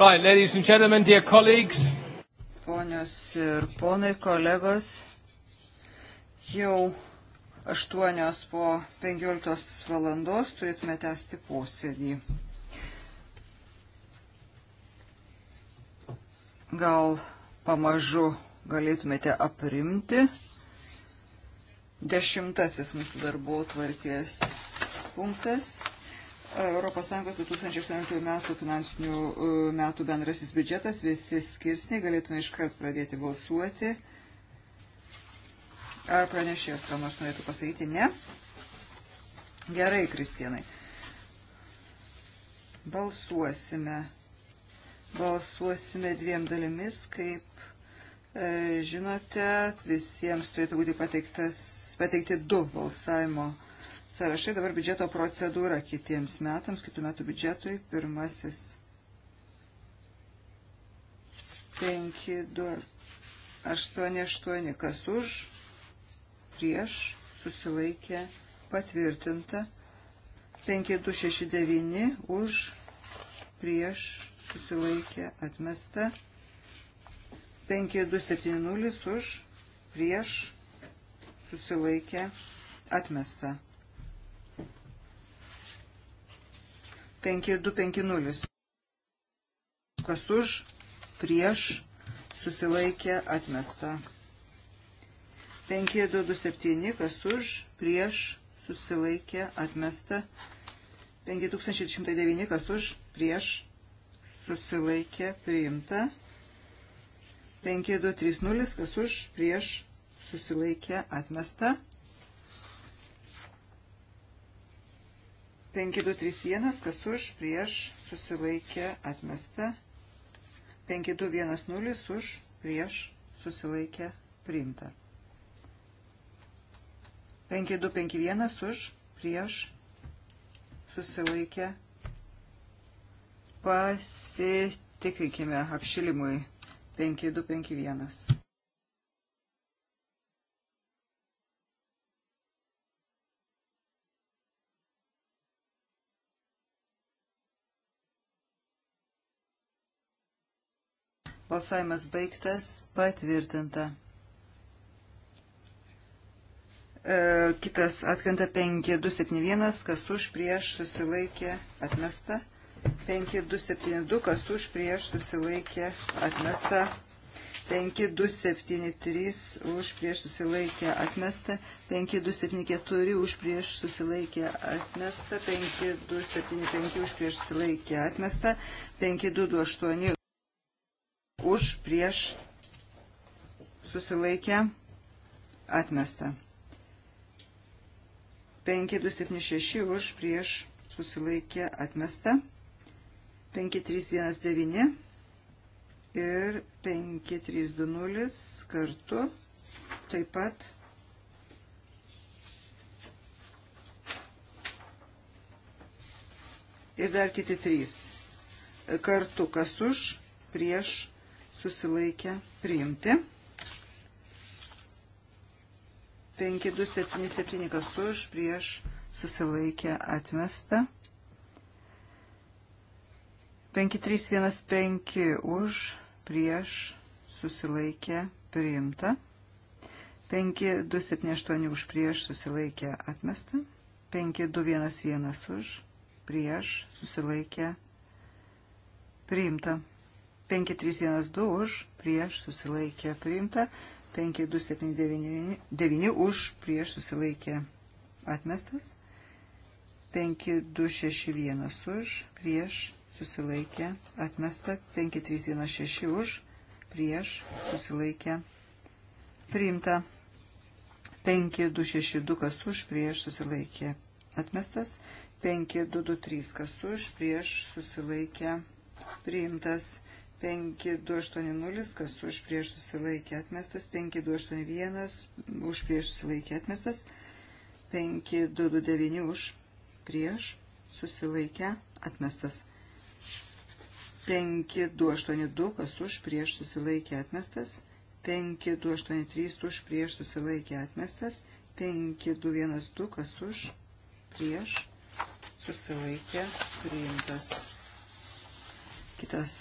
Right, ladies and gentlemen, dear colleagues. Ponios ir ponai, kolegos, jau 8 po 15 valandos turėtume tęsti posėdį. Gal pamažu galėtumėte aprimti. Dešimtasis mūsų darbo tvarkės punktas ES 2018 metų finansinių e, metų bendrasis biudžetas, visi skirsniai, galėtume iškart pradėti balsuoti. Ar pranešės, ką nors norėtų pasakyti? Ne. Gerai, Kristienai. Balsuosime. Balsuosime dviem dalimis, kaip e, žinote, visiems turėtų būti pateiktas, pateikti du balsavimo balsavimo sąrašai, dabar biudžeto procedūra kitiems metams, kitų metų biudžetui, pirmasis 5, 2, 8, 8, kas už, prieš, susilaikė, patvirtinta, 5, 2, 6, 9, už, prieš, susilaikė, atmesta, 5, 2, 7, 0, už, prieš, susilaikė, atmesta. 5250. Kas už, prieš, susilaikė, atmesta. 5227, kas už, prieš, susilaikė, atmesta. 5109, kas už, prieš, susilaikė, priimta. 5230, kas už, prieš, susilaikė, atmesta. 5230. 5231, kas už, prieš, susilaikė, atmesta. 5210, už, prieš, susilaikė, priimta. 5251, už, prieš, susilaikė, pasitikrinkime apšilimui 5251. Balsavimas baigtas, patvirtinta. E, kitas atkanta 5271, kas už prieš susilaikė atmesta. 5272, kas už prieš susilaikė atmesta. 5273 už prieš susilaikę atmestą, 5274 už prieš susilaikę atmestą, 5275 už prieš susilaikę atmestą, 5228 už prieš susilaikę atmesta. 5276 už prieš susilaikė atmesta. 5319 ir 5320 kartu taip pat ir dar kiti trys kartu kas už prieš susilaikę priimti. 5277 kas už prieš susilaikę atmesta. 5315 už prieš susilaikę priimta. 5278 už prieš susilaikę atmesta. 5211 už prieš susilaikę priimta. 5312 už, prieš susilaikė priimta, 5279 už, prieš susilaikė atmestas, 5261 už, prieš susilaikė atmesta, 5316 už, prieš susilaikė priimta, 5262 kas už, prieš susilaikė atmestas, 5223 kas už, prieš susilaikė priimtas, 5280, kas už prieš susilaikė atmestas, 5281 už prieš susilaikė atmestas, 5229 už prieš susilaikė atmestas, 5282, kas už prieš susilaikė atmestas, 5283 už prieš susilaikė atmestas, 5212, kas už prieš susilaikė priimtas. Kitas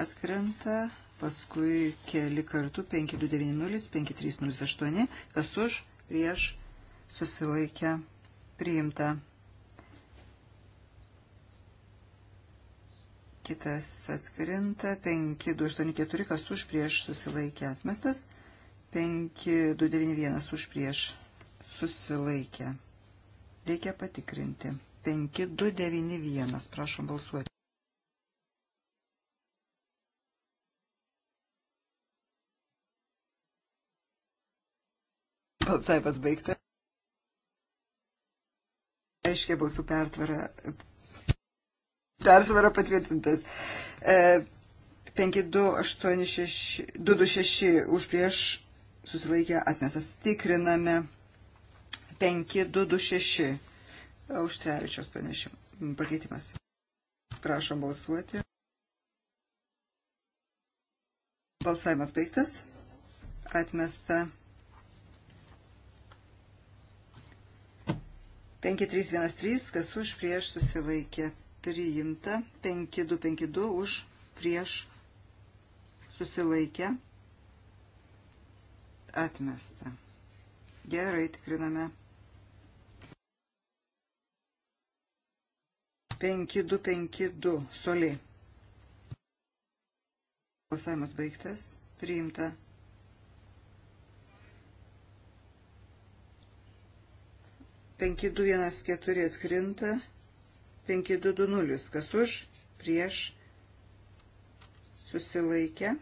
atkrenta, paskui keli kartų 5290, 5308, kas už, prieš, susilaikę, priimta. Kitas atkrinta, 5284, kas už prieš susilaikė atmestas, 5291 už prieš susilaikė. Reikia patikrinti. 5291, prašom balsuoti. Balsavimas baigtas. Aiškiai balsų pertvara. Persvara patvirtintas. E, 5226 už prieš susilaikę atmestas. Tikriname 5226 užtrevičios pakeitimas. Prašom balsuoti. Balsavimas baigtas. Atmesta 5313, kas už prieš susilaikė priimta, 5252 už prieš susilaikė atmesta. Gerai, tikriname. 5252 solį. Balsavimas baigtas, priimta 5252. 5214 atkrinta, 5220 kas už, prieš, susilaikę.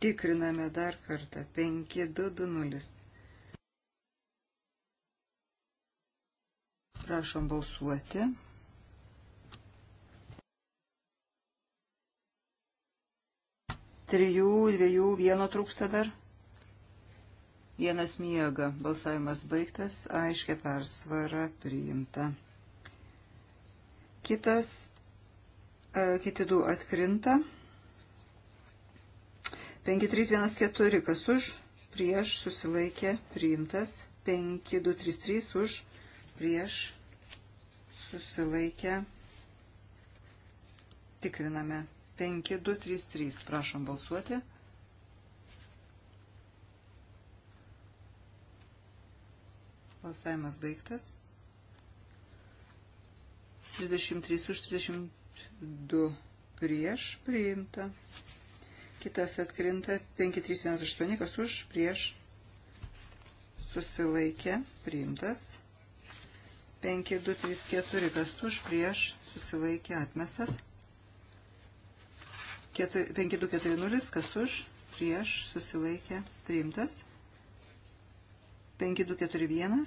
Tikriname dar kartą, 5220. Prašom balsuoti. Trijų, dviejų, vieno trūksta dar. Vienas miega. Balsavimas baigtas. Aiškia persvara priimta. Kitas. E, kiti du atkrinta. 5314 kas už, prieš susilaikė priimtas. 5233 už, prieš susilaikė. Tikriname. 5233. Prašom balsuoti. 5233. Balsavimas baigtas. 33 už 32 prieš priimta. Kitas atkrinta 5318, kas už prieš susilaikė priimtas. 5234, kas už prieš susilaikė atmestas. 5240, kas už prieš susilaikė priimtas. 5241.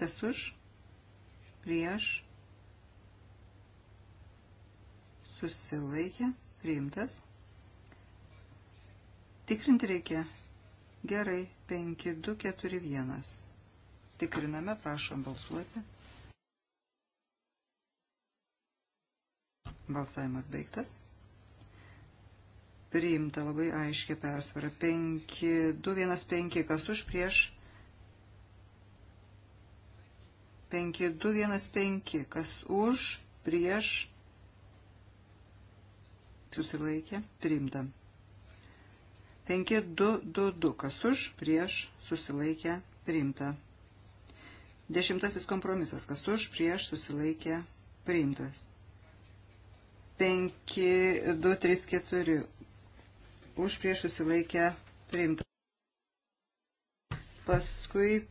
Kas už? Prieš. Susilaikė. Priimtas. Tikrinti reikia. Gerai. 5241. Tikriname. Prašom balsuoti. Balsavimas baigtas priimta labai aiškia persvara. 5, 2, 1, 5, kas už prieš 5215, kas už, prieš, susilaikė, priimta. 5222, kas už, prieš, susilaikė, priimta. Dešimtasis kompromisas, kas už, prieš, susilaikė, priimtas. 5234, už, prieš, susilaikė, priimta. Paskui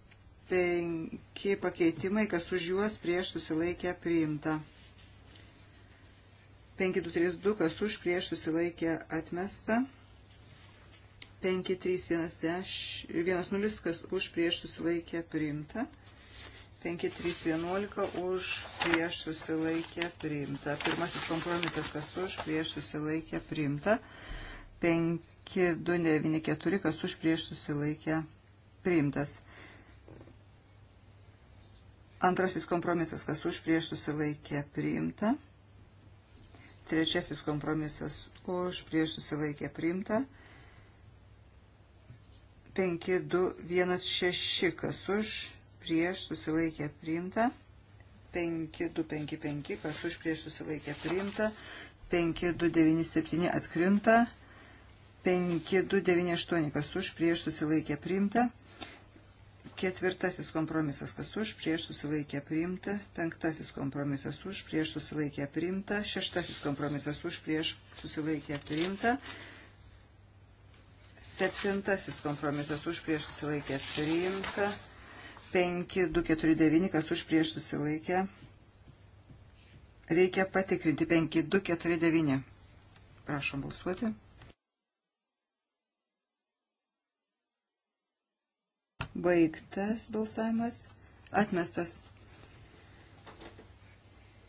penki pakeitimai, kas už juos prieš susilaikę priimta. 5232, kas už prieš susilaikę atmesta. 5310, kas už prieš susilaikę priimta. 5311 už prieš susilaikę priimta. Pirmasis kompromisas, kas už prieš susilaikę priimta. 5294, kas už prieš susilaikę priimtas. Antrasis kompromisas, kas už prieš susilaikė priimta. Trečiasis kompromisas, už prieš susilaikė priimta. 5, 2, 1, 6, kas už prieš susilaikė priimta. 5, 2, 5, 5, kas už prieš susilaikė priimta. 5, 2, 9, 7 atkrinta. 5, 2, 9, 8, kas už prieš susilaikė priimta. 5, 2, 9, 8, Ketvirtasis kompromisas, kas už, prieš susilaikė priimta. Penktasis kompromisas už, prieš susilaikė priimta. Šeštasis kompromisas už, prieš susilaikė priimta. Septintasis kompromisas už, prieš susilaikė priimta. 5, 2, 4, 9, kas už, prieš susilaikė. Reikia patikrinti 5, 2, 4, 9. Prašom balsuoti. Baigtas balsavimas. Atmestas.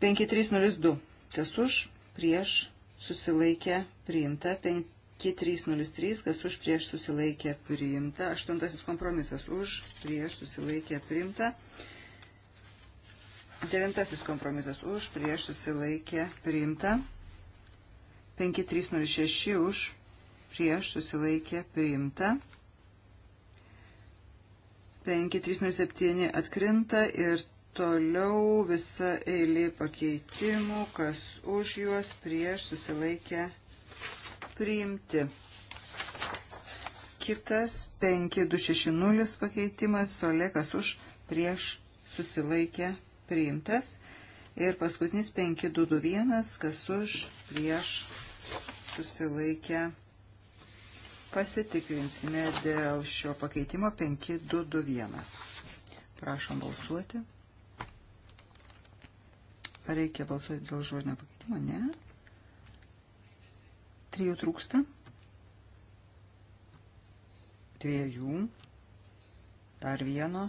5302. Kas už, prieš, susilaikė, priimta. 5303. Kas už, prieš, susilaikė, priimta. Aštuntasis kompromisas. Už, prieš, susilaikė, priimta. Devintasis kompromisas. Už, prieš, susilaikė, priimta. 5306. Už, prieš, susilaikė, priimta. 5307 atkrinta ir toliau visa eilė pakeitimų, kas už juos prieš susilaikę priimti. Kitas 5260 pakeitimas, solekas už prieš susilaikę priimtas. Ir paskutinis 5221, kas už prieš susilaikę priimtas Pasitikrinsime dėl šio pakeitimo 5221. Prašom balsuoti. Ar reikia balsuoti dėl žodinio pakeitimo? Ne. Trijų trūksta. Dviejų. Dar vieno.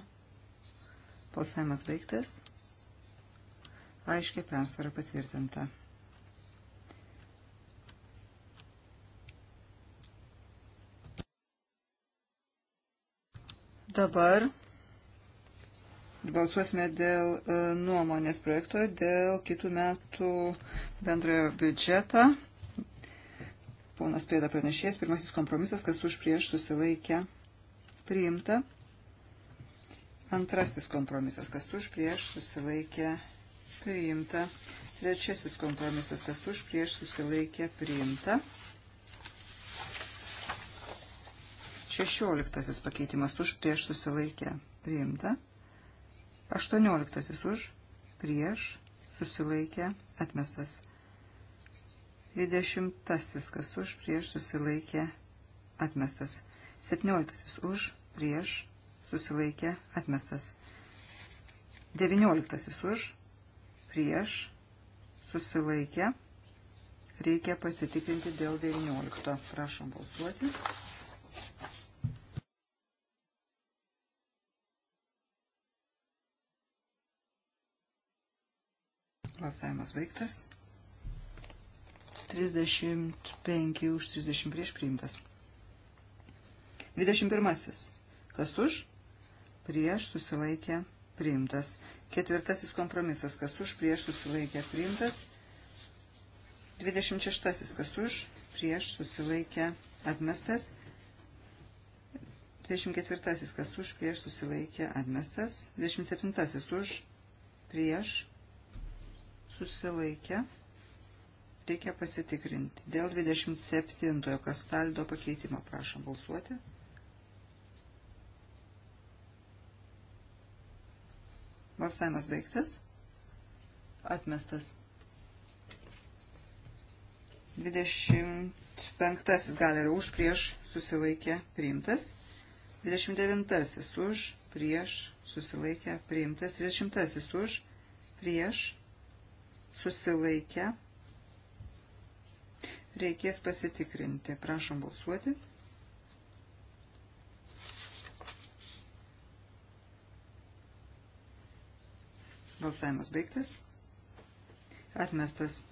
Balsavimas baigtas. Aiškiai persvara patvirtinta. Dabar balsuosime dėl e, nuomonės projekto, dėl kitų metų bendrojo biudžetą. Ponas Pėda pranešėjas, pirmasis kompromisas, kas už prieš susilaikę priimta. Antrasis kompromisas, kas už prieš susilaikę priimta. Trečiasis kompromisas, kas už prieš susilaikę priimta. Šešioliktasis pakeitimas už prieš susilaikę priimta. Aštuonioliktasis už prieš susilaikę atmestas. Dvidešimtasis kas už prieš susilaikę atmestas. Septynioliktasis už prieš susilaikę atmestas. Devynioliktasis už prieš susilaikę. Reikia pasitikrinti dėl 19. Prašom balsuoti. Balsavimas baigtas. 35 už 30 prieš priimtas. 21. Kas už? Prieš susilaikė priimtas. Ketvirtasis kompromisas. Kas už? Prieš susilaikė priimtas. 26. Kas už? Prieš susilaikė atmestas. 24. Kas už? Prieš susilaikė atmestas. 27. Už? Prieš susilaikę. Reikia pasitikrinti. Dėl 27 kastaldo pakeitimo prašom balsuoti. Balsavimas baigtas. Atmestas. 25 gal ir už prieš susilaikė priimtas. 29 už prieš susilaikė priimtas. 30 už prieš susilaikę. Reikės pasitikrinti. Prašom balsuoti. Balsavimas baigtas. Atmestas.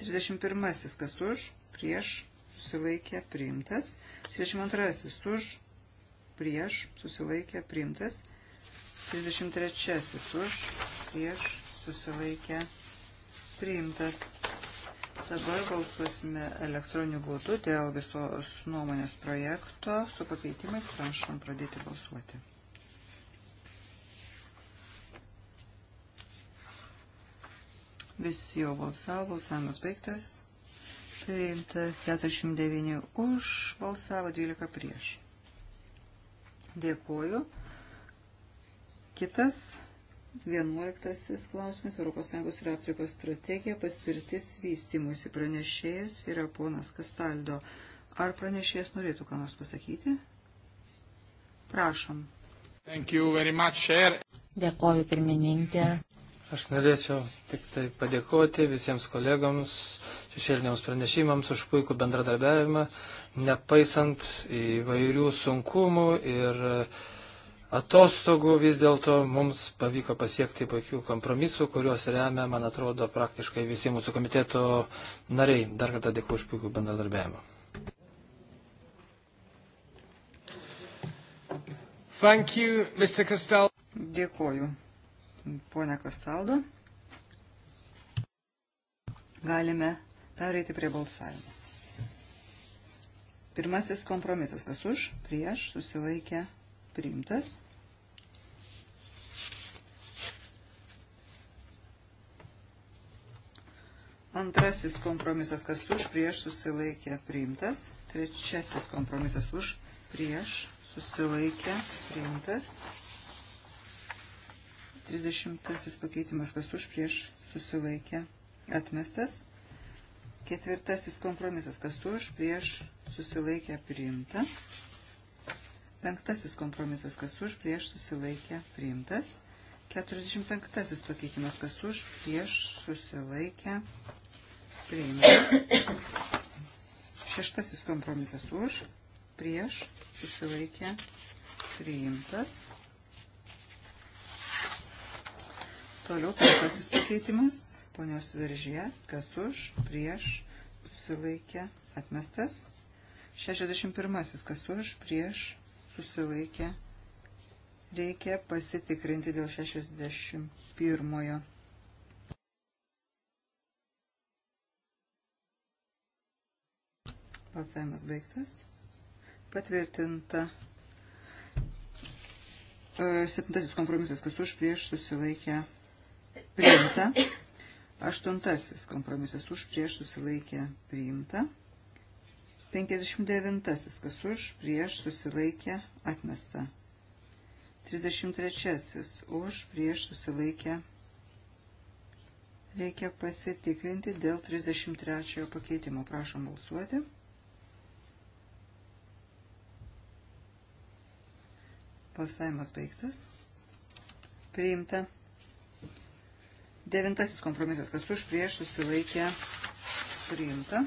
31. Kas už? Prieš. Susilaikė. Priimtas. 32. Už. Prieš. Susilaikė. Priimtas. 33. Už. Prieš. Susilaikė. Priimtas priimtas. Dabar balsuosime elektroniniu būdu dėl visos nuomonės projekto. Su pakeitimais prašom pradėti balsuoti. Visi jau balsavo, balsavimas baigtas. Priimta 49 už, balsavo 12 prieš. Dėkuoju. Kitas Vienuoliktasis klausimas - ES ir Afrikos strategija paspirtis vystimusi. Pranešėjas yra ponas Kastaldo. Ar pranešėjas norėtų ką nors pasakyti? Prašom. Much, Chair. Dėkoju pirmininkė. Aš norėčiau tik tai padėkoti visiems kolegams, šešėliniams pranešimams už puikų bendradarbiavimą, nepaisant įvairių sunkumų ir uh, atostogų vis dėlto mums pavyko pasiekti puikių kompromisų, kuriuos remia, man atrodo, praktiškai visi mūsų komiteto nariai. Dar kartą dėkuoju už puikų bendradarbiavimą. Thank you, Mr. Castaldo. Dėkuoju, ponia Castaldo. Galime pereiti prie balsavimo. Pirmasis kompromisas. Kas už, prieš, susilaikė, priimtas. Antrasis kompromisas, kas už, prieš susilaikė priimtas. Trečiasis kompromisas už, prieš susilaikė priimtas. 30 pakeitimas, kas už, prieš susilaikė atmestas. Ketvirtasis kompromisas, kas už, prieš susilaikė priimta. Penktasis kompromisas, kas už, prieš susilaikė, priimtas. 45 pakeitimas, kas už, prieš susilaikė, priimtas. Šeštasis kompromisas už, prieš susilaikė, priimtas. Toliau penktasis pakeitimas, ponios viržė, kas už, prieš susilaikė, atmestas. 61 kas už, prieš susilaikė. Reikia pasitikrinti dėl 61. Balsavimas baigtas. Patvirtinta. E, septintasis kompromisas, kas už prieš susilaikė priimta. Aštuntasis kompromisas už prieš susilaikė priimta. 59. Kas už, prieš, susilaikė, atmesta. 33. Už, prieš, susilaikė, reikia pasitikrinti dėl 33 pakeitimo. Prašom balsuoti. Balsavimas baigtas. Priimta. Devintasis kompromisas, kas už prieš susilaikė priimta.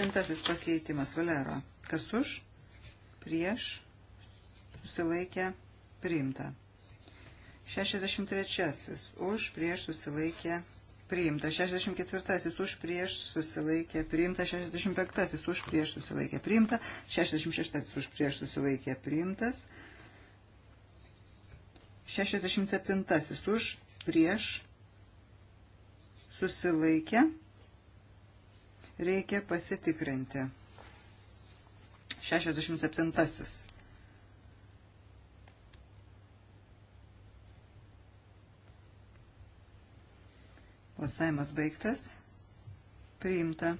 Septintasis pakeitimas Valero. Kas už? Prieš. Susilaikė. Priimta. 63. Už prieš susilaikė. Priimta. 64. Už prieš susilaikė. Priimta. 65. Už prieš susilaikė. Priimta. 66. Už prieš susilaikė. Priimtas. 67. Už prieš susilaikė. Priimta Reikia pasitikrinti. 67. Balsavimas baigtas. Priimta.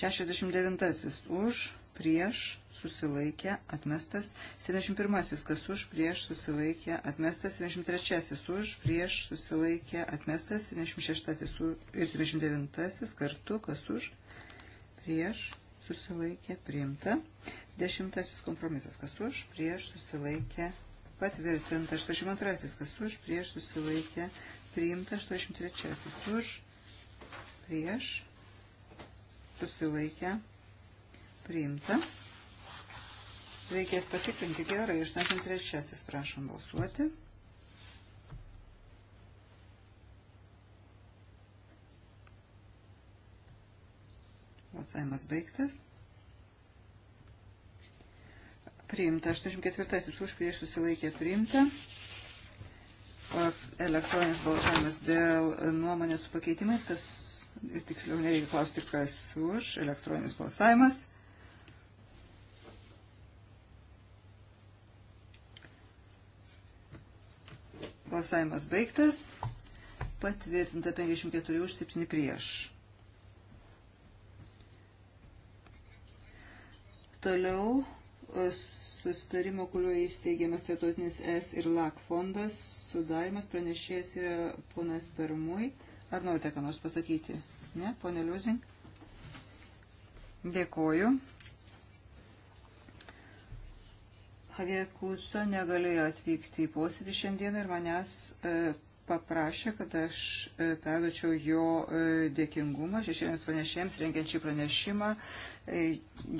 69. Už prieš susilaikė atmestas, 71 kas už prieš susilaikė atmestas, 73 už prieš susilaikė atmestas, 76 ir 79 kartu kas už prieš susilaikė priimta, 10 kompromisas kas už prieš susilaikė patvirtinta, 82 kas už prieš susilaikė priimta, 83 už prieš susilaikė atmestas priimta. Reikės patikrinti gerai, iš 83 prašom balsuoti. Balsavimas baigtas. Priimta. 84 už prieš susilaikė priimta. Elektroninis balsavimas dėl nuomonės su pakeitimais, kas tiksliau nereikia klausti, kas už. Elektroninis balsavimas. Balsavimas baigtas. Patvirtinta 54 už 7 prieš. Toliau e, susitarimo, kuriuo įsteigiamas tarptautinis S ir LAK fondas, sudarimas pranešėjas yra ponas Permui. Ar norite ką nors pasakyti? Ne, ponė Liuzing? Dėkoju. Hagekuso negalėjo atvykti į posėdį šiandieną ir manęs e, paprašė, kad aš e, perduočiau jo e, dėkingumą šešėlėms pranešėjams rengiančiai pranešimą.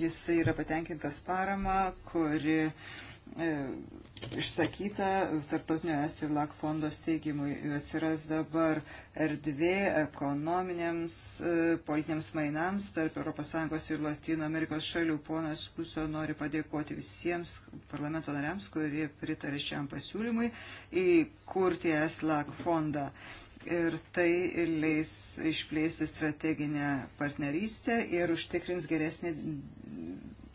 Jisai yra patenkintas parama, kuri E, išsakyta tarptautinio Estilak fondo steigimui. Atsiras dabar erdvė ekonominiams, e, politiniams mainams tarp ES ir Latino Amerikos šalių. Ponas Kuso nori padėkoti visiems parlamento nariams, kurie pritarė šiam pasiūlymui įkurti Estilak fondą. Ir tai leis išplėsti strateginę partnerystę ir užtikrins geresnį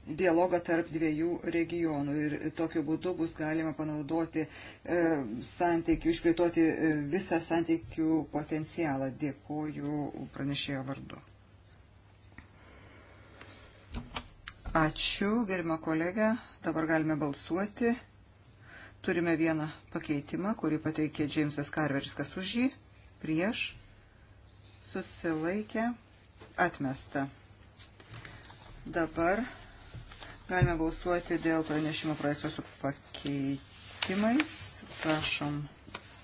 dialogą tarp dviejų regionų ir tokiu būdu bus galima panaudoti e, santykių, išplėtoti e, visą santykių potencialą. Dėkuoju pranešėjo vardu. Ačiū, gerima kolega. Dabar galime balsuoti. Turime vieną pakeitimą, kurį pateikė Džeimsas Karveris, kas už jį, prieš, susilaikė, atmesta. Dabar Galime balsuoti dėl pranešimo projekto su pakeitimais. Prašom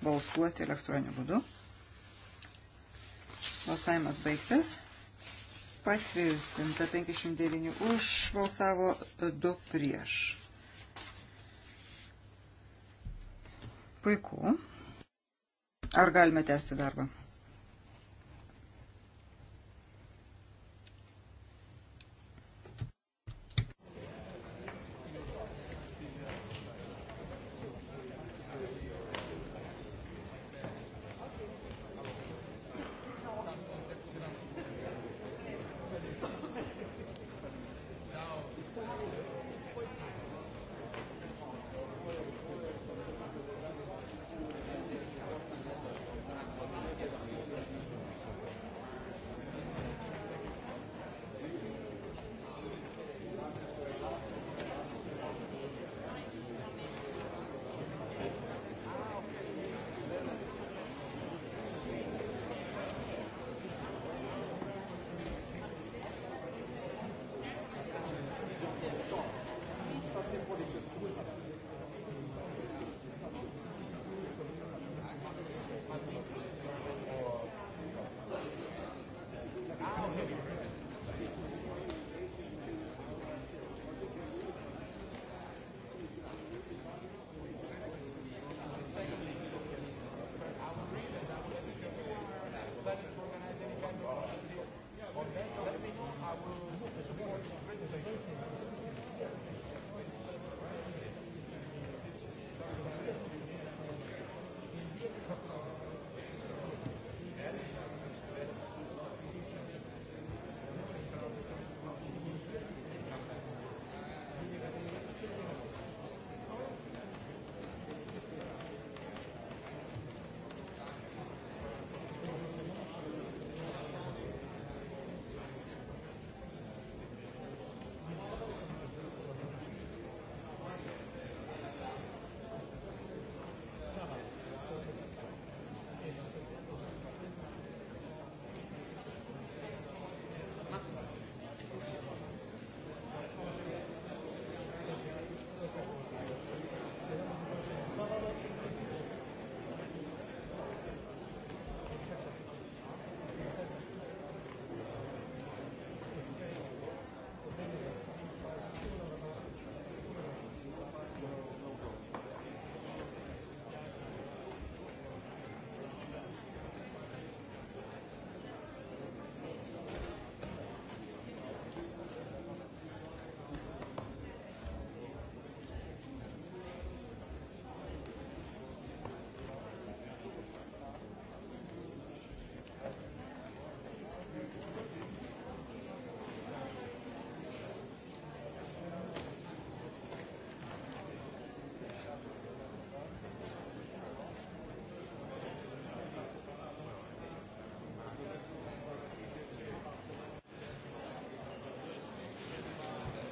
balsuoti elektroniniu būdu. Balsavimas baigtas. Patvirtinta 59 už, balsavo 2 prieš. Puiku. Ar galime tęsti darbą?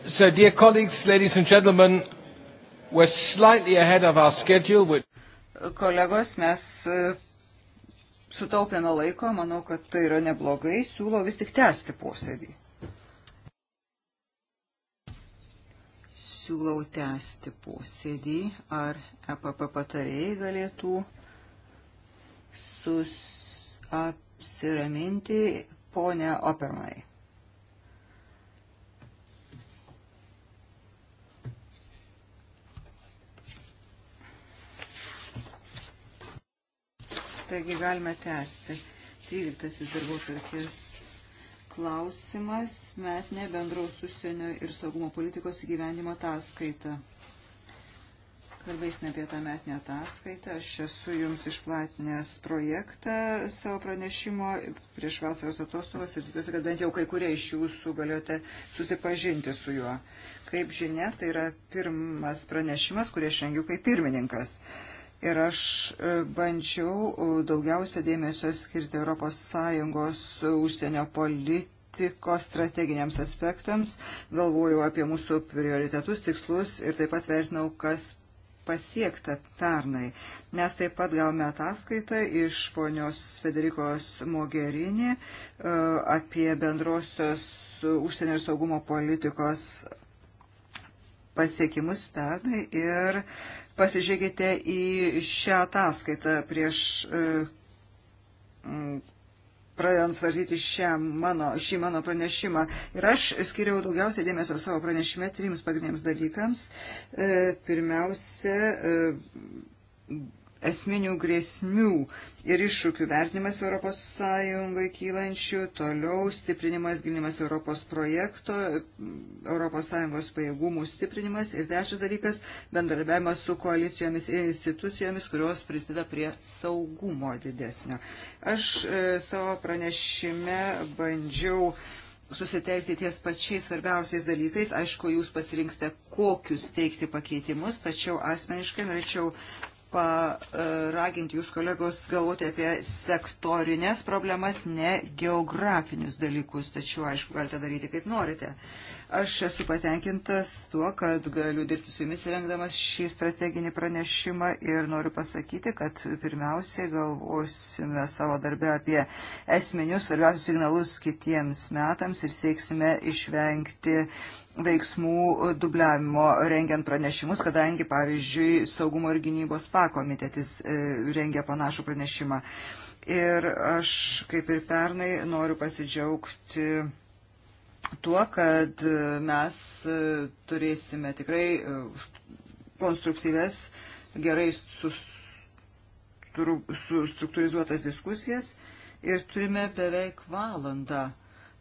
So, dear colleagues, ladies and gentlemen, we're slightly ahead of our schedule. With... Kolegos, mes e, sutaupėme laiko, manau, kad tai yra neblogai, siūlau vis tik tęsti posėdį. Siūlau tęsti posėdį, ar EPP patarėjai galėtų susapsiraminti, ponia Opermai. taigi galime tęsti. 13 darbo tvarkės klausimas - metinė bendraus užsienio ir saugumo politikos įgyvendimo ataskaita. Kalbėsime apie tą metinę ataskaitą. Aš esu jums išplatinęs projektą savo pranešimo prieš vasaros atostogas ir tikiuosi, kad bent jau kai kurie iš jūsų galėjote susipažinti su juo. Kaip žinia, tai yra pirmas pranešimas, kurį aš rengiu kaip pirmininkas. Uh, Ir aš e, bandžiau e, daugiausia dėmesio skirti ES užsienio politikos strateginiams aspektams, galvojau apie mūsų prioritetus, tikslus ir taip pat vertinau, kas pasiekta pernai. Mes taip pat gavome ataskaitą iš ponios Federikos Mogerini e, apie bendrosios užsienio ir saugumo politikos pasiekimus pernai ir pasižiūrėkite į šią ataskaitą prieš e, pradedant svarstyti šią mano, šį mano pranešimą. Ir aš skiriau daugiausia dėmesio savo pranešime trims pagrindiniams dalykams. E, pirmiausia, e, esminių grėsmių ir iššūkių vertinimas ES kylančių, toliau stiprinimas, ginimas Europos projekto, ES pajėgumų stiprinimas ir trečias dalykas - bendarbiavimas su koalicijomis ir institucijomis, kurios prisideda prie saugumo didesnio. Aš e, savo pranešime bandžiau susitelkti ties pačiais svarbiausiais dalykais. Aišku, jūs pasirinksite, kokius teikti pakeitimus, tačiau asmeniškai norėčiau paraginti jūs kolegos galvoti apie sektorinės problemas, ne geografinius dalykus, tačiau aišku, galite daryti kaip norite. Aš esu patenkintas tuo, kad galiu dirbti su jumis rengdamas šį strateginį pranešimą ir noriu pasakyti, kad pirmiausiai galvosime savo darbę apie esminius svarbiausius signalus kitiems metams ir sieksime išvengti uh, veiksmų e, dubliavimo rengiant pranešimus, kadangi, pavyzdžiui, saugumo ir gynybos pakomitetis e, rengia panašų pranešimą. Ir aš, kaip ir pernai, noriu pasidžiaugti tuo, kad e, mes turėsime tikrai konstruktyves, gerai sustruktūrizuotas diskusijas ir turime beveik valandą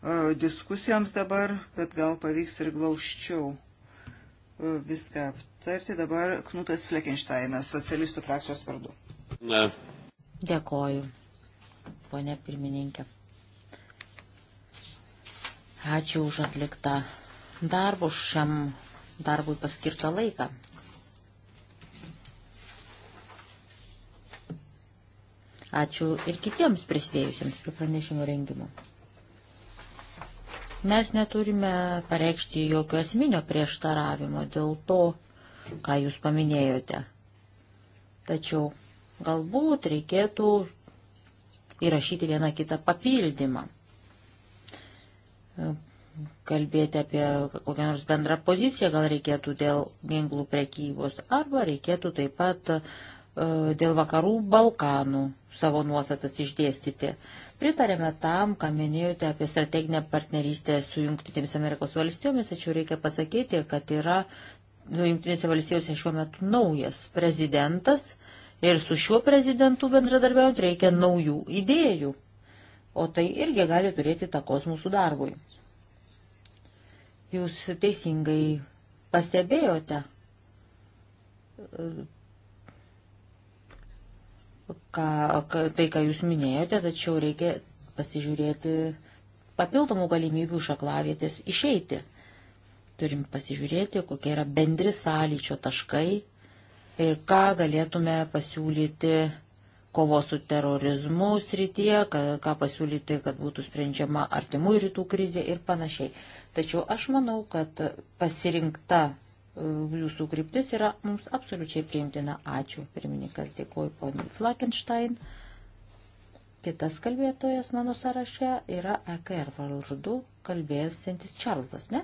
E, diskusijoms dabar, bet gal pavyks ir glauščiau e, viską aptarti. Dabar Knutas Fleckensteinas, socialistų frakcijos vardu. Ne. Dėkoju, ponė pirmininkė. Ačiū už atliktą darbą, už šiam darbui paskirtą laiką. Ačiū ir kitiems prisidėjusiems prie pranešimo rengimo. Mes neturime pareikšti jokio esminio prieštaravimo dėl to, ką jūs paminėjote. Tačiau galbūt reikėtų įrašyti vieną kitą papildymą. Kalbėti apie kokią nors bendrą poziciją gal reikėtų dėl ginklų prekybos arba reikėtų taip pat e, dėl vakarų Balkanų savo nuostatas išdėstyti. Pritarėme tam, ką minėjote apie strateginę partnerystę su Junktinėmis Amerikos valstijomis, tačiau reikia pasakyti, kad yra nu, Junktinėse valstijose šiuo metu naujas prezidentas ir su šiuo prezidentu bendradarbiaujant reikia naujų idėjų, o tai irgi gali turėti takos mūsų darbui. Jūs teisingai pastebėjote ką, ką, tai, ką jūs minėjote, tačiau reikia pasižiūrėti papildomų galimybių iš aklavietės išeiti. Turim pasižiūrėti, kokie yra bendri sąlyčio taškai ir ką galėtume pasiūlyti kovos su terorizmu srityje, ką, ką pasiūlyti, kad būtų sprendžiama artimų rytų krizė ir panašiai. Tačiau aš manau, kad pasirinkta jūsų kryptis yra mums absoliučiai priimtina. Ačiū, pirmininkas, dėkuoju poniai Flakenstein. Kitas kalbėtojas mano sąraše yra EKR vardu kalbėsintis Čarlzas, ne?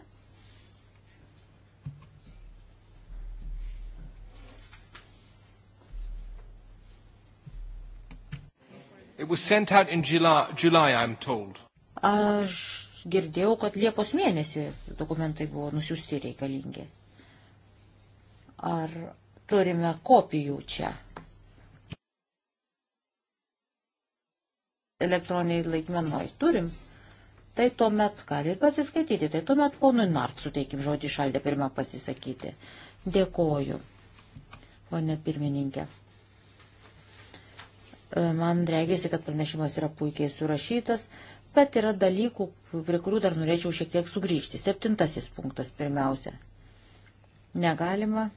It was sent out in July, July I'm told. Aš girdėjau, kad Liepos mėnesį dokumentai buvo nusiųsti reikalingi. Ar turime kopijų čia? Elektroniniai laikmenoj turim. Tai tuomet galit pasiskaityti, tai tuomet ponui Nart suteikim žodį šaldę pirmą pasisakyti. Dėkoju, ponė pirmininkė. E, man regėsi, kad pranešimas yra puikiai surašytas, bet yra dalykų, prie kurių dar norėčiau šiek tiek sugrįžti. Septintasis punktas pirmiausia. Negalima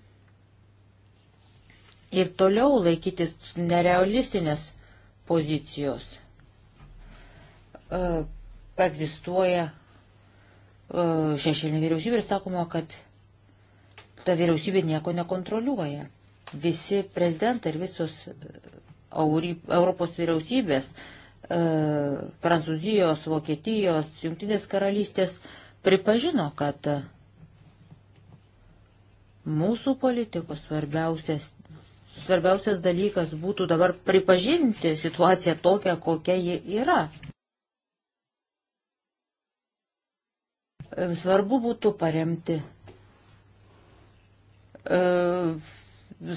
ir toliau laikytis nerealistinės pozicijos. E, egzistuoja e, šešėlinė vyriausybė ir sakoma, kad ta vyriausybė nieko nekontroliuoja. Visi prezidentai ir visos e, auri, Europos vyriausybės, e, Prancūzijos, Vokietijos, Junktinės karalystės pripažino, kad mūsų politikos svarbiausias svarbiausias dalykas būtų dabar pripažinti situaciją tokią, kokia ji yra. Svarbu būtų paremti. E,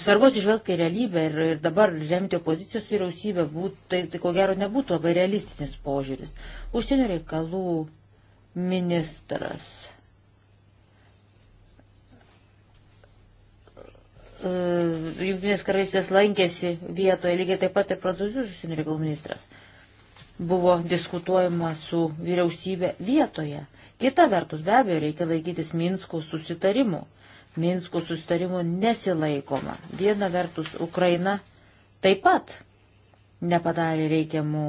svarbu atsižvelgti realybę ir, ir dabar remti opozicijos vyriausybę, būt, tai, tai ko gero nebūtų labai realistinis požiūris. Užsienio reikalų ministras E, Junktinės karalystės lankėsi vietoje, lygiai taip pat ir prancūzijos užsienio reikalų ministras. Buvo diskutuojama su vyriausybė vietoje. Kita vertus, be abejo, reikia laikytis Minsko susitarimų. Minsko susitarimų nesilaikoma. Viena vertus, Ukraina taip pat nepadarė reikiamų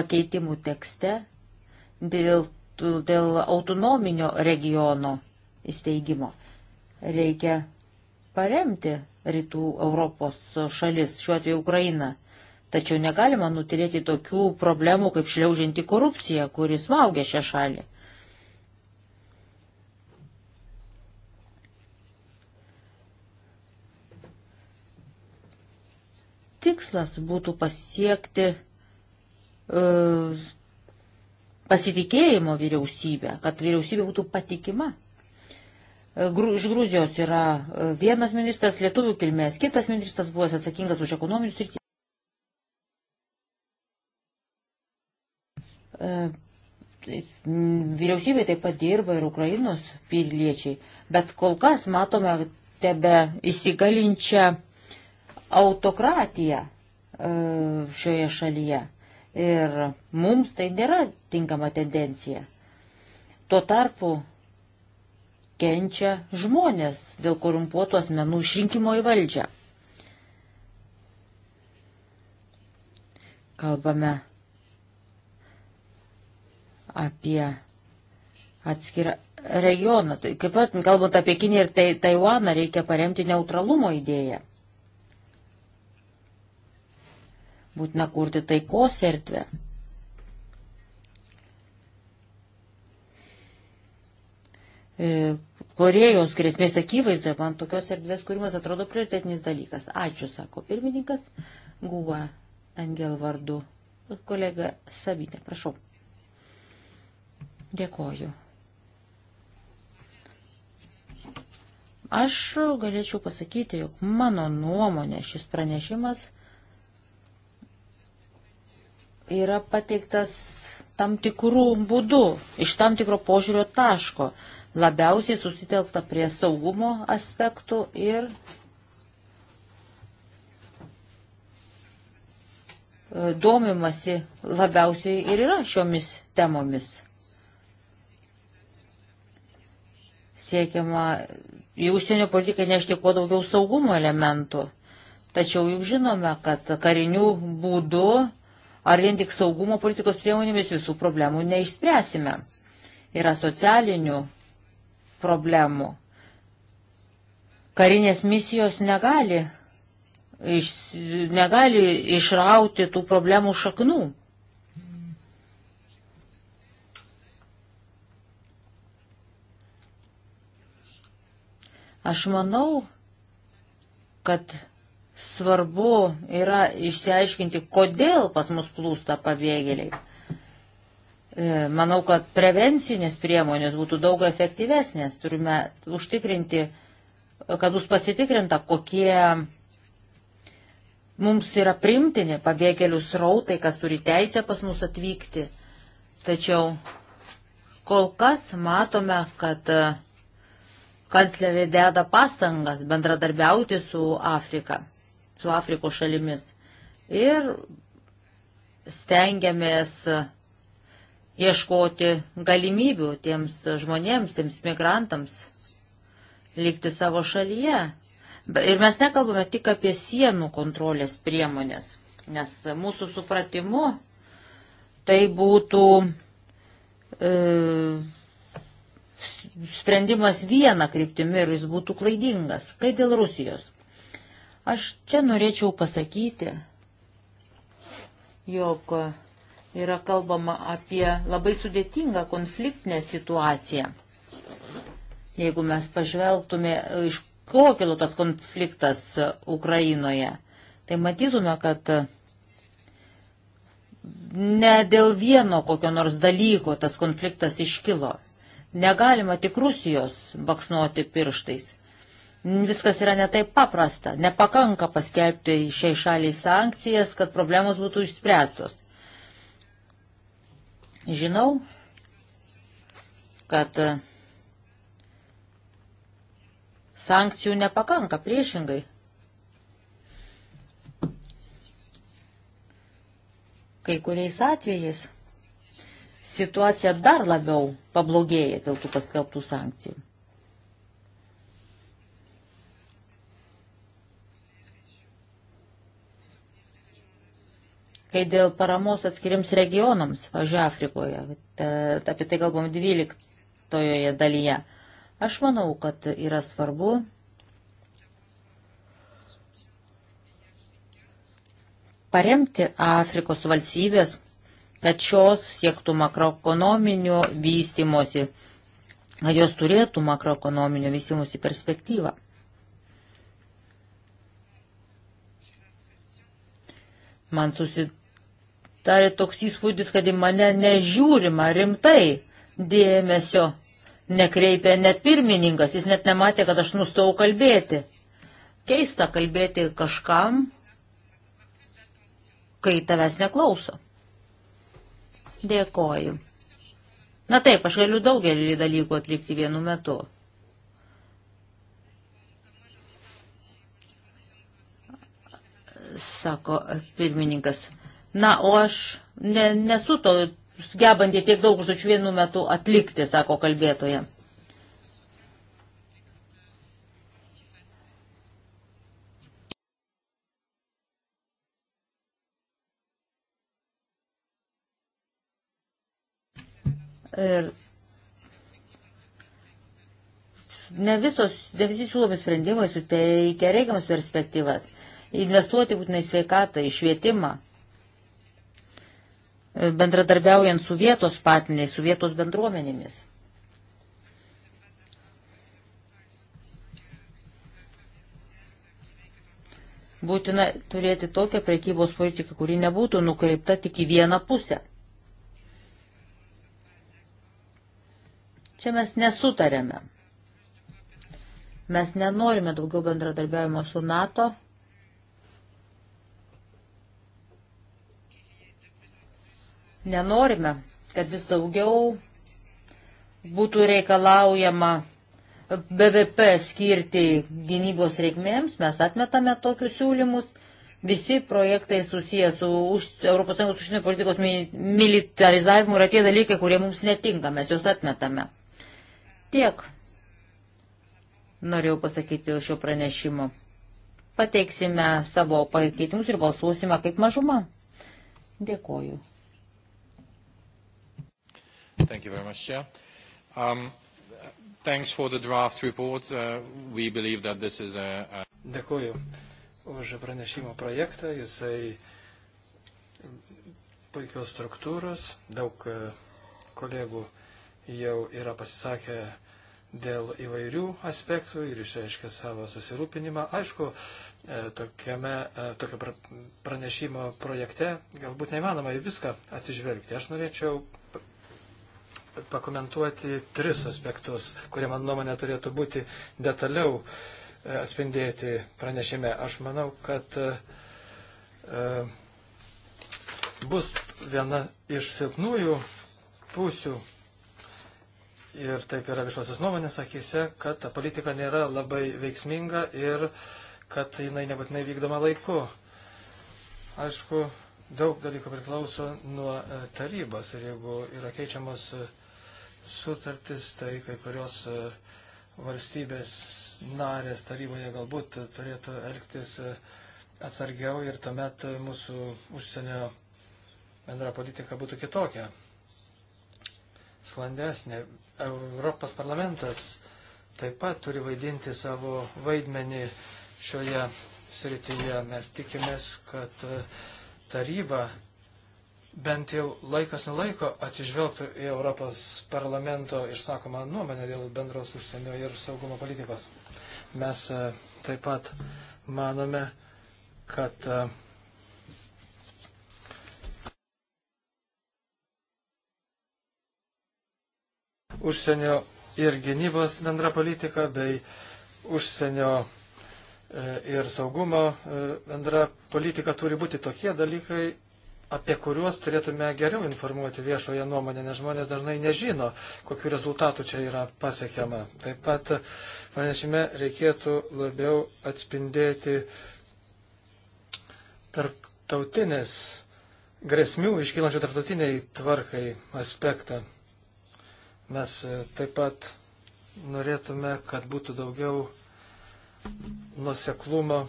pakeitimų tekste dėl, dėl autonominio regiono įsteigimo. Reikia paremti rytų Europos šalis, šiuo atveju Ukrainą. Tačiau negalima nutilėti tokių problemų kaip šliaužinti korupcija, kuris smaugia šią šalį. Tikslas būtų pasiekti uh, pasitikėjimo vyriausybę, kad vyriausybė būtų patikima. Iš Gruzijos yra e, vienas ministras lietuvių kilmės, kitas ministras buvęs atsakingas už ekonominius rytį. E, tai, vyriausybė taip pat dirba ir Ukrainos piliečiai, bet kol kas matome tebe įsigalinčią autokratiją e, šioje šalyje. Ir mums tai nėra tinkama tendencija. Tuo tarpu kenčia žmonės dėl korumpuotų asmenų išrinkimo į valdžią. Kalbame apie atskirą regioną. Tai kaip pat, kalbant apie Kiniją ir tai, Taiwaną, reikia paremti neutralumo idėją. Būtina kurti taikos erdvę. E, Korejos grėsmės akivaizdoje man tokios erdvės kūrimas atrodo prioritetinis dalykas. Ačiū, sako pirmininkas, guva Angel vardu. Kolega Sabitė, prašau. Dėkoju. Aš galėčiau pasakyti, jog mano nuomonė šis pranešimas yra pateiktas tam tikrų būdų, iš tam tikro požiūrio taško. Uh, labiausiai susitelkta prie saugumo aspektų ir e, domimasi labiausiai ir yra šiomis temomis. Siekiama į užsienio politiką nešti kuo daugiau saugumo elementų. Tačiau juk žinome, kad karinių būdų ar vien tik saugumo politikos priemonėmis visų problemų neišspręsime. Yra socialinių problemų. Karinės misijos negali, iš, negali išrauti tų problemų šaknų. Aš manau, kad svarbu yra išsiaiškinti, kodėl pas mus plūsta pabėgėliai. E, manau, kad prevencinės priemonės būtų daug efektyvesnės. Turime užtikrinti, kad bus pasitikrinta, kokie mums yra primtini pabėgėlių srautai, kas turi teisę pas mus atvykti. Tačiau kol kas matome, kad e, kanclerė deda pastangas bendradarbiauti su Afrika, su Afrikos šalimis. Ir stengiamės ieškoti galimybių tiems žmonėms, tiems migrantams likti savo šalyje. Ir mes nekalbame tik apie sienų kontrolės priemonės, nes mūsų supratimu tai būtų e, sprendimas vieną kryptimį ir jis būtų klaidingas. Kai dėl Rusijos. Aš čia norėčiau pasakyti, jog yra kalbama apie labai sudėtingą konfliktinę situaciją. Jeigu mes pažvelgtume, e, iš ko kilo tas konfliktas e, Ukrainoje, tai matytume, kad e, ne dėl vieno kokio nors dalyko tas konfliktas iškilo. Negalima tik Rusijos baksnuoti pirštais. Viskas yra netaip paprasta. Nepakanka paskelbti šiai šaliai sankcijas, kad problemos būtų išspręstos Žinau, kad e, sankcijų nepakanka priešingai. Kai kuriais atvejais situacija dar labiau pablogėja dėl tų paskelbtų sankcijų. Kai dėl paramos atskiriams regionams, važiuoju Afrikoje, ta, e, apie tai kalbam 12 dalyje, aš manau, kad yra svarbu paremti Afrikos valstybės, kad šios siektų makroekonominio vystimosi, kad jos turėtų makroekonominio vystimosi perspektyvą. Man susidaro darė toks įspūdis, kad į mane nežiūrima rimtai dėmesio. Nekreipė net pirmininkas, jis net nematė, kad aš nustau kalbėti. Keista kalbėti kažkam, kai tavęs neklauso. Dėkoju. Na taip, aš galiu daugelį dalykų atlikti vienu metu. Sako pirmininkas. Na, o aš ne, nesu to gebantį tiek daug užduočių vienu metu atlikti, sako kalbėtoja. Ir ne, visos, ne visi siūlomi sprendimai suteikia reikiamas perspektyvas. Investuoti būtinai sveikatą, į švietimą, bendradarbiaujant su vietos patiniais, su vietos bendruomenėmis. Būtina turėti tokią prekybos politiką, kuri nebūtų nukreipta tik į vieną pusę. Čia mes nesutarėme. Mes nenorime daugiau bendradarbiavimo su NATO Nenorime, kad vis daugiau būtų reikalaujama BVP skirti gynybos reikmėms, mes atmetame tokius siūlymus. Visi projektai susiję su už, ES užsienio politikos militarizavimu yra tie dalykai, kurie mums netinka, mes juos atmetame. Tiek norėjau pasakyti šio pranešimo. Pateiksime savo pakeitimus ir balsuosime kaip mažuma. Dėkoju. Thank you very much, Chair. Um, thanks for the draft report. Uh, we believe that this is a... a... Dėkuoju už pranešimo projektą. Jisai puikios struktūros. Daug uh, kolegų jau yra pasisakę dėl įvairių aspektų ir išreiškia savo susirūpinimą. Aišku, uh, tokiame, uh, tokio pranešimo projekte galbūt neįmanoma į viską atsižvelgti. Aš norėčiau pakomentuoti tris aspektus, kurie, man nuomonė, turėtų būti detaliau e, atspindėti pranešime. Aš manau, kad e, e, bus viena iš silpnųjų pusių ir taip yra viešosios nuomonės akise, kad ta politika nėra labai veiksminga ir kad jinai nebūtinai vykdoma laiku. Aišku, daug dalykų priklauso nuo tarybos ir jeigu yra keičiamos sutartis, tai kai kurios e, valstybės narės taryboje galbūt turėtų elgtis e, atsargiau ir tuomet mūsų užsienio bendra politika būtų kitokia. Sklandesnė. Europos parlamentas taip pat turi vaidinti savo vaidmenį šioje srityje. Mes tikimės, kad e, taryba bent jau laikas nulaiko atsižvelgtų į Europos parlamento išsakomą nuomonę dėl bendros užsienio ir saugumo politikos. Mes e, taip pat manome, kad e, užsienio ir gynybos bendra politika bei užsienio e, ir saugumo bendra politika turi būti tokie dalykai, apie kuriuos turėtume geriau informuoti viešoje nuomonė, nes žmonės dažnai nežino, kokiu rezultatu čia yra pasiekiama. Taip pat pranešime reikėtų labiau atspindėti tarptautinės grėsmių iškylančių tarptautiniai tvarkai aspektą. Mes taip pat norėtume, kad būtų daugiau nuseklumo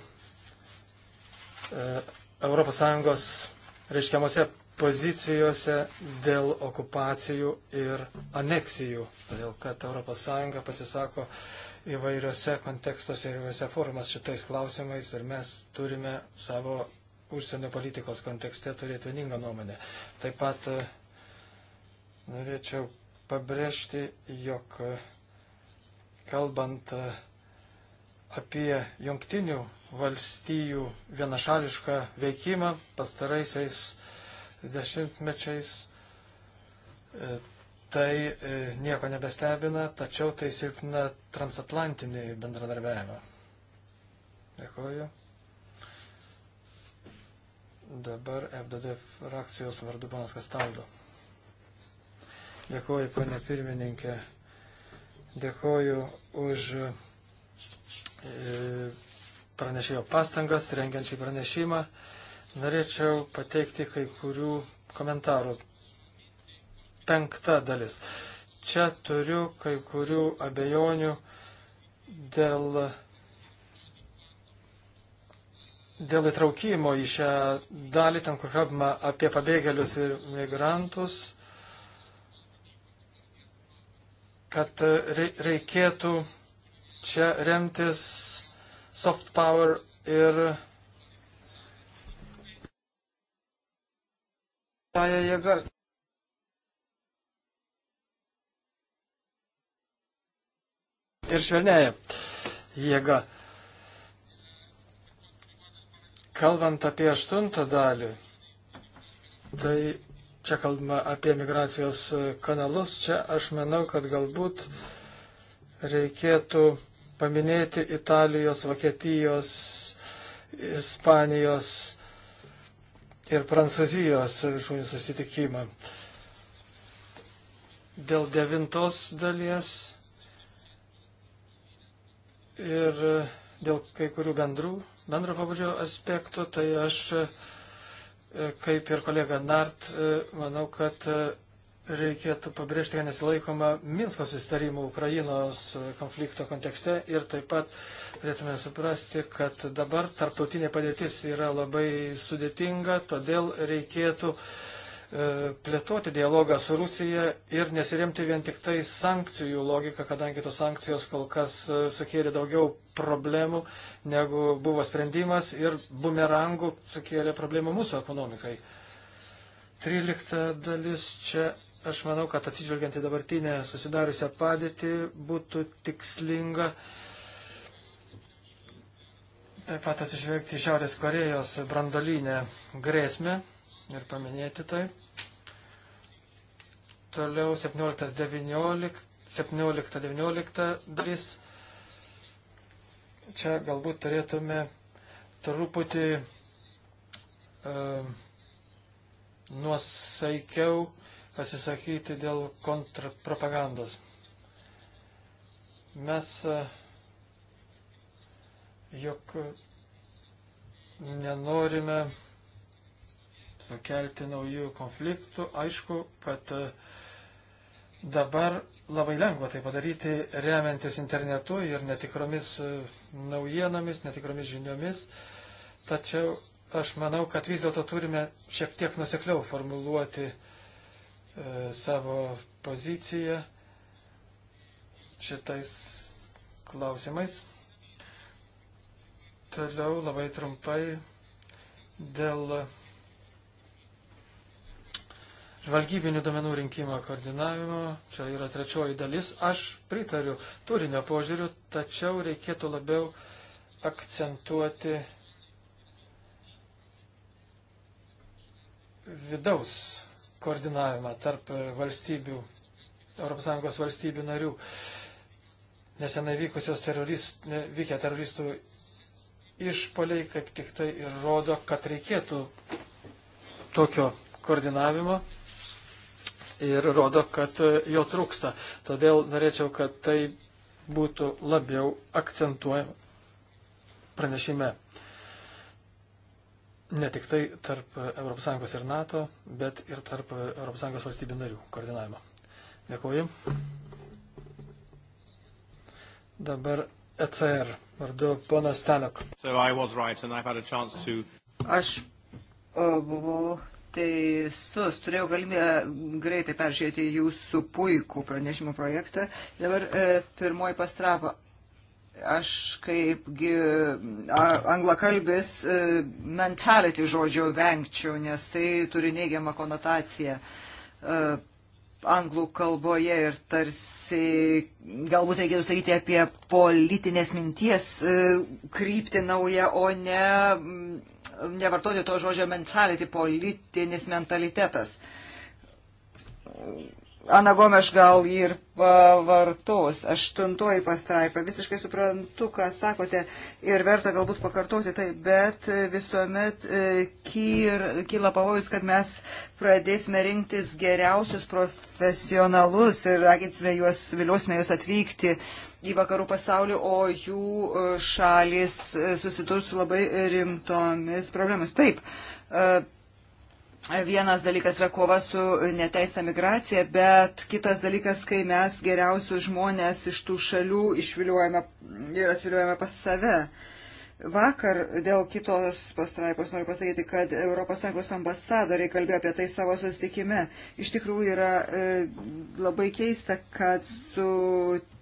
ES reiškiamose pozicijose dėl okupacijų ir aneksijų, todėl kad ES pasisako įvairiose kontekstuose ir įvairiose formas šitais klausimais ir mes turime savo užsienio politikos kontekste turėti vieningą nuomonę. Taip pat e, norėčiau pabrėžti, jog e, kalbant e, apie jungtinių valstijų vienašališką veikimą pastaraisiais dešimtmečiais, e, tai e, nieko nebestebina, tačiau tai silpna transatlantinį bendradarbiavimą. Dėkuoju. Dabar FDD frakcijos vardu panas Kastaldo. Dėkuoju, ponė pirmininkė. Dėkuoju už pranešėjo pastangas, rengiančiai pranešimą, norėčiau pateikti kai kurių komentarų. Penkta dalis. Čia turiu kai kurių abejonių dėl, dėl įtraukimo į šią dalį, ten kur kalbama apie pabėgėlius ir migrantus, kad reikėtų čia remtis soft power ir tąją jėgą. Ir švelnėja jėga. Kalbant apie aštuntą dalį, tai čia kalbama apie migracijos kanalus, čia aš manau, kad galbūt reikėtų paminėti Italijos, Vokietijos, Ispanijos ir Prancūzijos viršūnių susitikimą. Dėl devintos dalies ir dėl kai kurių bendrų, bendro pabudžio aspektų, tai aš, kaip ir kolega Nart, manau, kad reikėtų pabrėžti, kad nesilaikoma Minsko sustarimų Ukrainos konflikto kontekste ir taip pat turėtume suprasti, kad dabar tarptautinė padėtis yra labai sudėtinga, todėl reikėtų e, plėtoti dialogą su Rusija ir nesiremti vien tik tai sankcijų logiką, kadangi tos sankcijos kol kas e, sukėlė daugiau problemų, negu buvo sprendimas ir bumerangų sukėlė problemų mūsų ekonomikai. 13 dalis čia Aš manau, kad atsižvelgiant į dabartinę susidariusią padėtį būtų tikslinga taip pat atsižvelgti į Šiaurės Korejos brandolinę grėsmę ir paminėti tai. Toliau 17-19 dalis. Čia galbūt turėtume truputį e, nuosaikiau pasisakyti dėl kontrpropagandos. Mes e, juk nenorime sukelti naujų konfliktų. Aišku, kad e, dabar labai lengva tai padaryti remiantis internetu ir netikromis e, naujienomis, netikromis žiniomis. Tačiau aš manau, kad vis dėlto turime šiek tiek nusekliau formuluoti uh, savo poziciją šitais klausimais. Toliau labai trumpai dėl žvalgybinių domenų rinkimo koordinavimo. Čia yra trečioji dalis. Aš pritariu turinio požiūriu, tačiau reikėtų labiau akcentuoti vidaus koordinavimą tarp valstybių, ES valstybių narių. Nesenai vykusios terorist, vykę teroristų išpoliai kaip tik tai ir rodo, kad reikėtų tokio koordinavimo ir rodo, kad e, jo trūksta. Todėl norėčiau, kad tai būtų labiau akcentuojama pranešime ne tik tai tarp ES ir NATO, bet ir tarp ES valstybių narių koordinavimo. Dėkuoju. Dabar ECR vardu ponas Stanok. So right to... Aš o, buvau teisus, turėjau galimybę greitai peržiūrėti jūsų puikų pranešimo projektą. Dabar e, pirmoji pastrapa aš kaipgi anglakalbis e, mentality žodžio vengčiau, nes tai turi neigiamą konotaciją e, anglų kalboje ir tarsi galbūt reikėtų sakyti apie politinės minties e, krypti naują, o ne nevartoti to žodžio mentality, politinis mentalitetas. Ana Gomeš gal ir pavartos, aštuntoji pastraipa, visiškai suprantu, ką sakote ir verta galbūt pakartoti tai, bet visuomet e, kyr, kyla pavojus, kad mes pradėsime rinktis geriausius profesionalus ir raginsime juos, viliosime juos atvykti į vakarų pasaulį, o jų e, šalis e, susidurs su labai rimtomis problemas. Taip, Vienas dalykas yra kova su neteisė migracija, bet kitas dalykas, kai mes geriausius žmonės iš tų šalių išviliuojame ir atsiliuojame pas save. Vakar dėl kitos pastraipos noriu pasakyti, kad ES ambasadoriai kalbėjo apie tai savo susitikime. Iš tikrųjų yra e, labai keista, kad su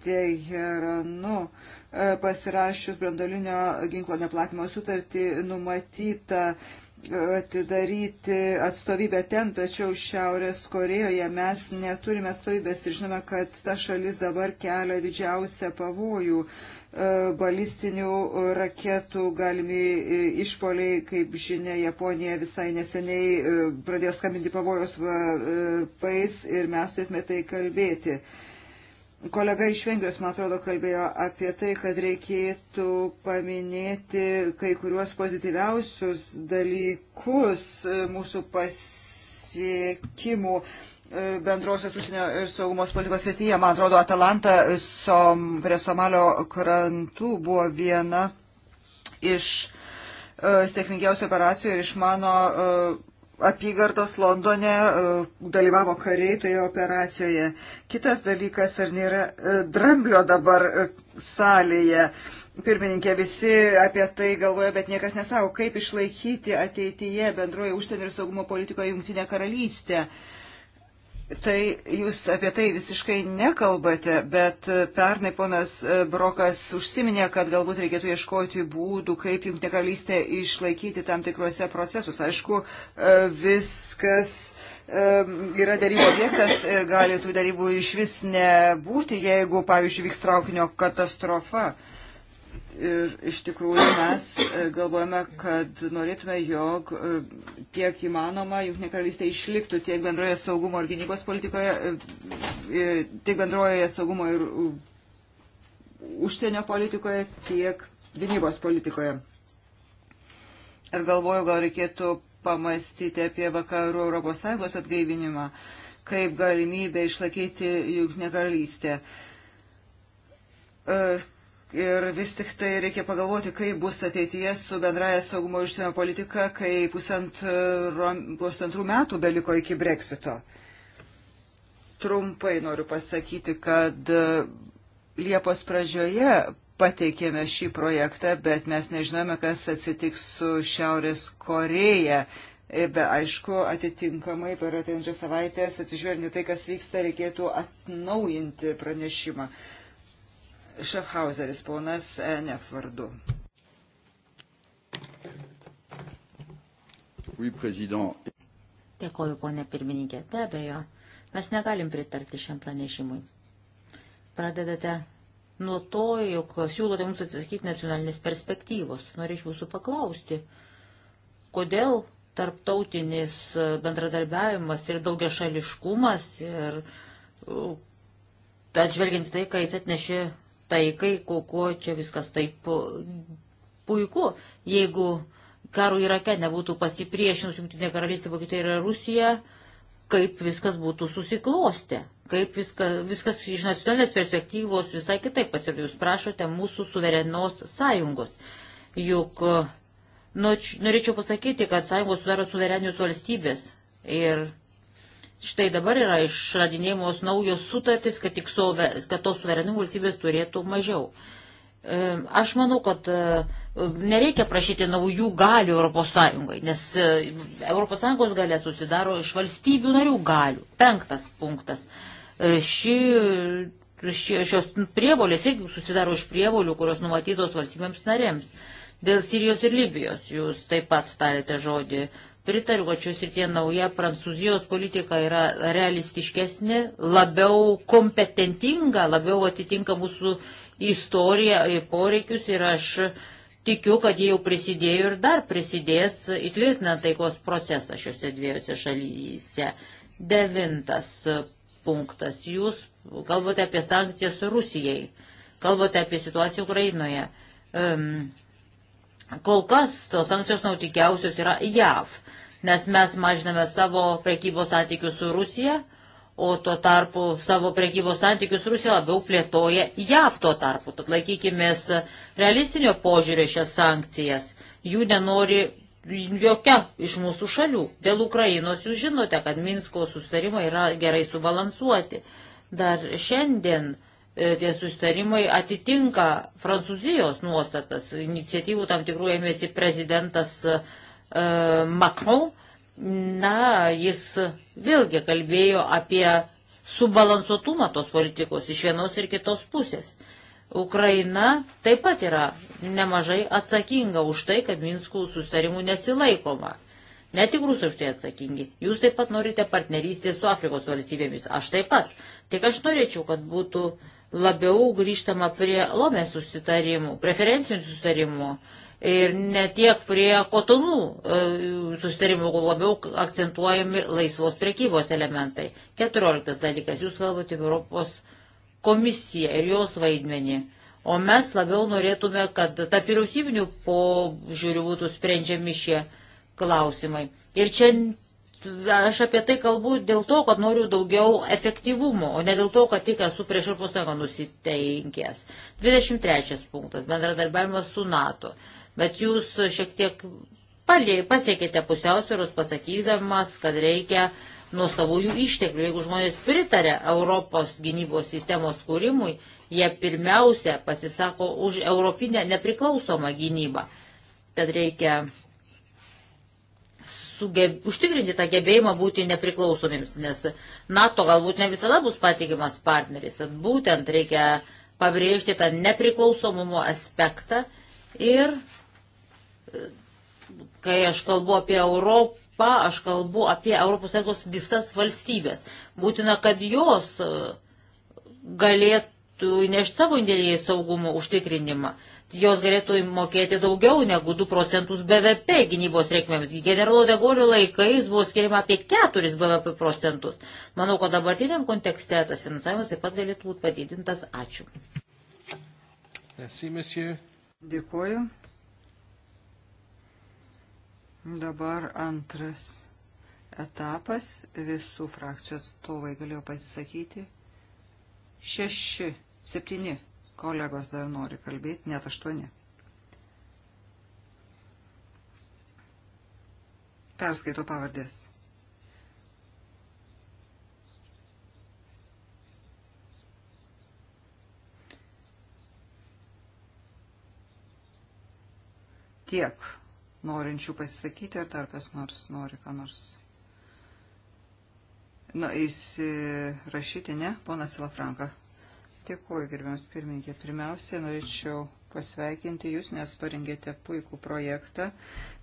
Teheranu e, pasirašius brandolinio ginklo neplatimo sutartį numatyta e, atidaryti atstovybę ten, tačiau Šiaurės Korejoje mes neturime atstovybės ir žinome, kad ta šalis dabar kelia didžiausią pavojų e, balistinių raketų galimi e, išpoliai, kaip žinia, Japonija visai neseniai e, pradėjo skambinti pavojos varpais ir mes turėtume tai kalbėti. Kolega iš Vengrijos, man atrodo, kalbėjo apie tai, kad reikėtų paminėti kai kuriuos pozityviausius dalykus mūsų pasiekimų e, bendrosios užsienio ir saugumos politikos srityje. Man atrodo, Atalanta som, prie Somalio krantų buvo viena iš uh, sėkmingiausių operacijų ir iš mano uh, apygardos Londone e, dalyvavo kariai toje operacijoje. Kitas dalykas, ar nėra e, dramblio dabar e, salėje. Pirmininkė, visi apie tai galvoja, bet niekas nesako, kaip išlaikyti ateityje bendroje užsienio ir saugumo politikoje Jungtinę karalystę. Uh, Tai jūs apie tai visiškai nekalbate, bet pernai ponas Brokas užsiminė, kad galbūt reikėtų ieškoti būdų, kaip jungtinė karalystė išlaikyti tam tikruose procesus. Aišku, e, viskas e, yra darybų objektas ir gali tų darybų iš vis nebūti, jeigu, pavyzdžiui, vyks traukinio katastrofa. Ir iš tikrųjų mes e, galvojame, kad norėtume, jog e, tiek įmanoma, juk nekarvystė išliktų tiek bendroje saugumo ir gynybos politikoje, e, tiek bendroje saugumo ir užsienio politikoje, tiek gynybos politikoje. Ir galvoju, gal reikėtų pamastyti apie vakarų Europos Sąjungos atgaivinimą kaip galimybę išlaikyti juk nekarvystę Ir vis tik tai reikia pagalvoti, kaip bus ateityje su bendraja saugumo užsienio politika, kai pusantro, pusantrų metų beliko iki breksito. Trumpai noriu pasakyti, kad e, Liepos pradžioje pateikėme šį projektą, bet mes nežinome, kas atsitiks su Šiaurės Koreja. Be aišku, atitinkamai per ateinančią savaitę, atsižvelgiant tai, kas vyksta, reikėtų atnaujinti pranešimą. Uh, Šefhauseris, ponas ENF vardu. Oui, prezident. Dėkoju, ponė pirmininkė. Be abejo, mes negalim pritarti šiam pranešimui. Pradedate nuo to, jog siūlote mums atsisakyti nacionalinės perspektyvos. Norėčiau jūsų paklausti, kodėl tarptautinis bendradarbiavimas ir daugia šališkumas ir uh, atžvelgiant tai, ką jis atnešė taikai, kuo čia viskas taip puiku, jeigu karų Irake nebūtų pasipriešinus Junktinė karalystė, Vokietija ir Rusija, kaip viskas būtų susiklosti, kaip viska, viskas iš nacionalinės perspektyvos visai kitaip pasirodė. Jūs prašote mūsų suverenos sąjungos. Juk nu, norėčiau pasakyti, kad sąjungos sudaro suverenius valstybės ir Štai dabar yra išradinėjimos naujos sutartys, kad, tik sove, kad tos suverenų valstybės turėtų mažiau. E, aš manau, kad e, nereikia prašyti naujų galių ES, nes ES galia susidaro iš valstybių narių galių. Penktas punktas. E, ši, ši, šios prievolės irgi susidaro iš prievolių, kurios numatytos valstybėms narėms. Dėl Sirijos ir Libijos jūs taip pat tarėte žodį pritariu, kad šios ir tie nauja prancūzijos politika yra realistiškesnė, labiau kompetentinga, labiau atitinka mūsų istoriją, poreikius ir aš tikiu, kad jie jau prisidėjo ir dar prisidės įtvirtinant taikos procesą šiuose dviejose šalyse. Devintas punktas. Jūs kalbate apie sankcijas Rusijai, kalbate apie situaciją Ukrainoje. Um, Kol kas tos sankcijos nautikiausios yra JAV, nes mes mažiname savo prekybos santykius su Rusija, o tuo tarpu savo prekybos santykius Rusija labiau plėtoja JAV tuo tarpu. Tad laikykimės realistinio požiūrio šias sankcijas. Jų nenori jokia iš mūsų šalių. Dėl Ukrainos jūs žinote, kad Minsko susitarimai yra gerai subalansuoti. Dar šiandien E, tie sustarimai atitinka Prancūzijos nuostatas. Iniciatyvų tam tikrų ėmėsi prezidentas uh, Macron. Na, jis vėlgi kalbėjo apie subalansuotumą tos politikos iš vienos ir kitos pusės. Ukraina taip pat yra nemažai atsakinga už tai, kad Minskų sustarimų nesilaikoma. Ne tik rusai už tai atsakingi. Jūs taip pat norite partnerystės su Afrikos valstybėmis. Aš taip pat. Tik aš norėčiau, kad būtų uh, labiau grįžtama prie Lomės susitarimų, preferencinių susitarimų ir ne tiek prie kotonų e, susitarimų, labiau akcentuojami laisvos prekybos elementai. Keturioliktas dalykas, jūs kalbate apie Europos komisiją ir jos vaidmenį. O mes labiau norėtume, kad ta vyriausybinių požiūrių būtų sprendžiami šie klausimai. Ir čia aš apie tai kalbu dėl to, kad noriu daugiau efektyvumo, o ne dėl to, kad tik esu prieš Europos Sąjungą nusiteikęs. 23 punktas - bendradarbiavimas su NATO. Bet jūs šiek tiek pasiekėte pusiausvėros pasakydamas, kad reikia nuo savųjų išteklių. Jeigu žmonės pritarė Europos gynybos sistemos kūrimui, jie pirmiausia pasisako už europinę nepriklausomą gynybą. Tad reikia sugeb... užtikrinti tą gebėjimą būti nepriklausomiems, nes NATO galbūt ne visada bus patikimas partneris. Tad būtent reikia pabrėžti tą nepriklausomumo aspektą ir kai aš kalbu apie Europą, aš kalbu apie ES visas valstybės. Būtina, kad jos e, galėtų nešti savo indėlį į saugumo užtikrinimą jos galėtų mokėti daugiau negu 2 procentus BVP gynybos reikmėms. Generolo Degolio laikais buvo skiriama apie 4 BVP procentus. Manau, kad dabartiniam kontekste tas finansavimas taip pat galėtų būti padidintas. Ačiū. Merci, monsieur. Dėkuoju. Dabar antras etapas. Visų frakcijų atstovai galėjo pasisakyti. Šeši, septyni kolegos dar nori kalbėti, net aštuoni. Perskaito pavardės. Tiek norinčių pasisakyti, ar dar kas nors nori, ką nors. Na, įsirašyti, ne, ponas Silafranka. Dėkuoju, gerbiamas pirmininkė. Pirmiausia, norėčiau pasveikinti Jūs, nes parengėte puikų projektą.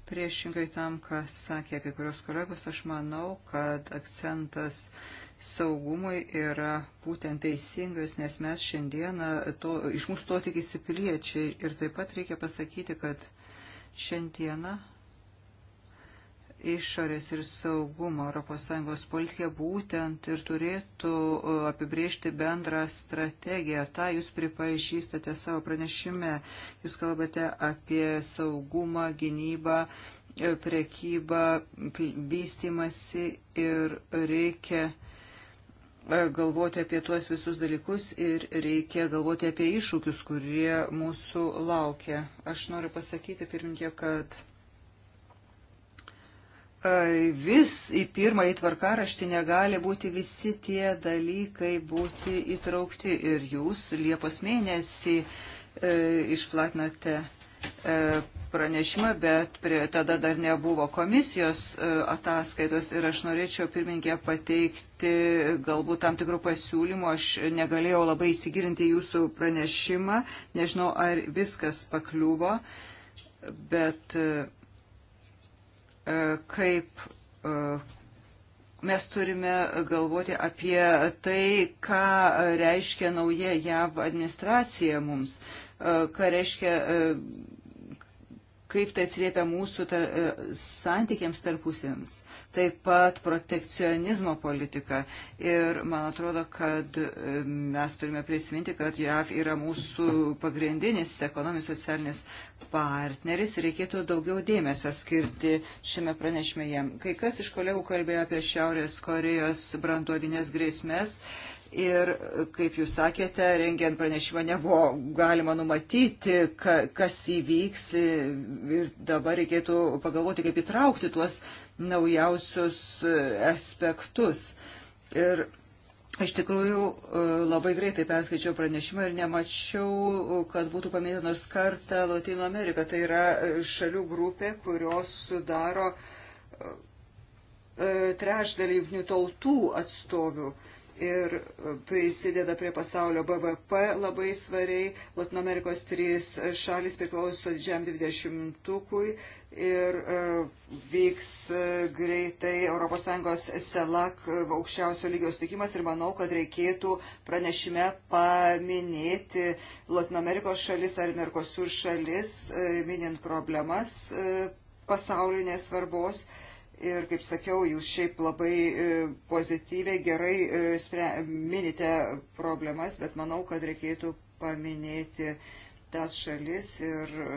Priešingai tam, ką sakė kai kurios kolegos, aš manau, kad akcentas saugumui yra būtent teisingas, nes mes šiandieną to, iš mūsų to tikisi piliečiai. Ir taip pat reikia pasakyti, kad šiandieną išorės ir saugumo ES politika būtent ir turėtų uh, apibriežti bendrą strategiją. Ta jūs pripažįstate savo pranešime. Jūs kalbate apie saugumą, gynybą, uh, prekybą, vystimasi ir reikia uh, galvoti apie tuos visus dalykus ir reikia galvoti apie iššūkius, kurie mūsų laukia. Aš noriu pasakyti pirmintė, kad vis į pirmąjį tvarkaraštį negali būti visi tie dalykai būti įtraukti ir jūs Liepos mėnesį e, išplatinote e, pranešimą, bet prie, tada dar nebuvo komisijos e, ataskaitos ir aš norėčiau pirmininkė pateikti galbūt tam tikrų pasiūlymų. Aš negalėjau labai įsigirinti jūsų pranešimą, nežinau ar viskas pakliuvo, bet. E, E, kaip e, mes turime galvoti apie tai, ką reiškia nauja JAV administracija mums, e, ką reiškia kaip tai atsiliepia mūsų tar, e, santykiams tarpusėms. Taip pat protekcionizmo politika. Ir man atrodo, kad e, mes turime prisiminti, kad JAV yra mūsų pagrindinis ekonominis socialinis partneris ir reikėtų daugiau dėmesio skirti šiame pranešmėje. Kai kas iš kolegų kalbėjo apie Šiaurės Korejos branduolinės grėsmės Ir, kaip jūs sakėte, rengiant pranešimą nebuvo galima numatyti, ka, kas įvyks ir dabar reikėtų pagalvoti, kaip įtraukti tuos naujausius aspektus. Ir iš tikrųjų labai greitai perskaičiau pranešimą ir nemačiau, kad būtų paminėta nors kartą Latino Amerika. Tai yra šalių grupė, kurios sudaro e, trešdalį jungtinių tautų atstovių ir prisideda prie pasaulio BVP labai svariai. Latino Amerikos trys šalis priklauso didžiam 20-ukui ir e, vyks e, greitai ES SELAK aukščiausio lygio sutikimas ir manau, kad reikėtų pranešime paminėti Latino Amerikos šalis ar Merkosur šalis, e, minint problemas pasaulinės svarbos. Uh, Ir, kaip sakiau, jūs šiaip labai e, pozityviai, gerai e, spre, minite problemas, bet manau, kad reikėtų paminėti tas šalis ir e,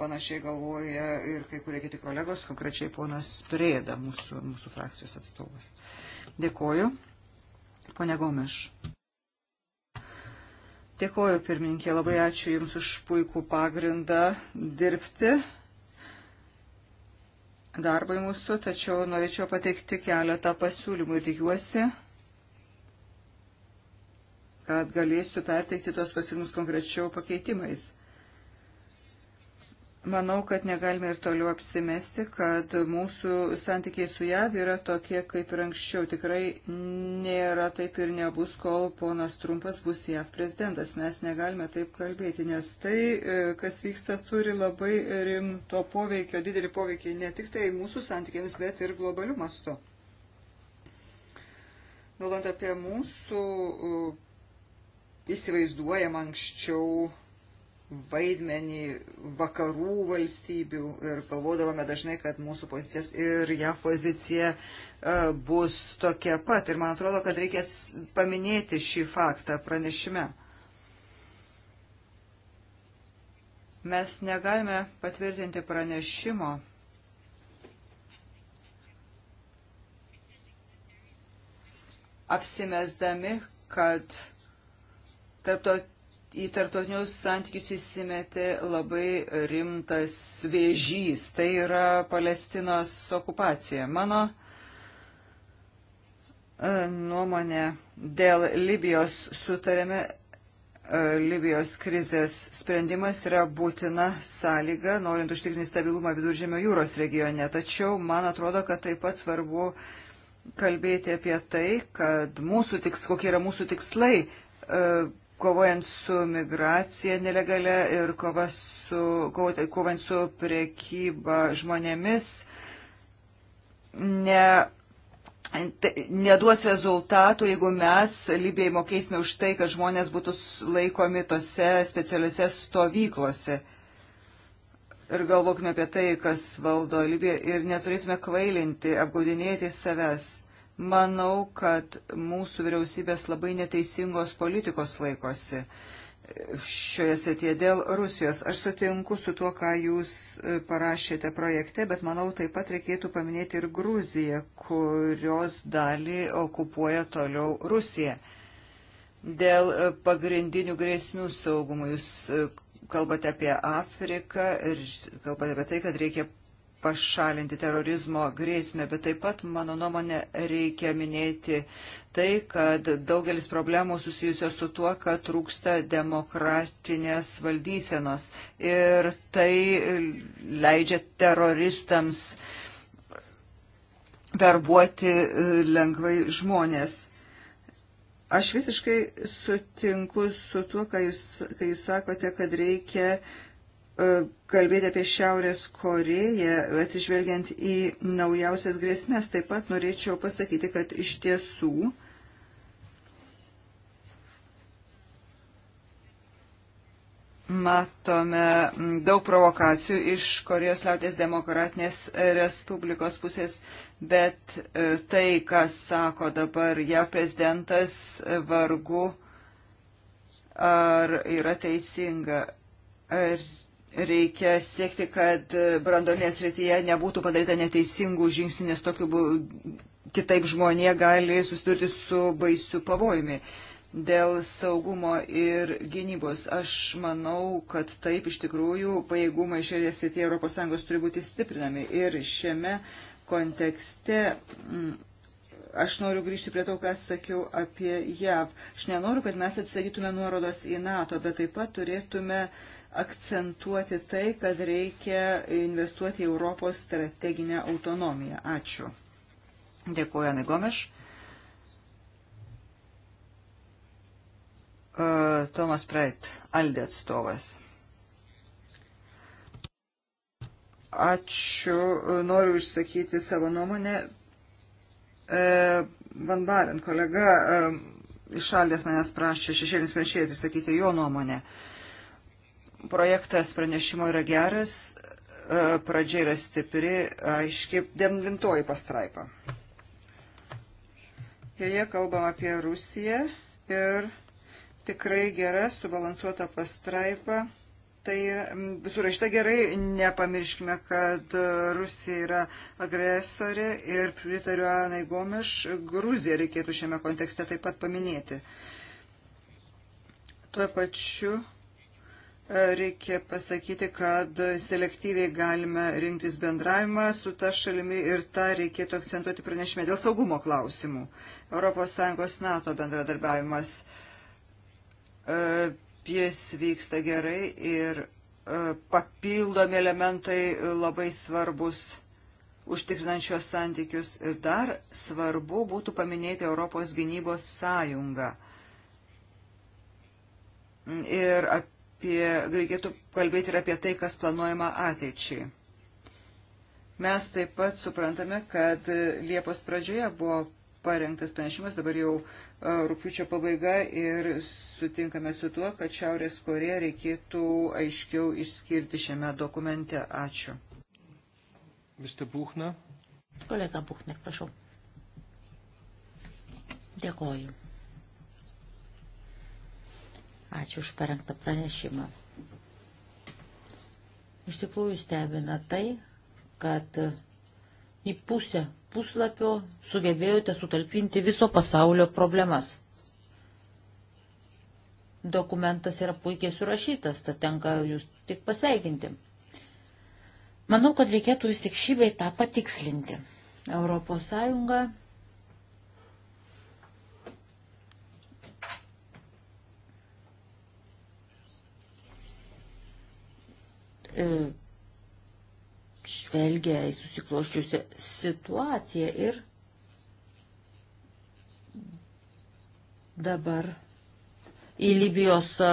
panašiai galvoja ir kai kurie kiti kolegos, konkrečiai ponas Prėda, mūsų, mūsų frakcijos atstovas. Dėkoju. Pone Gomeš. Dėkoju, pirmininkė, labai ačiū Jums už puikų pagrindą dirbti darbui mūsų, tačiau norėčiau pateikti keletą pasiūlymų ir tikiuosi, kad galėsiu perteikti tuos pasiūlymus konkrečiau pakeitimais. Manau, kad negalime ir toliau apsimesti, kad mūsų santykiai su JAV yra tokie kaip ir anksčiau. Tikrai nėra taip ir nebus, kol ponas Trumpas bus JAV prezidentas. Mes negalime taip kalbėti, nes tai, e, kas vyksta, turi labai rimto poveikio, didelį poveikį ne tik tai mūsų santykiams, bet ir globalių mastu. Galvant apie mūsų e, įsivaizduojamą anksčiau vaidmenį vakarų valstybių ir galvodavome dažnai, kad mūsų pozicijas ir JAV pozicija e, bus tokia pat. Ir man atrodo, kad reikia paminėti šį faktą pranešime. Mes negalime patvirtinti pranešimo. Apsimesdami, kad tarptautinė į tarptautinius santykius įsimetė labai rimtas vėžys. Tai yra Palestinos okupacija. Mano e, nuomonė dėl Libijos sutarėme. E, Libijos krizės sprendimas yra būtina sąlyga, norint užtikrinti stabilumą viduržėmio jūros regione. Tačiau man atrodo, kad taip pat svarbu kalbėti apie tai, kad mūsų tiks, kokie yra mūsų tikslai e, kovojant su migracija nelegalia ir kova su, kovant su priekyba žmonėmis ne, te, tai neduos rezultatų, jeigu mes Libijai mokėsime už tai, kad žmonės būtų laikomi tose specialiuose stovyklose. Ir galvokime apie tai, kas valdo Libiją ir neturėtume kvailinti, apgaudinėti savęs Manau, kad mūsų vyriausybės labai neteisingos politikos laikosi šioje srityje dėl Rusijos. Aš sutinku su tuo, ką jūs e, parašėte projekte, bet manau taip pat reikėtų paminėti ir Gruziją, kurios dalį okupuoja toliau Rusija. Dėl e, pagrindinių grėsmių saugumų jūs e, kalbate apie Afriką ir kalbate apie tai, kad reikia pašalinti terorizmo grėsmę, bet taip pat, mano nuomonė, reikia minėti tai, kad daugelis problemų susijusios su tuo, kad trūksta demokratinės valdysenos ir tai leidžia teroristams verbuoti e, lengvai žmonės. Aš visiškai sutinku su tuo, kai jūs, kai jūs sakote, kad reikia uh, E, kalbėti apie Šiaurės Koreją, atsižvelgiant į naujausias grėsmės. Taip pat norėčiau pasakyti, kad iš tiesų matome daug provokacijų iš Korejos liaudės demokratinės Respublikos pusės, bet e, tai, kas sako dabar ją ja, prezidentas, vargu ar yra teisinga. Ar Reikia siekti, kad brandolinės rytyje nebūtų padaryta neteisingų žingsnių, nes tokiu kitaip žmonė gali susidurti su baisiu pavojumi. Dėl saugumo ir gynybos aš manau, kad taip iš tikrųjų pajėgumai šioje srityje ES turi būti stiprinami. Ir šiame kontekste mm, aš noriu grįžti prie to, ką sakiau apie JAV. Aš nenoriu, kad mes atsisakytume nuorodos į NATO, bet taip pat turėtume uh, akcentuoti tai, kad reikia investuoti į Europos strateginę autonomiją. Ačiū. Dėkuoju, Anai Gomeš. E, Tomas Prait, Aldė atstovas. Ačiū, noriu išsakyti savo nuomonę. E, Van Baren, kolega e, iš Aldės manęs prašė šešėlis priešėjas išsakyti jo nuomonę. E, Projektas pranešimo yra geras, e, pradžia yra stipri, aiškiai, devintoji pastraipa. Joje kalbam apie Rusiją ir tikrai gera, subalansuota pastraipa. Tai surašyta gerai, nepamirškime, kad Rusija yra agresorė ir pritariu Anai Gomeš, Gruziją reikėtų šiame kontekste taip pat paminėti. Tuo pačiu reikia pasakyti, kad selektyviai galime rinktis bendravimą su ta šalimi ir tą reikėtų akcentuoti pranešime dėl saugumo klausimų. ES NATO bendradarbiavimas jis e, vyksta gerai ir e, papildomi elementai labai svarbus užtikrinančios santykius ir dar svarbu būtų paminėti Europos gynybos sąjungą. Ir apie apie, reikėtų kalbėti ir apie tai, kas planuojama ateičiai. Mes taip pat suprantame, kad Liepos pradžioje buvo parengtas pranešimas, dabar jau e, rūpiučio pabaiga ir sutinkame su tuo, kad Šiaurės Koreja reikėtų aiškiau išskirti šiame dokumente. Ačiū. Mr. Buchner. Kolega Buchner, prašau. Dėkoju. Ačiū už parengtą pranešimą. Iš tikrųjų stebina tai, kad į pusę puslapio sugebėjote sutalpinti viso pasaulio problemas. Dokumentas yra puikiai surašytas, tad tenka jūs tik pasveikinti. Manau, kad reikėtų vis tik šį beitą patikslinti. Europos Sąjunga E, žvelgia į susikloščiusią situaciją ir dabar į Libijos e,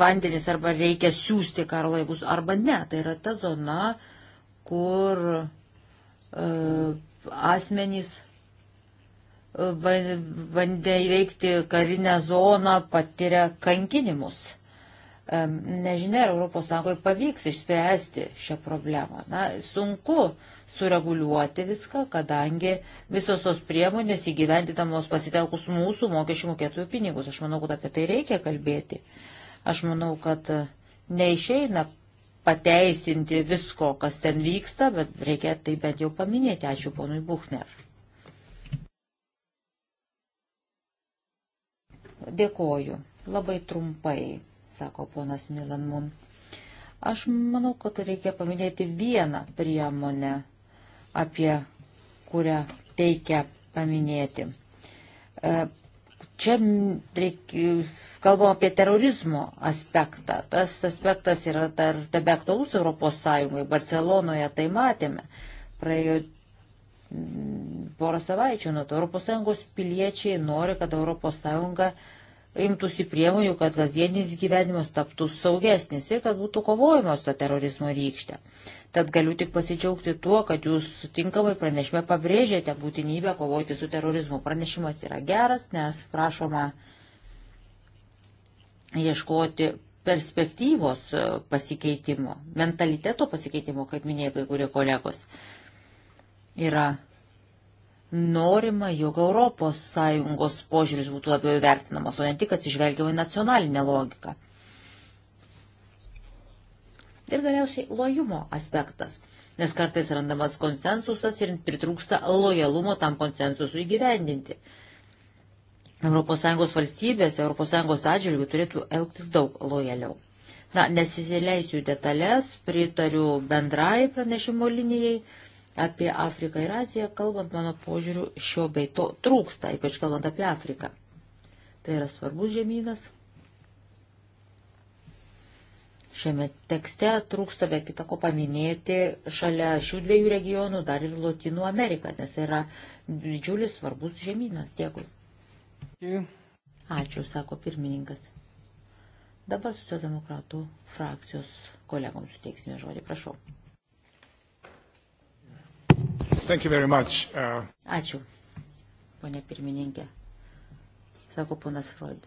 vandenis arba reikia siūsti karo laivus arba ne. Tai yra ta zona, kur e, asmenys e, bandė įveikti karinę zoną, patiria kankinimus. Nežinia, ar Europos Sąjungoje pavyks išspręsti šią problemą. Na, sunku sureguliuoti viską, kadangi visos tos priemonės įgyvendinamos pasitelkus mūsų mokesčių mokėtojų pinigus. Aš manau, kad apie tai reikia kalbėti. Aš manau, kad neišeina pateisinti visko, kas ten vyksta, bet reikia tai bent jau paminėti. Ačiū ponui Buchner. Dėkoju. Labai trumpai sako ponas Milan Mun. Aš manau, kad reikia paminėti vieną priemonę, apie kurią teikia paminėti. E, čia kalbam apie terorizmo aspektą. Tas aspektas yra dar tebe aktualus Europos Sąjungai. Barcelonoje tai matėme. Praėjo porą savaičių nuo to. Europos Sąjungos piliečiai nori, kad Europos Sąjunga uh, imtųsi priemonių, kad kasdienis gyvenimas taptų saugesnis ir kad būtų kovojama su to terorizmo rykšte. Tad galiu tik pasidžiaugti tuo, kad jūs tinkamai pranešime pabrėžėte būtinybę kovoti su terorizmu. Pranešimas yra geras, nes prašoma ieškoti perspektyvos e, pasikeitimo, mentaliteto pasikeitimo, kaip minėjo kai kurie kolegos. Yra norima, jog ES požiūris būtų labiau įvertinamas, o ne tik atsižvelgiama į nacionalinę logiką. Ir galiausiai lojumo aspektas, nes kartais randamas konsensusas ir pritrūksta lojalumo tam konsensusui įgyvendinti. ES valstybės, ES atžvilgių turėtų elgtis daug lojaliau. Na, nesileisiu detalės, pritariu bendrai pranešimo linijai Apie Afriką ir Aziją, kalbant mano požiūriu, šio bei to trūksta, ypač kalbant apie Afriką. Tai yra svarbus žemynas. Šiame tekste trūksta be kita ko paminėti šalia šių dviejų regionų dar ir Latinų Ameriką, nes tai yra didžiulis svarbus žemynas. Dėkui. Ačiū, sako pirmininkas. Dabar socialdemokratų frakcijos kolegoms suteiksime žodį. Prašau. Thank you very much. Uh... Ačiū, ponė pirmininkė, sako ponas Freud.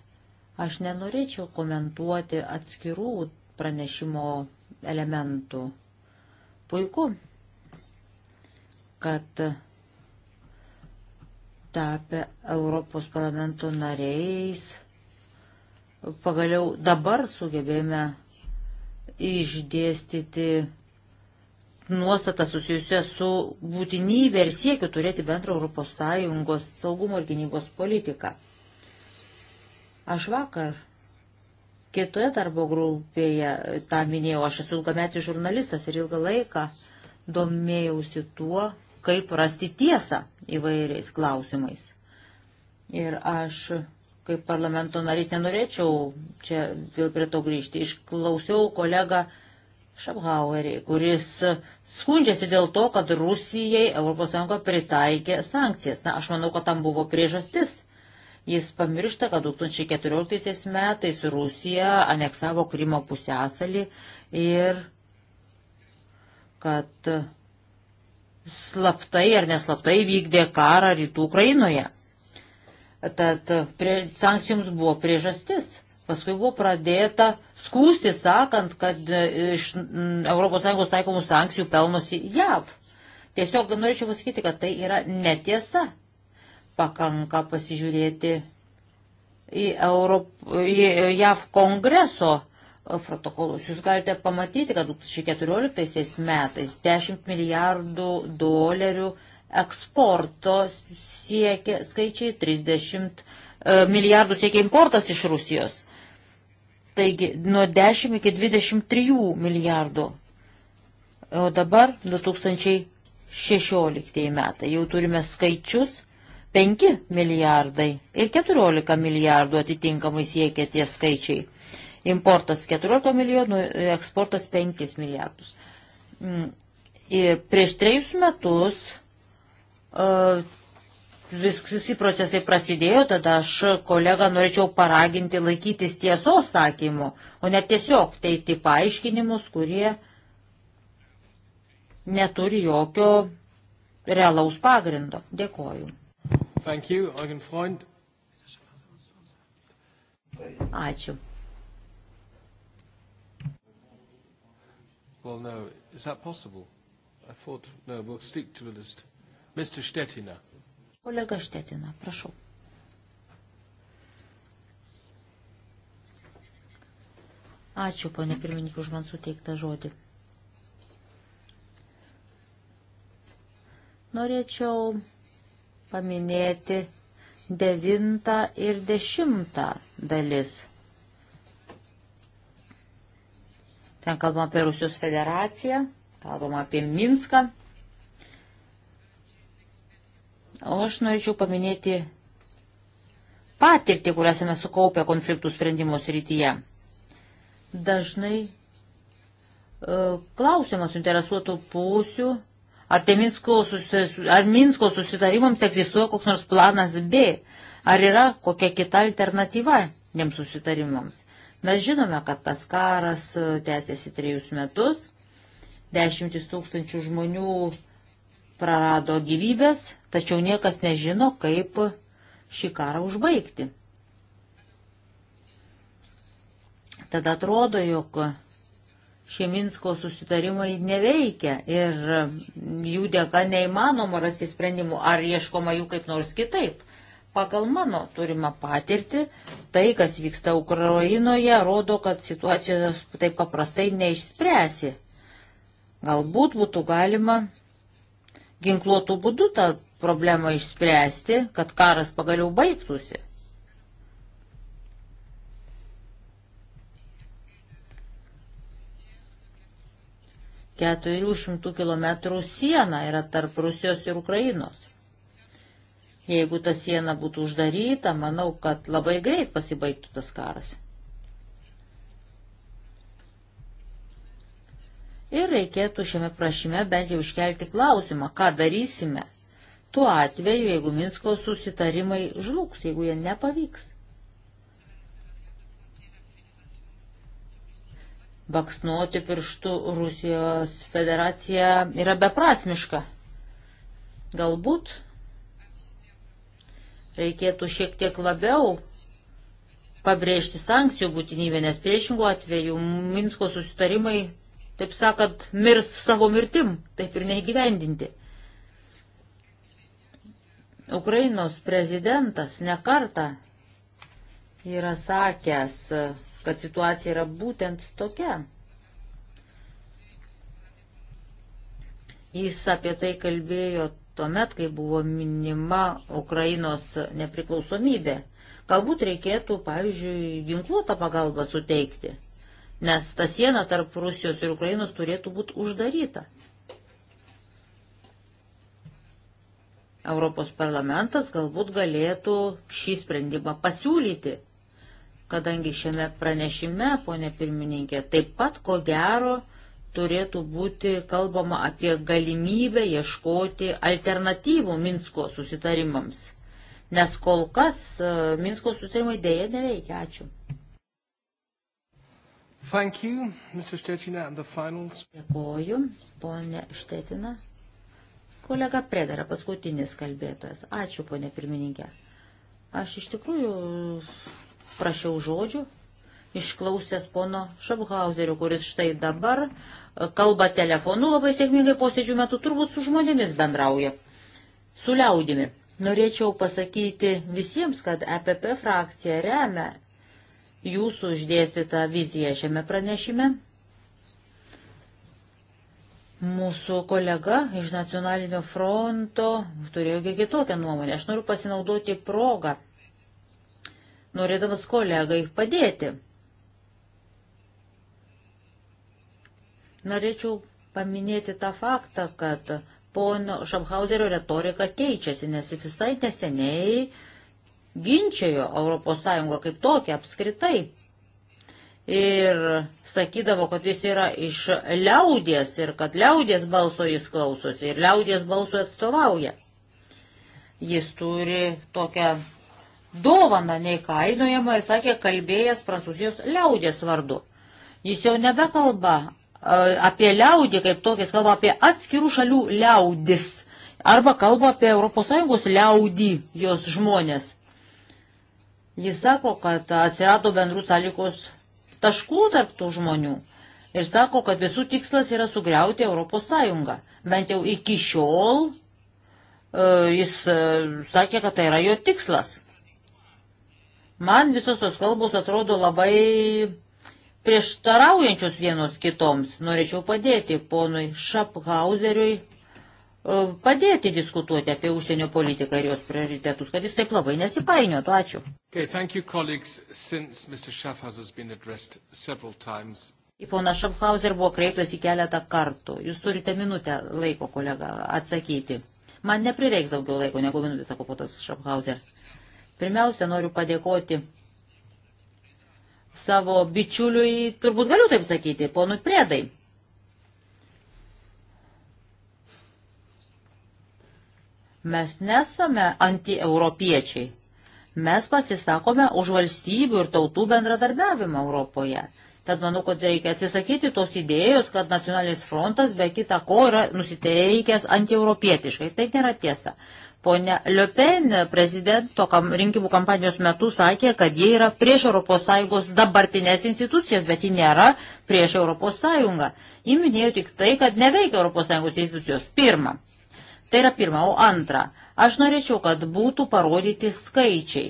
Aš nenorėčiau komentuoti atskirų pranešimo elementų. Puiku, kad tapę Europos parlamento nariais pagaliau dabar sugebėjome išdėstyti nuostatą susijusią su būtinybė ir siekiu turėti bendrą ES saugumo ir gynybos politiką. Aš vakar kitoje darbo grupėje tą minėjau, aš esu ilgametis žurnalistas ir ilgą laiką domėjausi tuo, kaip rasti tiesą įvairiais klausimais. Ir aš kaip parlamento narys nenorėčiau čia vėl prie to grįžti. Išklausiau kolegą Šabhauerį, kuris skundžiasi dėl to, kad Rusijai ES pritaikė sankcijas. Na, aš manau, kad tam buvo priežastis. Jis pamiršta, kad 2014 metais Rusija aneksavo Krymo pusęsalį ir kad slaptai ar neslaptai vykdė karą rytų Ukrainoje. Tad prie, sankcijoms buvo priežastis. Paskui buvo pradėta skūsti, sakant, kad e, iš mm, ES taikomų sankcijų pelnosi JAV. Tiesiog norėčiau pasakyti, kad tai yra netiesa. Pakanka pasižiūrėti į, Europ... į JAV kongreso protokolus. Jūs galite pamatyti, kad 2014 metais 10 milijardų dolerių eksporto siekia skaičiai 30 e, milijardų siekia importas iš Rusijos. Taigi nuo 10 iki 23 milijardų. O dabar 2016 metai. Jau turime skaičius 5 milijardai ir 14 milijardų atitinkamai siekia tie skaičiai. Importas 14 milijonų, eksportas 5 milijardus. Mm. Ir prieš trejus metus uh, visi procesai prasidėjo, tada aš kolegą norėčiau paraginti laikytis tiesos sakymų, o ne tiesiog teikti paaiškinimus, kurie neturi jokio realaus pagrindo. Dėkoju. Ačiū. Well, no. Is that possible? I thought, no, we'll stick to the list. Mr. Stettina. Kolega Štetina, prašau. Ačiū, ponė pirmininkė, už man suteiktą žodį. Norėčiau paminėti devintą ir dešimtą dalis. Ten kalbama apie Rusijos federaciją, kalbama apie Minską. O aš norėčiau paminėti patirtį, kurią esame sukaupę konfliktų sprendimo srityje. Dažnai e, klausimas interesuotų pusių, ar, tai Minsko susi, ar Minsko susitarimams egzistuoja koks nors planas B, ar yra kokia kita alternatyva jiems susitarimams. Mes žinome, kad tas karas e, tęsiasi trejus metus, dešimtis tūkstančių žmonių prarado gyvybės, tačiau niekas nežino, kaip šį karą užbaigti. Tada atrodo, jog šie Minsko susitarimai neveikia ir jų dėka neįmanoma rasti sprendimų, ar ieškoma jų kaip nors kitaip. Pagal mano turimą patirtį, tai, kas vyksta Ukrainoje, rodo, kad situacija taip paprastai neišspręsi. Galbūt būtų galima ginkluotų būdų tą problemą išspręsti, kad karas pagaliau baigtųsi. keturių šimtų kilometrų siena yra tarp Rusijos ir Ukrainos. Jeigu ta siena būtų uždaryta, manau, kad labai greit pasibaigtų tas karas. Ir reikėtų šiame prašyme bent jau iškelti klausimą, ką darysime tuo atveju, jeigu Minsko susitarimai žlugs, jeigu jie nepavyks. Baksnuoti pirštų Rusijos federacija yra beprasmiška. Galbūt reikėtų šiek tiek labiau pabrėžti sankcijų būtinybę, nes priešingų atveju Minsko susitarimai taip sakant, mirs savo mirtim, taip ir neįgyvendinti. Ukrainos prezidentas nekarta yra sakęs, kad situacija yra būtent tokia. Jis apie tai kalbėjo tuomet, kai buvo minima Ukrainos nepriklausomybė. Galbūt reikėtų, pavyzdžiui, ginkluotą pagalbą suteikti nes ta siena tarp Rusijos ir Ukrainos turėtų būti uždaryta. Europos parlamentas galbūt galėtų šį sprendimą pasiūlyti, kadangi šiame pranešime, ponė pirmininkė, taip pat ko gero turėtų būti kalbama apie galimybę ieškoti alternatyvų Minsko susitarimams, nes kol kas e, Minsko susitarimai dėja neveikia. Ačiū. Thank you, Mr. Štetina, and the finals. Dėkoju, ponė Štetina. Kolega Predara, paskutinis kalbėtojas. Ačiū, ponė pirmininkė. Aš iš tikrųjų prašiau žodžių, išklausęs pono Šabhauserio, kuris štai dabar e, kalba telefonu labai sėkmingai posėdžių metu, turbūt su žmonėmis bendrauja, su liaudimi. Norėčiau pasakyti visiems, kad EPP frakcija remia jūsų išdėstytą viziją šiame pranešime. Mūsų kolega iš nacionalinio fronto turėjo kiek kitokią nuomonę. Aš noriu pasinaudoti progą, norėdamas kolegai padėti. Norėčiau paminėti tą faktą, kad pono Šamhauserio retorika keičiasi, nes visai neseniai uh, ginčiojo ES kaip tokia apskritai. Ir sakydavo, kad jis yra iš liaudies ir kad liaudies balso jis klausosi ir liaudies balso atstovauja. Jis turi tokią dovaną neįkainojamą ir sakė kalbėjęs prancūzijos liaudės vardu. Jis jau nebekalba e, apie liaudį kaip tokį, kalba apie atskirų šalių liaudis. Arba kalba apie ES liaudį, jos žmonės. Jis sako, kad atsirado bendrų sąlygos taškų tarptų žmonių ir sako, kad visų tikslas yra sugriauti Europos Sąjungą. Bent jau iki šiol e, jis e, sakė, kad tai yra jo tikslas. Man visos tos kalbos atrodo labai prieštaraujančios vienos kitoms. Norėčiau padėti ponui Šaphauseriui Um, padėti diskutuoti apie užsienio politiką ir jos prioritetus, kad jis taip labai nesipainiotų. Ačiū. Okay, you, times... Į poną Šafhauser buvo kreiptasi keletą kartų. Jūs turite minutę laiko, kolega, atsakyti. Man neprireiks daugiau laiko negu minutė, sako potas Šafhauser. Pirmiausia, noriu padėkoti savo bičiuliui, turbūt galiu taip sakyti, ponui Priedai Mes nesame antieuropiečiai. Mes pasisakome už valstybių ir tautų bendradarbiavimą Europoje. Tad manau, kad reikia atsisakyti tos idėjos, kad nacionalinis frontas be kita ko yra nusiteikęs antieuropietiškai. Tai nėra tiesa. Pone Liopen prezidento kam, rinkimų kampanijos metu sakė, kad jie yra prieš ES dabartinės institucijas, bet ji nėra prieš ES. Ji minėjo tik tai, kad neveikia ES institucijos. Pirma. Tai yra pirma, o antra, aš norėčiau, kad būtų parodyti skaičiai.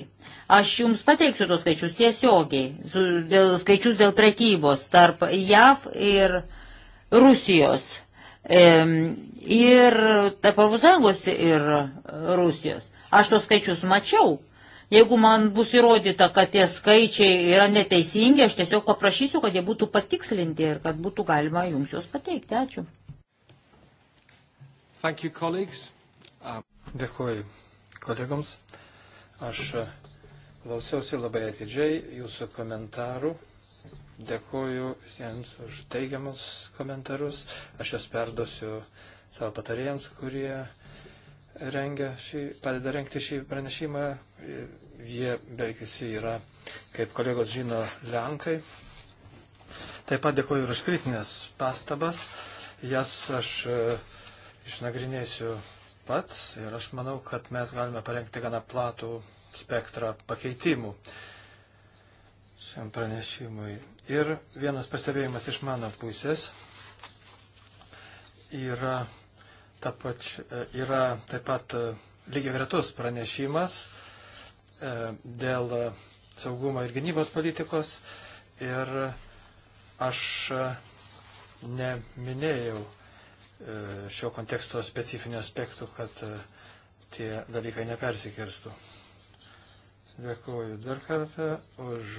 Aš jums pateiksiu tos skaičius tiesiogiai, su, dėl, skaičius dėl prekybos tarp JAV ir Rusijos. E, ir tarp ES ir Rusijos. Aš tos skaičius mačiau. Jeigu man bus įrodyta, kad tie skaičiai yra neteisingi, aš tiesiog paprašysiu, kad jie būtų patikslinti ir kad būtų galima jums juos pateikti. Ačiū. Thank you, colleagues. Um, dėkuoju kolegoms. Aš e, klausiausi labai atidžiai jūsų komentarų. Dėkuoju visiems už teigiamus komentarus. Aš juos perduosiu savo patarėjams, kurie rengia šį, padeda rengti šį pranešimą. Jie beveik visi yra, kaip kolegos žino, lenkai. Taip pat dėkuoju ir už kritinės pastabas. Jas aš uh, išnagrinėsiu pats ir aš manau, kad mes galime parengti gana platų spektrą pakeitimų šiam pranešimui. Ir vienas pastebėjimas iš mano pusės yra, ta pač, e, yra taip pat e, lygiai gretus pranešimas e, dėl saugumo ir gynybos politikos ir aš neminėjau E, šio konteksto specifinių aspektų, kad e, tie dalykai nepersikirstų. Dėkuoju dar kartą už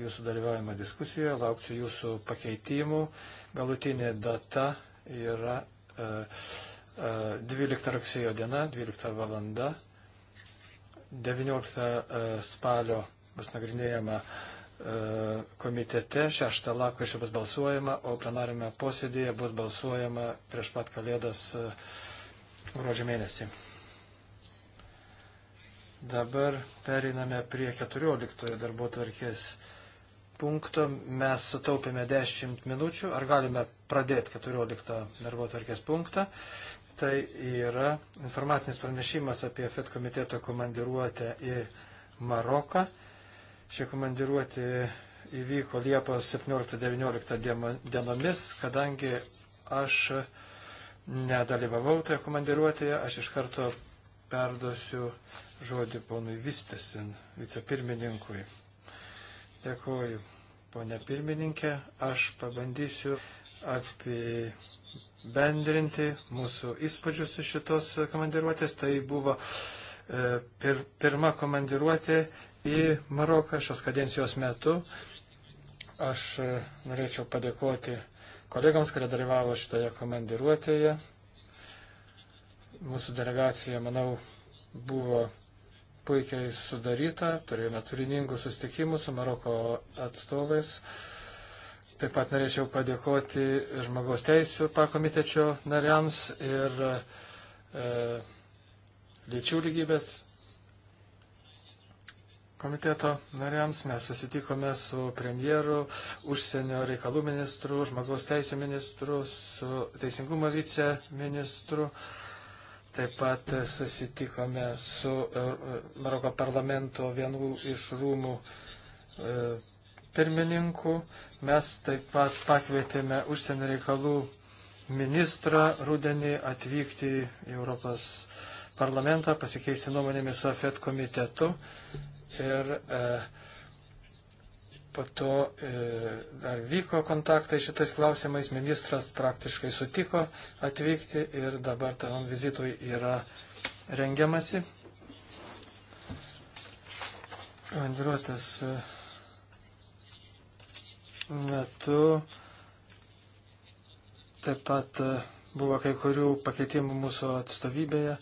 jūsų dalyvavimą diskusijoje, laukčiau jūsų pakeitimų. Galutinė data yra e, e, 12 rugsėjo diena, 12 valanda, 19 e, spalio bus nagrinėjama komitete 6 lapkričio bus balsuojama, o plenarime posėdėje bus balsuojama prieš pat kalėdas e, gruodžio mėnesį. Dabar periname prie 14 darbo tvarkės punkto. Mes sutaupėme 10 minučių. Ar galime pradėti 14 darbo tvarkės punktą? Tai yra informacinis pranešimas apie FED komiteto komandiruotę į Maroką. Ši komandiruotė įvyko Liepos 17-19 dienomis, kadangi aš nedalyvavau toje komandiruotėje, aš iš karto perduosiu žodį ponui Vistesin, vicepirmininkui. Dėkuoju, ponė pirmininkė, aš pabandysiu apibendrinti mūsų įspūdžius iš šitos komandiruotės. Tai buvo e, pir, pirma komandiruotė į Maroką šios kadencijos metu. Aš e, norėčiau padėkoti kolegams, kurie dalyvavo šitoje komandiruotėje. Mūsų delegacija, manau, buvo puikiai sudaryta, turėjome turiningų sustikimų su Maroko atstovais. Taip pat norėčiau padėkoti žmogaus teisų pakomitečio nariams ir e, lyčių lygybės komiteto nariams. Mes susitikome su premjeru, užsienio reikalų ministru, žmogaus teisų ministru, su teisingumo viceministru. Taip pat susitikome su e, Maroko parlamento vienu iš rūmų e, pirmininku. Mes taip pat pakvietėme užsienio reikalų ministrą rudenį atvykti į Europos parlamentą, pasikeisti nuomonėmis su AFET komitetu ir e, po to e, dar vyko kontaktai šitais klausimais, ministras praktiškai sutiko atvykti ir dabar tam vizitui yra rengiamasi. Vandruotės e, metu taip pat e, buvo kai kurių pakeitimų mūsų atstovybėje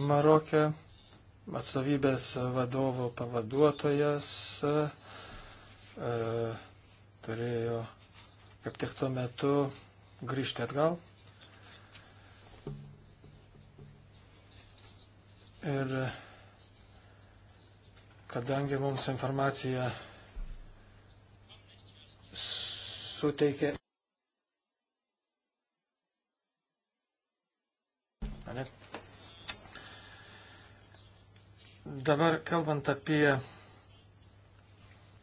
Marokė atstovybės vadovo pavaduotojas e, turėjo kaip tik tuo metu grįžti atgal. Ir kadangi mums informacija suteikė. Ne, Dabar kalbant apie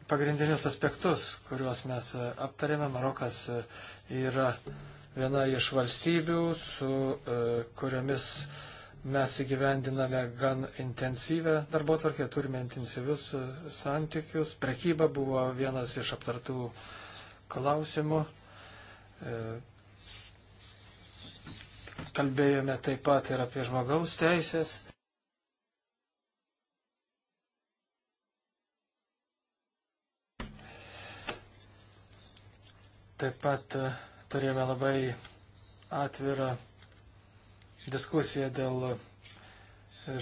pagrindinius aspektus, kuriuos mes e, aptarėme, Marokas e, yra viena iš valstybių, su e, kuriomis mes įgyvendiname gan intensyvę darbo tvarkę, turime intensyvius santykius. Prekyba buvo vienas iš aptartų klausimų. Kalbėjome taip pat ir apie žmogaus teisės. Taip pat e, turėjome labai atvirą diskusiją dėl e,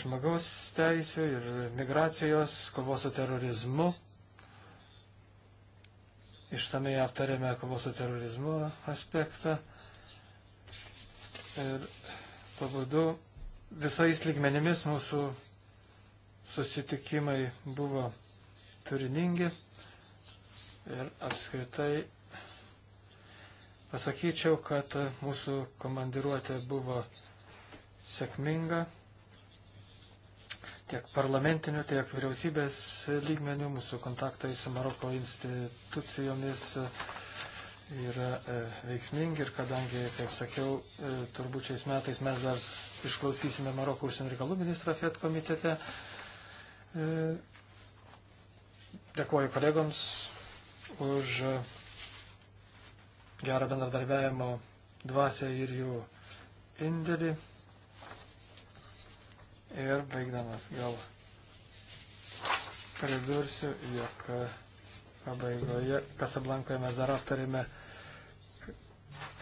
žmogaus teisų ir migracijos, kovos su terorizmu. Ištamei aptarėme kovos su terorizmu aspektą. Ir tuo būdu visais lygmenimis mūsų susitikimai buvo turiningi ir apskritai pasakyčiau, kad mūsų komandiruotė buvo sėkminga tiek parlamentinių, tiek vyriausybės lygmenių. Mūsų kontaktai su Maroko institucijomis yra e, veiksmingi ir kadangi, kaip sakiau, e, turbūt šiais metais mes dar išklausysime Maroko užsienio reikalų ministrą FED komitete. E, dėkuoju kolegoms už gerą bendradarbiavimo dvasę ir jų indėlį. Ir baigdamas gal pridursiu, jog pabaigoje Kasablankoje mes dar aptarėme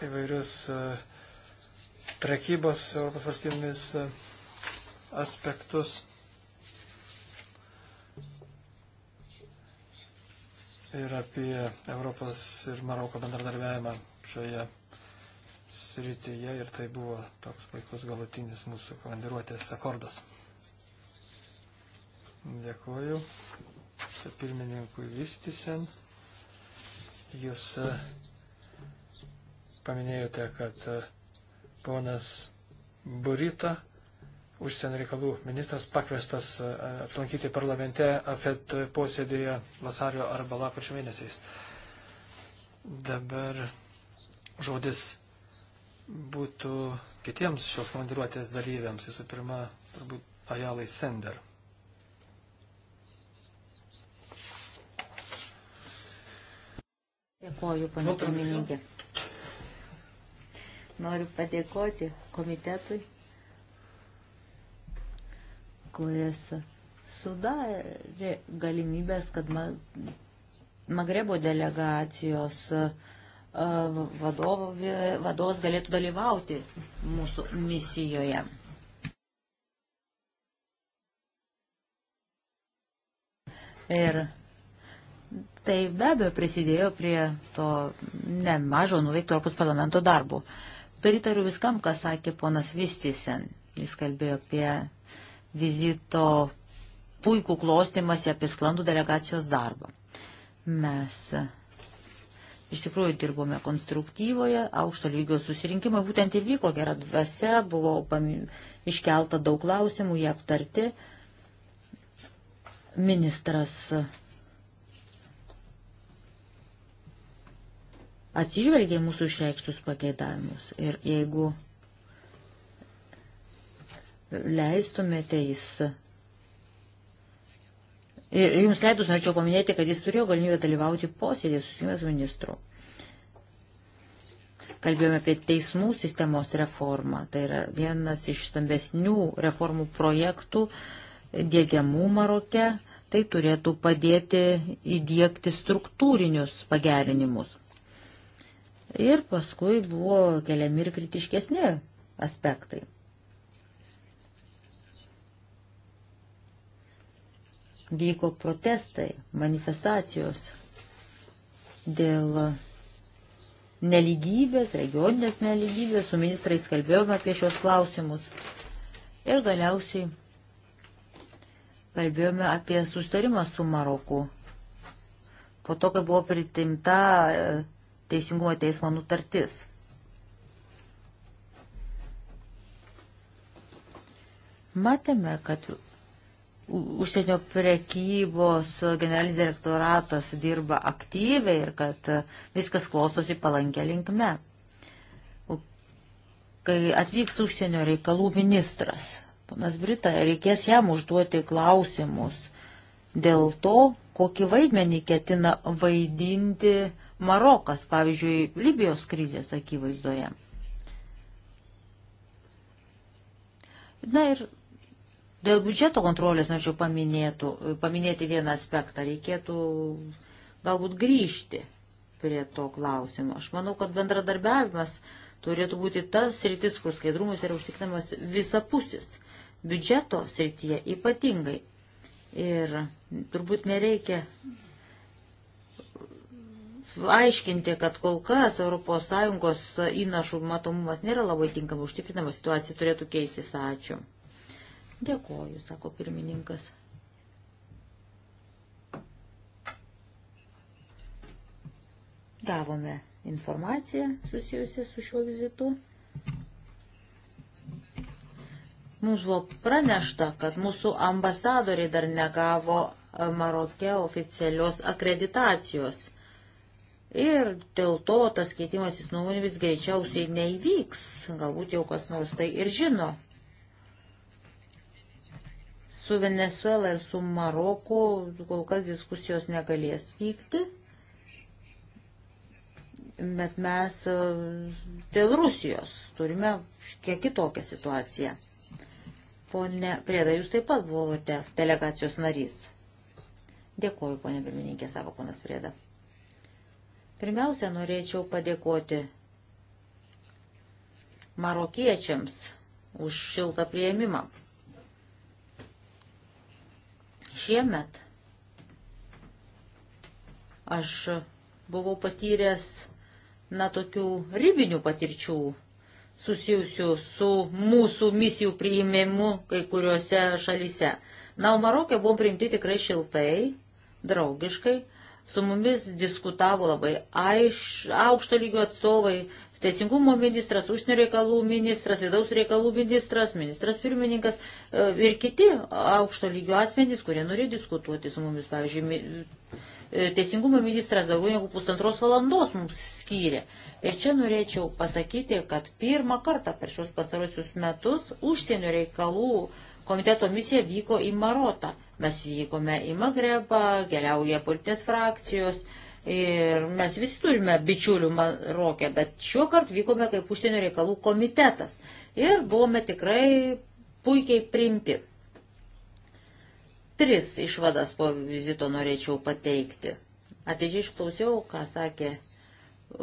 įvairius e, prekybos Europos valstybėmis e, aspektus. ir apie Europos ir Maroko bendradarbiavimą šioje srityje ir tai buvo toks puikus galutinis mūsų komandiruotės akordas. Dėkuoju Čia pirmininkui Vistisen. Jūs e, paminėjote, kad e, ponas Burita užsienio reikalų ministras pakvestas e, aplankyti parlamente AFET posėdėje vasario arba lapkričio mėnesiais. Dabar žodis būtų kitiems šios komandiruotės dalyviams, visų pirma, turbūt Ajalai Sender. Dėkoju, panė pirmininkė. Noriu padėkoti komitetui kuris sudarė galimybės, kad Magrebo delegacijos e, e, vadovas galėtų dalyvauti mūsų misijoje. Ir tai be abejo prisidėjo prie to nemažo nuveikto Europos parlamento darbų. Pritariu viskam, ką sakė ponas Vistisen. Jis kalbėjo apie vizito puikų klostimąsi apie sklandų delegacijos darbą. Mes iš tikrųjų dirbome konstruktyvoje, aukšto lygio susirinkimai būtent įvyko gera dvasia, buvo iškelta daug klausimų, jie aptarti. Ministras atsižvelgia mūsų išreikštus pageidavimus ir jeigu leistumėte jis. Ir jums leidus norėčiau paminėti, kad jis turėjo galimybę dalyvauti posėdėje susitikime su ministru. Kalbėjome apie teismų sistemos reformą. Tai yra vienas iš stambesnių reformų projektų dėgiamų Maroke. Tai turėtų padėti įdėkti struktūrinius pagerinimus. Ir paskui buvo keliami ir kritiškesni aspektai. vyko protestai, manifestacijos dėl neligybės, regioninės neligybės, su ministrais kalbėjome apie šios klausimus ir galiausiai kalbėjome apie sustarimą su Maroku. Po to, kai buvo pritimta e, teisingumo teismo nutartis. Matėme, kad užsienio prekybos generalinis direktoratas dirba aktyviai ir kad viskas klostosi palankę linkme. Kai atvyks užsienio reikalų ministras, panas Brita, reikės jam užduoti klausimus dėl to, kokį vaidmenį ketina vaidinti Marokas, pavyzdžiui, Libijos krizės akivaizdoje. Na ir Dėl biudžeto kontrolės norėčiau paminėtų, paminėti vieną aspektą. Reikėtų galbūt grįžti prie to klausimo. Aš manau, kad bendradarbiavimas turėtų būti tas sritis, kur skaidrumas yra užtikrinamas visapusis. Biudžeto srityje ypatingai. Ir turbūt nereikia aiškinti, kad kol kas ES įnašų matomumas nėra labai tinkamai užtikrinamas, situacija turėtų keistis. Ačiū. Dėkoju, sako pirmininkas. Gavome informaciją susijusią su šiuo vizitu. Mums buvo pranešta, kad mūsų ambasadoriai dar negavo Marokė oficialios akreditacijos. Ir dėl to tas keitimasis nuomonėmis greičiausiai neįvyks, galbūt jau kas nors tai ir žino. Su Venezuela ir su Maroku kol kas diskusijos negalės vykti, bet mes e, dėl Rusijos turime kiek kitokią situaciją. Pone Prieda, jūs taip pat buvote delegacijos narys. Dėkoju, ponė pirmininkė, savo ponas Prieda. Pirmiausia, norėčiau padėkoti marokiečiams už šiltą prieimimą. Šiemet aš buvau patyręs, na, tokių ribinių patirčių susijusių su mūsų misijų priimimu kai kuriuose šalyse. Na, o Marokė buvo priimti tikrai šiltai, draugiškai, su mumis diskutavo labai aiš, aukšto lygio atstovai, teisingumo ministras, užsienio reikalų ministras, vidaus reikalų ministras, ministras pirmininkas e, ir kiti aukšto lygio asmenys, kurie nori diskutuoti su mumis. Pavyzdžiui, e, teisingumo ministras daugiau negu pusantros valandos mums skyrė. Ir čia norėčiau pasakyti, kad pirmą kartą per šios pastarosius metus užsienio reikalų komiteto misija vyko į Marotą. Mes vykome į Magrebą, keliauja politinės frakcijos Ir mes visi turime bičiulių Marokę, bet šiuo kartu vykome kaip užsienio reikalų komitetas. Ir buvome tikrai puikiai priimti. Tris išvadas po vizito norėčiau pateikti. Ateidžiai išklausiau, ką sakė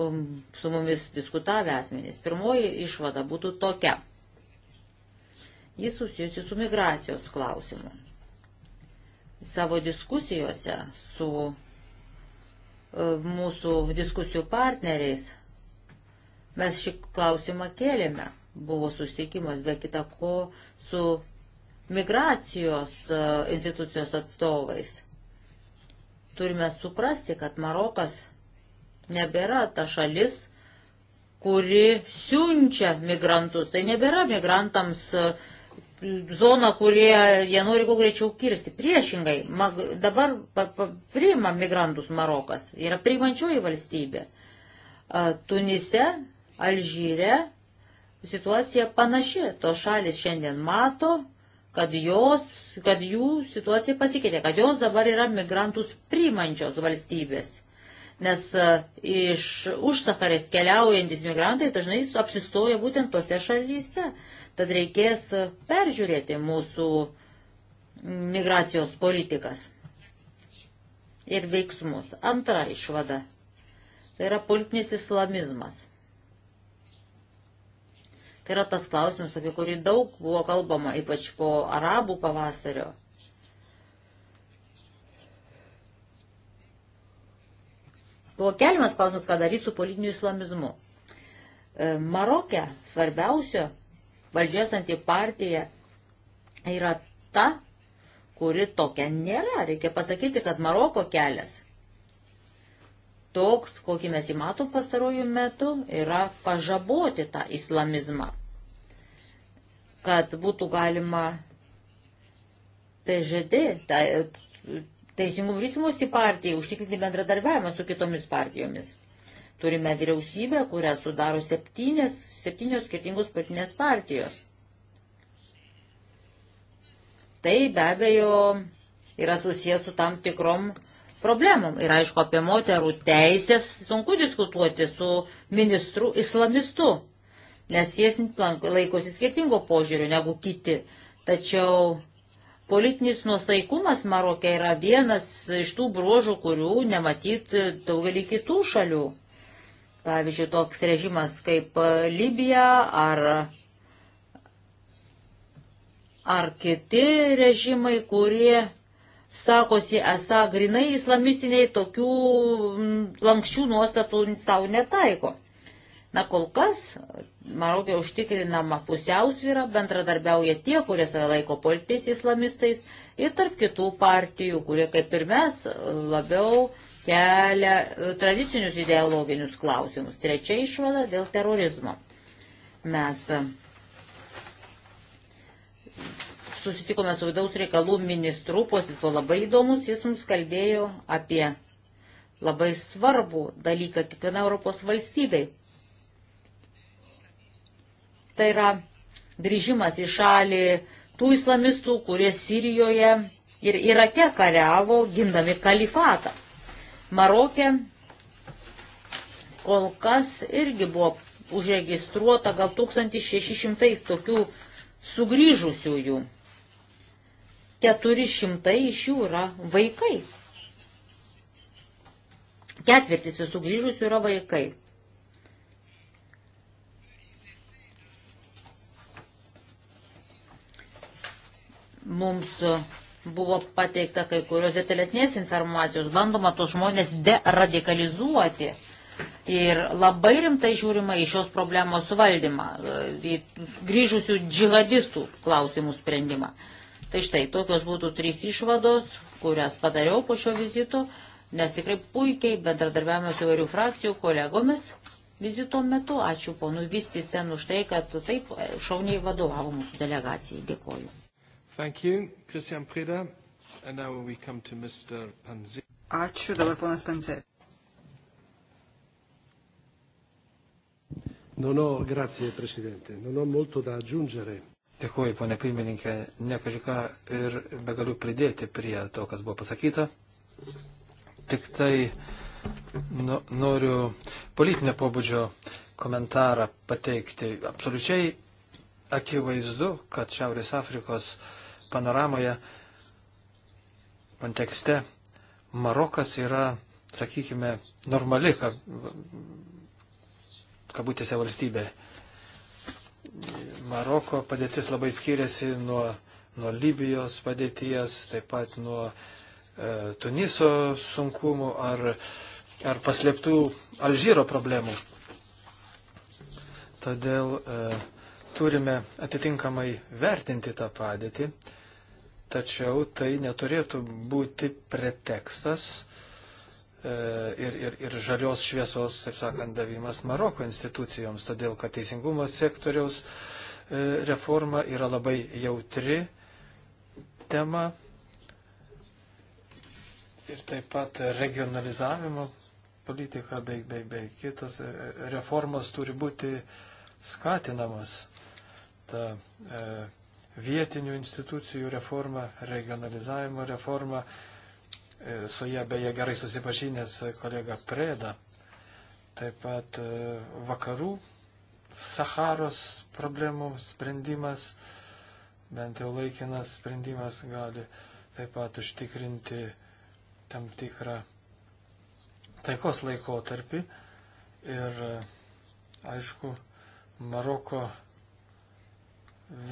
um, su mumis diskutavę asmenys. Pirmoji išvada būtų tokia. Jis susijusi su migracijos klausimu. Savo diskusijose su mūsų diskusijų partneriais. Mes šį klausimą kėlėme. Buvo susiekimas be kita ko su migracijos e, institucijos atstovais. Turime suprasti, kad Marokas nebėra ta šalis, kuri siunčia migrantus. Tai nebėra migrantams uh, zoną, kurie jie nori kuo greičiau kirsti. Priešingai, mag, dabar pa, pa, priima migrantus Marokas, yra priimančioji valstybė. Tunise, Alžyre situacija panaši. To šalis šiandien mato, kad, jos, kad jų situacija pasikeitė, kad jos dabar yra migrantus priimančios valstybės nes e, iš užsakarės keliaujantis migrantai dažnai apsistoja būtent tose šalyse. Tad reikės e, peržiūrėti mūsų migracijos politikas ir veiksmus. Antra išvada - tai yra politinis islamizmas. Tai yra tas klausimas, apie kurį daug buvo kalbama, ypač po arabų pavasario. Buvo keliamas klausimas, ką daryti su politiniu islamizmu. E, Marokė svarbiausia valdžios antipartija yra ta, kuri tokia nėra. Reikia pasakyti, kad Maroko kelias toks, kokį mes įmatom pastarojų metų, yra pažaboti tą islamizmą, kad būtų galima PŽD, tai, teisingumų vystymosi partijai užtikrinti bendradarbiavimą su kitomis partijomis. Turime vyriausybę, kurią sudaro septynės, septynios skirtingos politinės partijos. Tai be abejo yra susijęs su tam tikrom problemom. Ir aišku, apie moterų teisės sunku diskutuoti su ministru islamistu, nes jis laikosi skirtingo požiūrio negu kiti. Tačiau Politinis nuosaikumas Marokė yra vienas iš tų bruožų, kurių nematyt daugelį kitų šalių. Pavyzdžiui, toks režimas kaip e, Libija ar, ar kiti režimai, kurie sakosi esą grinai islamistiniai, tokių lankščių nuostatų savo netaiko. Na kol kas Marokė tai užtikrinama pusiausvyra, bendradarbiauja tie, kurie save laiko politiais islamistais ir tarp kitų partijų, kurie kaip ir mes labiau kelia e, tradicinius ideologinius klausimus. Trečia išvada dėl terorizmo. Mes e, susitikome su vidaus reikalų ministru, posėdis buvo labai įdomus, jis mums kalbėjo apie labai svarbų dalyką kiekviena Europos valstybei Tai yra grįžimas į šalį tų islamistų, kurie Sirijoje ir Irake kariavo gindami kalifatą. Marokė kol kas irgi buvo užregistruota gal 1600 tokių sugrįžusiųjų. 400 iš jų yra vaikai. Ketvirtis visų grįžusių yra vaikai. Mums buvo pateikta kai kurios detalesnės informacijos, bandoma tos žmonės deradikalizuoti. Ir labai rimtai žiūrima į šios problemos suvaldymą, į grįžusių džihadistų klausimų sprendimą. Tai štai, tokios būtų trys išvados, kurias padariau po šio vizito, nes tikrai puikiai bendradarbiavome su įvairių frakcijų kolegomis vizito metu. Ačiū ponui Vistisen už tai, kad taip šauniai vadovavo mūsų delegacijai. Dėkoju. Thank you, Christian Preda. And now we come to Mr. Panzeri. Ačiū, dabar ponas Panzeri. Non ho, grazie Presidente, non ho molto da aggiungere. Dėkuoju, ponė pirmininkė, nekažiką ir begaliu pridėti prie to, kas buvo pasakyta. Tik tai no, noriu politinio pobūdžio komentarą pateikti. Absoliučiai akivaizdu, kad Šiaurės Afrikos uh, panoramoje, kontekste, Marokas yra, sakykime, normali, kabutėse, valstybė. Maroko padėtis labai skiriasi nuo, nuo Libijos padėties, taip pat nuo e, Tuniso sunkumų ar, ar paslėptų Alžyro problemų. Todėl e, turime atitinkamai vertinti tą padėtį tačiau tai neturėtų būti pretekstas e, ir, ir, ir žalios šviesos, taip sakant, davimas Maroko institucijoms, todėl kad teisingumo sektoriaus e, reforma yra labai jautri tema ir taip pat regionalizavimo politika bei, bei, bei kitos e, reformos turi būti skatinamos. Ta, e, vietinių institucijų reforma, regionalizavimo reforma. E, su ją beje gerai susipažinęs kolega Preda. Taip pat e, vakarų Saharos problemų sprendimas, bent jau laikinas sprendimas gali taip pat užtikrinti tam tikrą taikos laikotarpį. Ir e, aišku, Maroko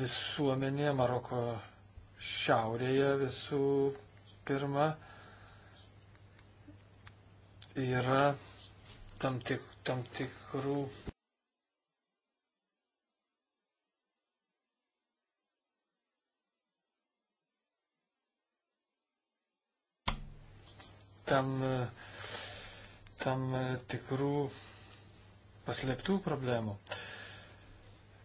visuomenė Maroko šiaurėje visų pirma yra tam, tik, tam tikrų tam, tam tikrų paslėptų problemų. Uh,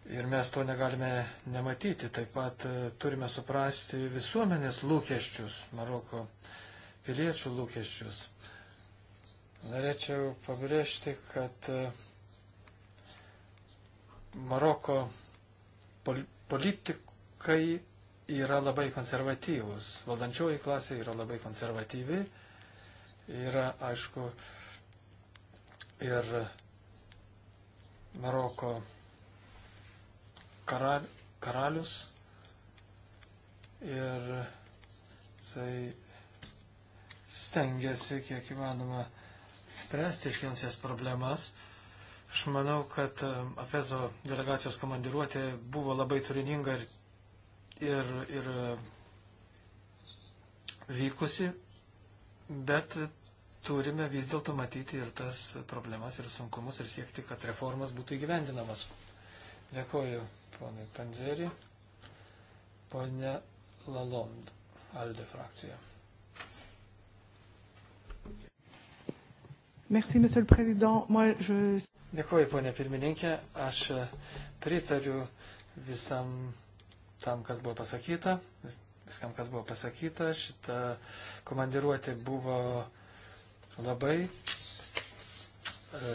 Ir mes to negalime nematyti. Taip pat e, turime suprasti visuomenės lūkesčius, Maroko piliečių lūkesčius. Norėčiau pabrėžti, kad e, Maroko politikai yra labai konservatyvūs. Valdančioji klasė yra labai konservatyvi. Yra, aišku, ir Maroko karal, karalius ir jisai stengiasi kiek įmanoma spręsti iškilusias problemas. Aš manau, kad um, Afeto delegacijos komandiruotė buvo labai turininga ir, ir, ir um, vykusi, bet turime vis dėlto matyti ir tas problemas, ir sunkumus, ir siekti, kad reformas būtų įgyvendinamas. Dėkuoju, ponai Panzerį, ponė Lalond, Alde frakcija. Merci, Monsieur le Président. Moi, je... Dėkuoju, ponė pirmininkė. Aš e, pritariu visam tam, kas buvo pasakyta. Vis, viskam, kas buvo pasakyta. Šita komandiruotė buvo labai e,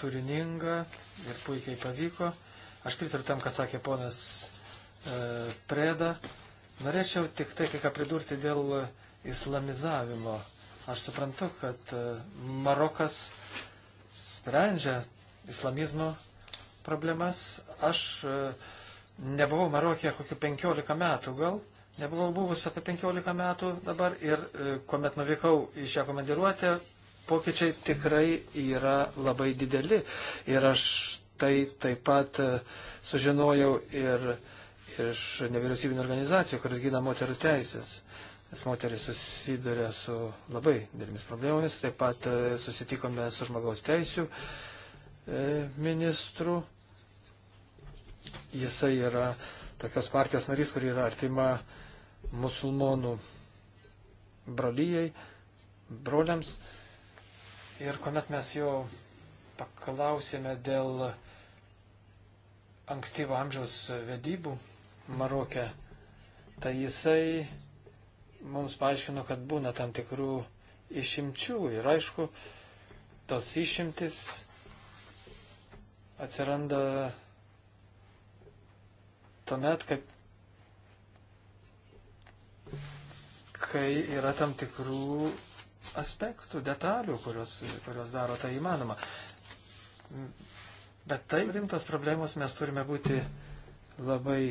turininga ir puikiai pavyko. Aš pritariu tam, ką sakė ponas e, Preda. Norėčiau tik tai kai ką pridurti dėl islamizavimo. Aš suprantu, kad e, Marokas sprendžia islamizmo problemas. Aš e, nebuvau Marokėje kokiu 15 metų gal, nebuvau buvus apie 15 metų dabar ir e, kuomet nuvykau į šią komandiruotę, pokyčiai tikrai yra labai dideli. Ir aš tai taip pat e, sužinojau ir iš nevyriausybinio organizacijų, kuris gina moterų teisės. Nes moteris susiduria su labai didelėmis problemomis. Taip pat e, susitikome su žmogaus teisų e, ministru. Jisai yra tokios partijos narys, kur yra artima musulmonų brolyjei, broliams. Ir kuomet mes jo paklausėme dėl ankstyvo amžiaus vedybų Marokė, tai jisai mums paaiškino, kad būna tam tikrų išimčių ir aišku, tos išimtis atsiranda tuomet, kai, kai yra tam tikrų aspektų, detalių, kurios, kurios daro tai įmanoma. Bet tai rimtos problemos, mes turime būti labai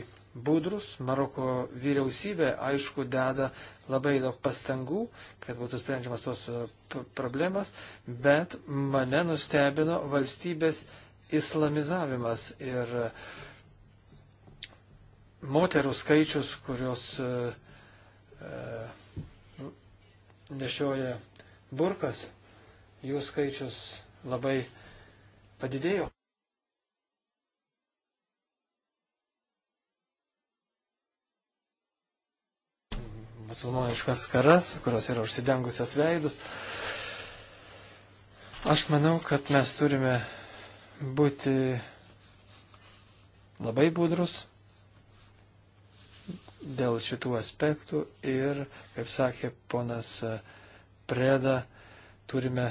budrus. Maroko vyriausybė, aišku, deda labai daug pastangų, kad būtų sprendžiamas tos e, problemas, bet mane nustebino valstybės islamizavimas ir e, moterų skaičius, kurios e, nešioja burkas, jų skaičius labai padidėjo. musulmoniškas karas, kurios yra užsidengusios veidus. Aš manau, kad mes turime būti labai budrus dėl šitų aspektų ir, kaip sakė ponas Preda, turime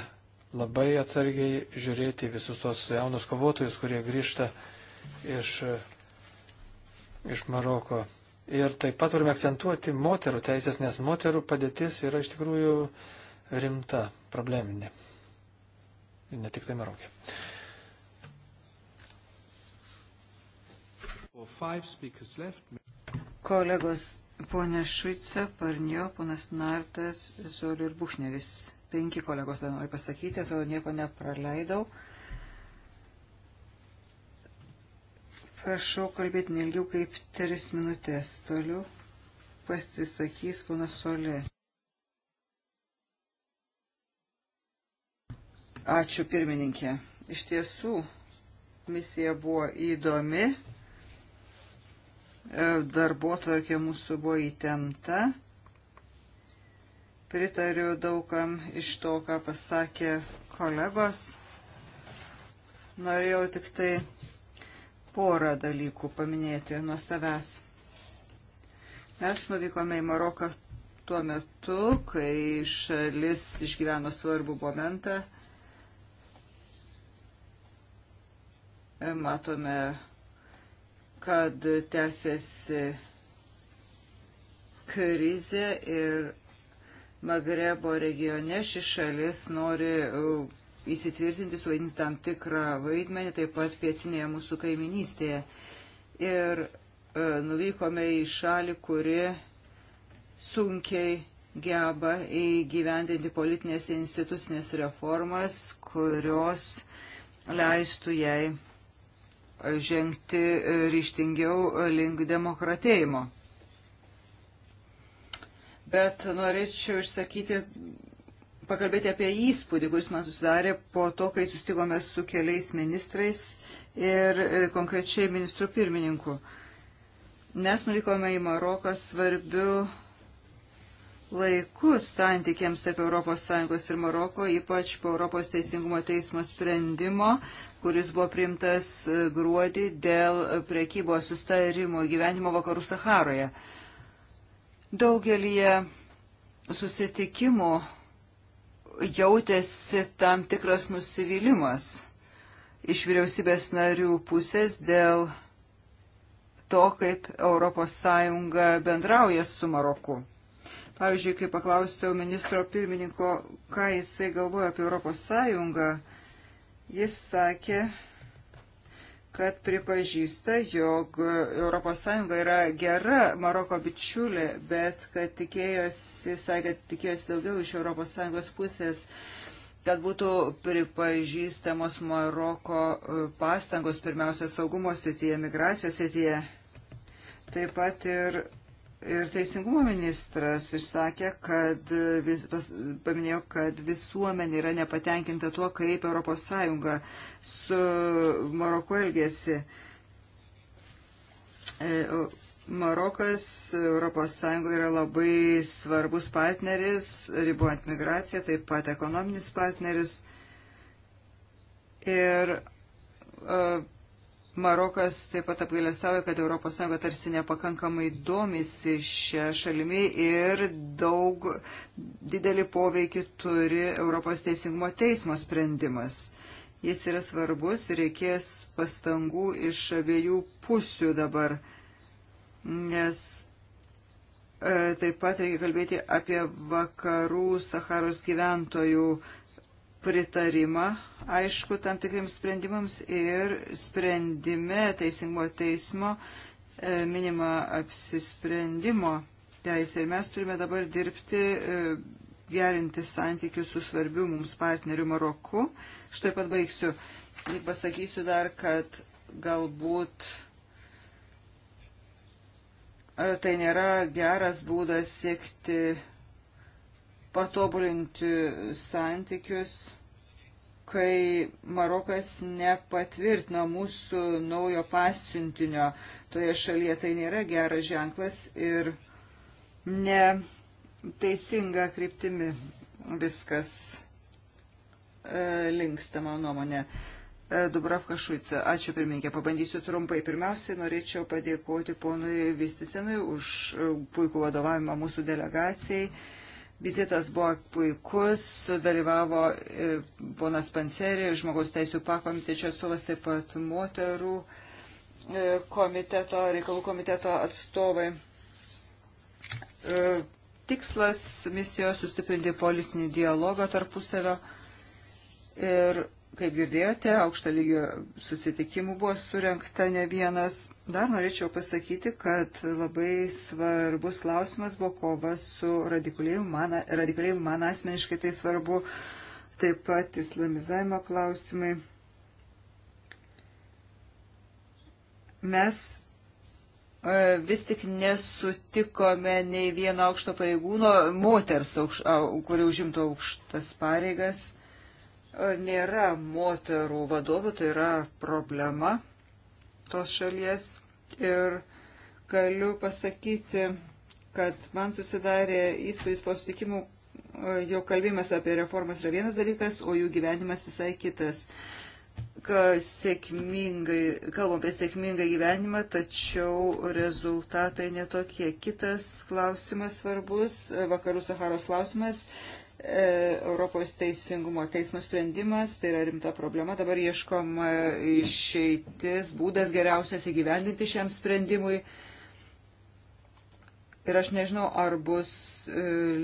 labai atsargiai žiūrėti visus tos jaunus kovotojus, kurie grįžta iš, iš Maroko. Ir taip pat turime akcentuoti moterų teisės, nes moterų padėtis yra iš tikrųjų rimta, probleminė. Ir ne tik tai Marokė. Kolegos, ponė Šuica, Parnio, ponas Nartas, Zoliu ir Buchneris. Penki kolegos dar noriu pasakyti, atrodo nieko nepraleidau. Prašau kalbėti nelgiau kaip tris minutės. Toliau pasisakys ponas Solė. Ačiū pirmininkė. Iš tiesų, misija buvo įdomi. E, Darbo tvarkė mūsų buvo įtempta. Pritariu daugam iš to, ką pasakė kolegos. Norėjau tik tai porą dalykų paminėti nuo savęs. Mes nuvykome į Maroką tuo metu, kai šalis išgyveno svarbų momentą. Matome, kad tęsiasi krizė ir Magrebo regione ši šalis nori įsitvirtinti, suvaidinti tam tikrą vaidmenį, taip pat pietinėje mūsų kaiminystėje. Ir e, nuvykome į šalį, kuri sunkiai geba įgyvendinti politinės institucinės reformas, kurios leistų jai žengti ryštingiau link demokratėjimo. Bet norėčiau išsakyti pakalbėti apie įspūdį, kuris man susidarė po to, kai sustikome su keliais ministrais ir e, konkrečiai ministru pirmininku. Mes nuvykome į Maroką svarbiu laiku santykiams tarp ES ir Maroko, ypač po Europos teisingumo teismo sprendimo, kuris buvo priimtas e, gruodį dėl priekybos sustarimo gyvenimo vakarų Saharoje. Daugelį susitikimų jautėsi tam tikras nusivylimas iš vyriausybės narių pusės dėl to, kaip ES bendrauja su Maroku. Pavyzdžiui, kai paklausiau ministro pirmininko, ką jisai galvoja apie ES, jis sakė, kad pripažįsta, jog ES yra gera Maroko bičiulė, bet kad tikėjosi, sakė, tikėjosi daugiau iš ES pusės, kad būtų pripažįstamos Maroko e, pastangos pirmiausia saugumo srityje, migracijos srityje, taip pat ir Ir teisingumo ministras išsakė, kad vis, pas, paminėjo, kad visuomenė yra nepatenkinta tuo, kaip ES su Maroku elgėsi. E, Marokas ES yra labai svarbus partneris, ribuojant migraciją, taip pat ekonominis partneris. Ir uh, Marokas taip pat apgailestauja, kad ES tarsi nepakankamai domisi šią šalimi ir daug didelį poveikį turi Europos teisingumo teismo sprendimas. Jis yra svarbus ir reikės pastangų iš abiejų pusių dabar, nes e, taip pat reikia kalbėti apie vakarų Saharos gyventojų pritarimą aišku tam tikrims sprendimams ir sprendime teisingo teismo e, minima apsisprendimo teisė. Ir mes turime dabar dirbti, e, gerinti santykius su svarbiu mums partneriu Maroku. Štai pat baigsiu. Ir pasakysiu dar, kad galbūt e, tai nėra geras būdas siekti patobulinti santykius kai Marokas nepatvirtino mūsų naujo pasiuntinio toje šalyje. Tai nėra geras ženklas ir neteisinga kryptimi viskas e, linksta, mano nuomonė. E, Dubravka Šuica. Ačiū pirmininkė, pabandysiu trumpai. Pirmiausiai norėčiau padėkoti ponui Vistisenui už puikų vadovavimą mūsų delegacijai Vizitas buvo puikus, dalyvavo e, ponas Panseri, žmogaus teisų pakomitečio atstovas, taip pat moterų e, komiteto, reikalų komiteto atstovai. E, tikslas misijos sustiprinti politinį dialogą tarpusavio ir Kaip girdėjote, aukšto lygio susitikimų buvo surinkta ne vienas. Dar norėčiau pasakyti, kad labai svarbus klausimas buvo kova su radikalėjimu. Man, radikalėjimu man asmeniškai tai svarbu. Taip pat islamizavimo klausimai. Mes e, vis tik nesutikome nei vieno aukšto pareigūno, moters, aukš, kuri užimtų aukštas pareigas nėra moterų vadovų, tai yra problema tos šalies. Ir galiu pasakyti, kad man susidarė įspūdis po sutikimų, jo kalbėjimas apie reformas yra vienas dalykas, o jų gyvenimas visai kitas. Sėkmingai, kalbam apie sėkmingą gyvenimą, tačiau rezultatai netokie. Kitas klausimas svarbus, vakarų Saharos klausimas, E, Europos teisingumo teismo sprendimas, tai yra rimta problema. Dabar ieškoma išeitis, būdas geriausias įgyvendinti šiam sprendimui. Ir aš nežinau, ar bus e,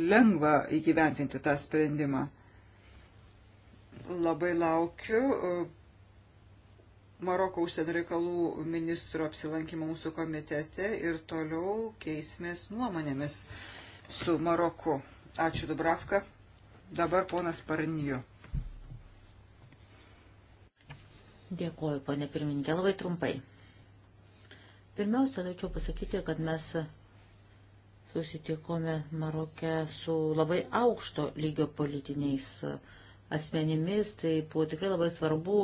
lengva įgyventinti tą sprendimą. Labai laukiu e, Maroko užsienio reikalų ministro apsilankimo mūsų komitete ir toliau keismės nuomonėmis su Maroku. Ačiū Dubravka. Dabar ponas Parnijų. Dėkuoju, ponė pirmininkė, labai trumpai. Pirmiausia, norėčiau pasakyti, kad mes susitikome Maroke su labai aukšto lygio politiniais asmenimis, tai buvo tikrai labai svarbu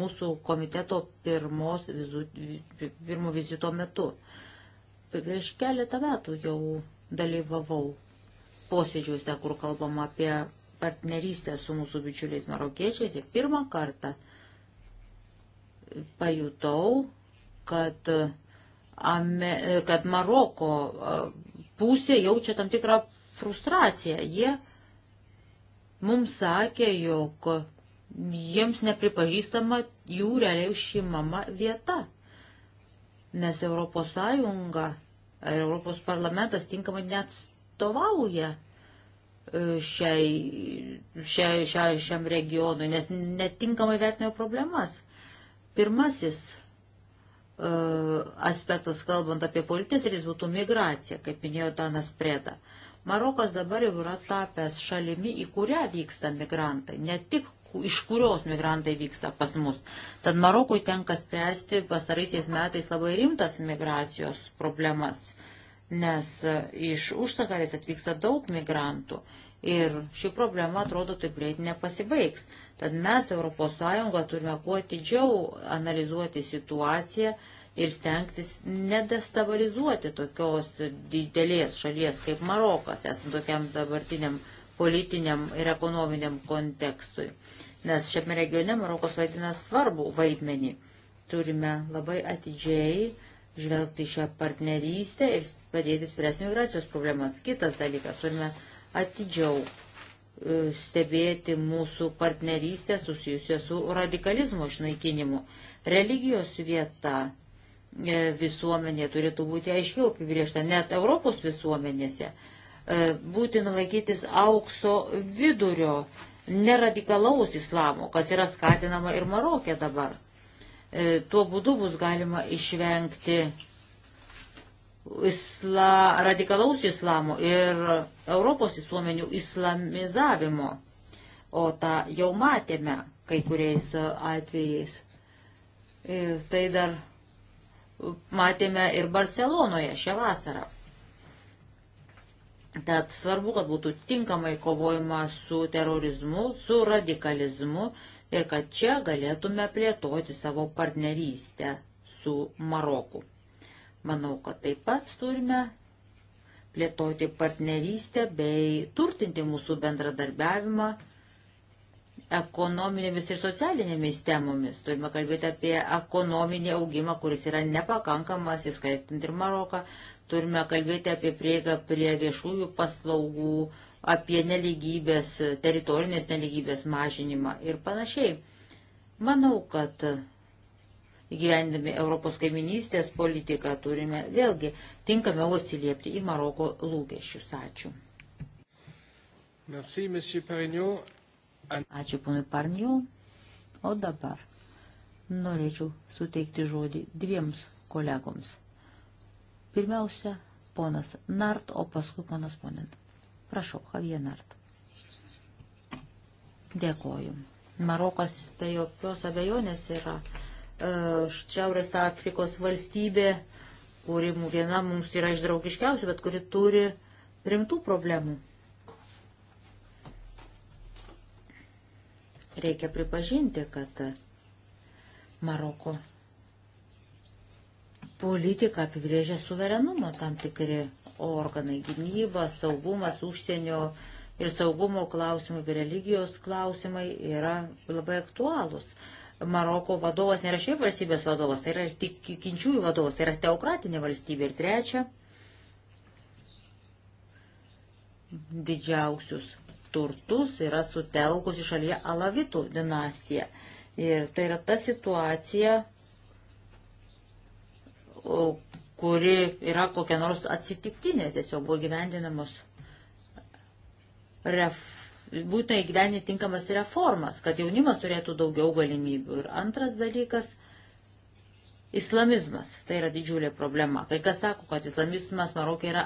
mūsų komiteto pirmos, vizu, pirmo vizito metu. Prieš keletą metų jau dalyvavau posėdžiuose, kur kalbam apie partnerystę su mūsų bičiuliais marokiečiais. Ir pirmą kartą pajutau, kad, ame, kad Maroko pusė jaučia tam tikrą frustraciją. Jie mums sakė, jog jiems nepripažįstama jų realiai užimama vieta. Nes Europos Sąjunga, Europos parlamentas tinkamai net atstovauja e, šiai, šiai, šiai, šiam regionui, nes netinkamai vertino problemas. Pirmasis e, aspektas, kalbant apie politinės ir jis būtų migracija, kaip minėjo Danas Preda. Marokas dabar jau yra tapęs šalimi, į kurią vyksta migrantai, ne tik iš kurios migrantai vyksta pas mus. Tad Marokui tenka spręsti pasaraisiais metais labai rimtas migracijos problemas nes e, iš užsakarės atvyksta daug migrantų ir ši problema atrodo taip greit nepasibaigs. Tad mes ES turime kuo atidžiau analizuoti situaciją ir stengtis nedestabilizuoti tokios didelės šalies kaip Marokas, esant tokiam dabartiniam politiniam ir ekonominiam kontekstui. Nes šiame regione Marokas vaidina svarbų vaidmenį. Turime labai atidžiai žvelgti šią partnerystę ir padėti spręsti migracijos problemas. Kitas dalykas, turime atidžiau e, stebėti mūsų partnerystę susijusią su radikalizmo išnaikinimu. Religijos vieta e, visuomenė turėtų būti aiškiau apibriešta, net Europos visuomenėse. E, būtina laikytis aukso vidurio neradikalaus islamo, kas yra skatinama ir Marokė dabar. E, tuo būdu bus galima išvengti isla, radikalaus islamo ir Europos visuomenių islamizavimo. O tą jau matėme kai kuriais atvejais. Ir e, tai dar matėme ir Barcelonoje šią vasarą. Tad svarbu, kad būtų tinkamai kovojama su terorizmu, su radikalizmu ir kad čia galėtume plėtoti savo partnerystę su Maroku. Manau, kad taip pat turime plėtoti partnerystę bei turtinti mūsų bendradarbiavimą ekonominėmis ir socialinėmis temomis. Turime kalbėti apie ekonominį augimą, kuris yra nepakankamas, įskaitant ir Maroką. Turime kalbėti apie prieigą prie viešųjų paslaugų, apie neligybės, teritorinės neligybės mažinimą ir panašiai. Manau, kad gyvendami Europos kaiminystės politiką turime vėlgi tinkamiau atsiliepti į Maroko lūkesčius. Ačiū. Merci, Ačiū ponui Parnijau. O dabar norėčiau suteikti žodį dviems kolegoms. Pirmiausia, ponas Nart, o paskui ponas Ponin. Prašau, Javienart. Dėkoju. Marokas be jokios abejonės yra e, Šiaurės Afrikos valstybė, kuri viena mums yra iš draugiškiausių, bet kuri turi rimtų problemų. Reikia pripažinti, kad Maroko politiką apibrėžia suverenumo tam tikri organai - gynyba, saugumas, užsienio ir saugumo klausimai, ir religijos klausimai yra labai aktualūs. Maroko vadovas nėra šiaip valstybės vadovas, tai yra tik kinčiųjų vadovas, tai yra teokratinė valstybė. Ir trečia, didžiausius turtus yra sutelkusi šalyje Alavitų dinastija. Ir tai yra ta situacija, kuri yra kokia nors atsitiktinė, tiesiog buvo gyvendinamos ref, būtent įgyveninti tinkamas reformas, kad jaunimas turėtų daugiau galimybių. Ir antras dalykas - islamizmas. Tai yra didžiulė problema. Kai kas sako, kad islamizmas Marokė yra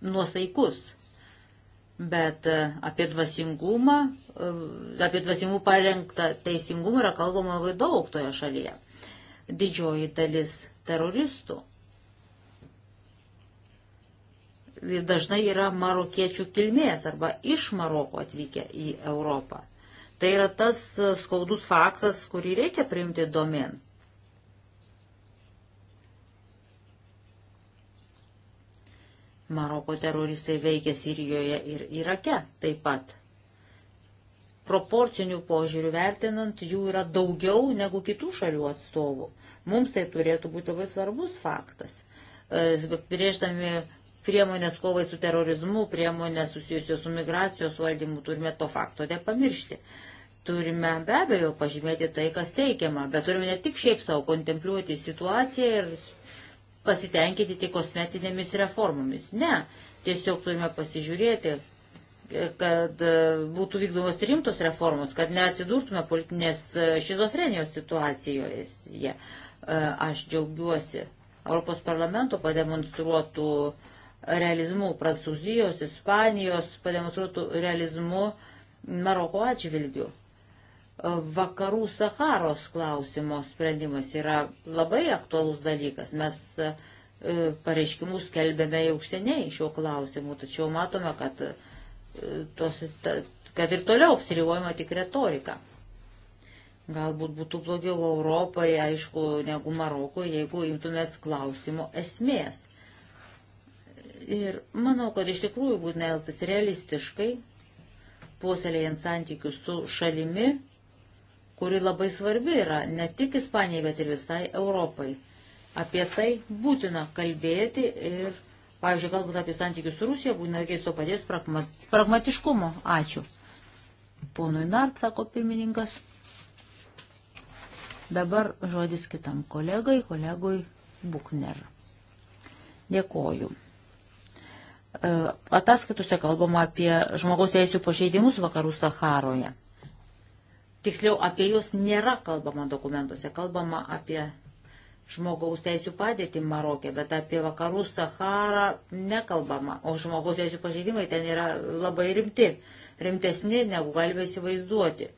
nuosaikus. Bet e, apie dvasingumą, e, apie dvasingumų parengtą teisingumą yra kalbama labai daug toje šalyje. Didžioji dalis teroristų. Ir dažnai yra marokiečių kilmės arba iš Maroko atvykę į Europą. Tai yra tas e, skaudus faktas, kurį reikia priimti domen. Maroko teroristai veikia Sirijoje ir Irake taip pat proporcinių požiūrių vertinant jų yra daugiau negu kitų šalių atstovų. Mums tai turėtų būti labai svarbus faktas. E, Priešdami priemonės kovai su terorizmu, priemonės susijusios su migracijos valdymu, turime to fakto nepamiršti. Turime be abejo pažymėti tai, kas teikiama, bet turime ne tik šiaip savo kontempliuoti situaciją ir pasitenkinti tik kosmetinėmis reformomis. Ne, tiesiog turime pasižiūrėti, kad būtų vykdomos rimtos reformos, kad neatsidurtume politinės e, šizofrenijos situacijoje. E, aš džiaugiuosi Europos parlamento pademonstruotų realizmų, Prancūzijos, Ispanijos pademonstruotų realizmų Maroko atžvilgių. E, vakarų Saharos klausimo sprendimas yra labai aktualus dalykas. Mes pareiškimus kelbėme jau seniai šiuo klausimu, tačiau matome, kad tos, ta, kad ir toliau apsiribuojama tik retorika. Galbūt būtų blogiau Europai, aišku, negu Marokoje, jeigu imtumės klausimo esmės. Ir manau, kad iš tikrųjų būtina elgtis realistiškai, puoselėjant santykius su šalimi, kuri labai svarbi yra ne tik Ispanijai, bet ir visai Europai. Apie tai būtina kalbėti ir Pavyzdžiui, galbūt apie santykius su Rusija, būna reikia to padės pragma, pragmatiškumo. Ačiū. Ponui Nart, sako pirmininkas. Dabar žodis kitam kolegai, kolegui Bukner. Dėkoju. E, ataskaitose kalbama apie žmogaus teisų pažeidimus vakarų Saharoje. Tiksliau, apie juos nėra kalbama dokumentuose, kalbama apie žmogaus teisų padėtį Marokė, bet apie vakarų Saharą nekalbama, o žmogaus teisų pažeidimai ten yra labai rimti, rimtesni negu galime įsivaizduoti.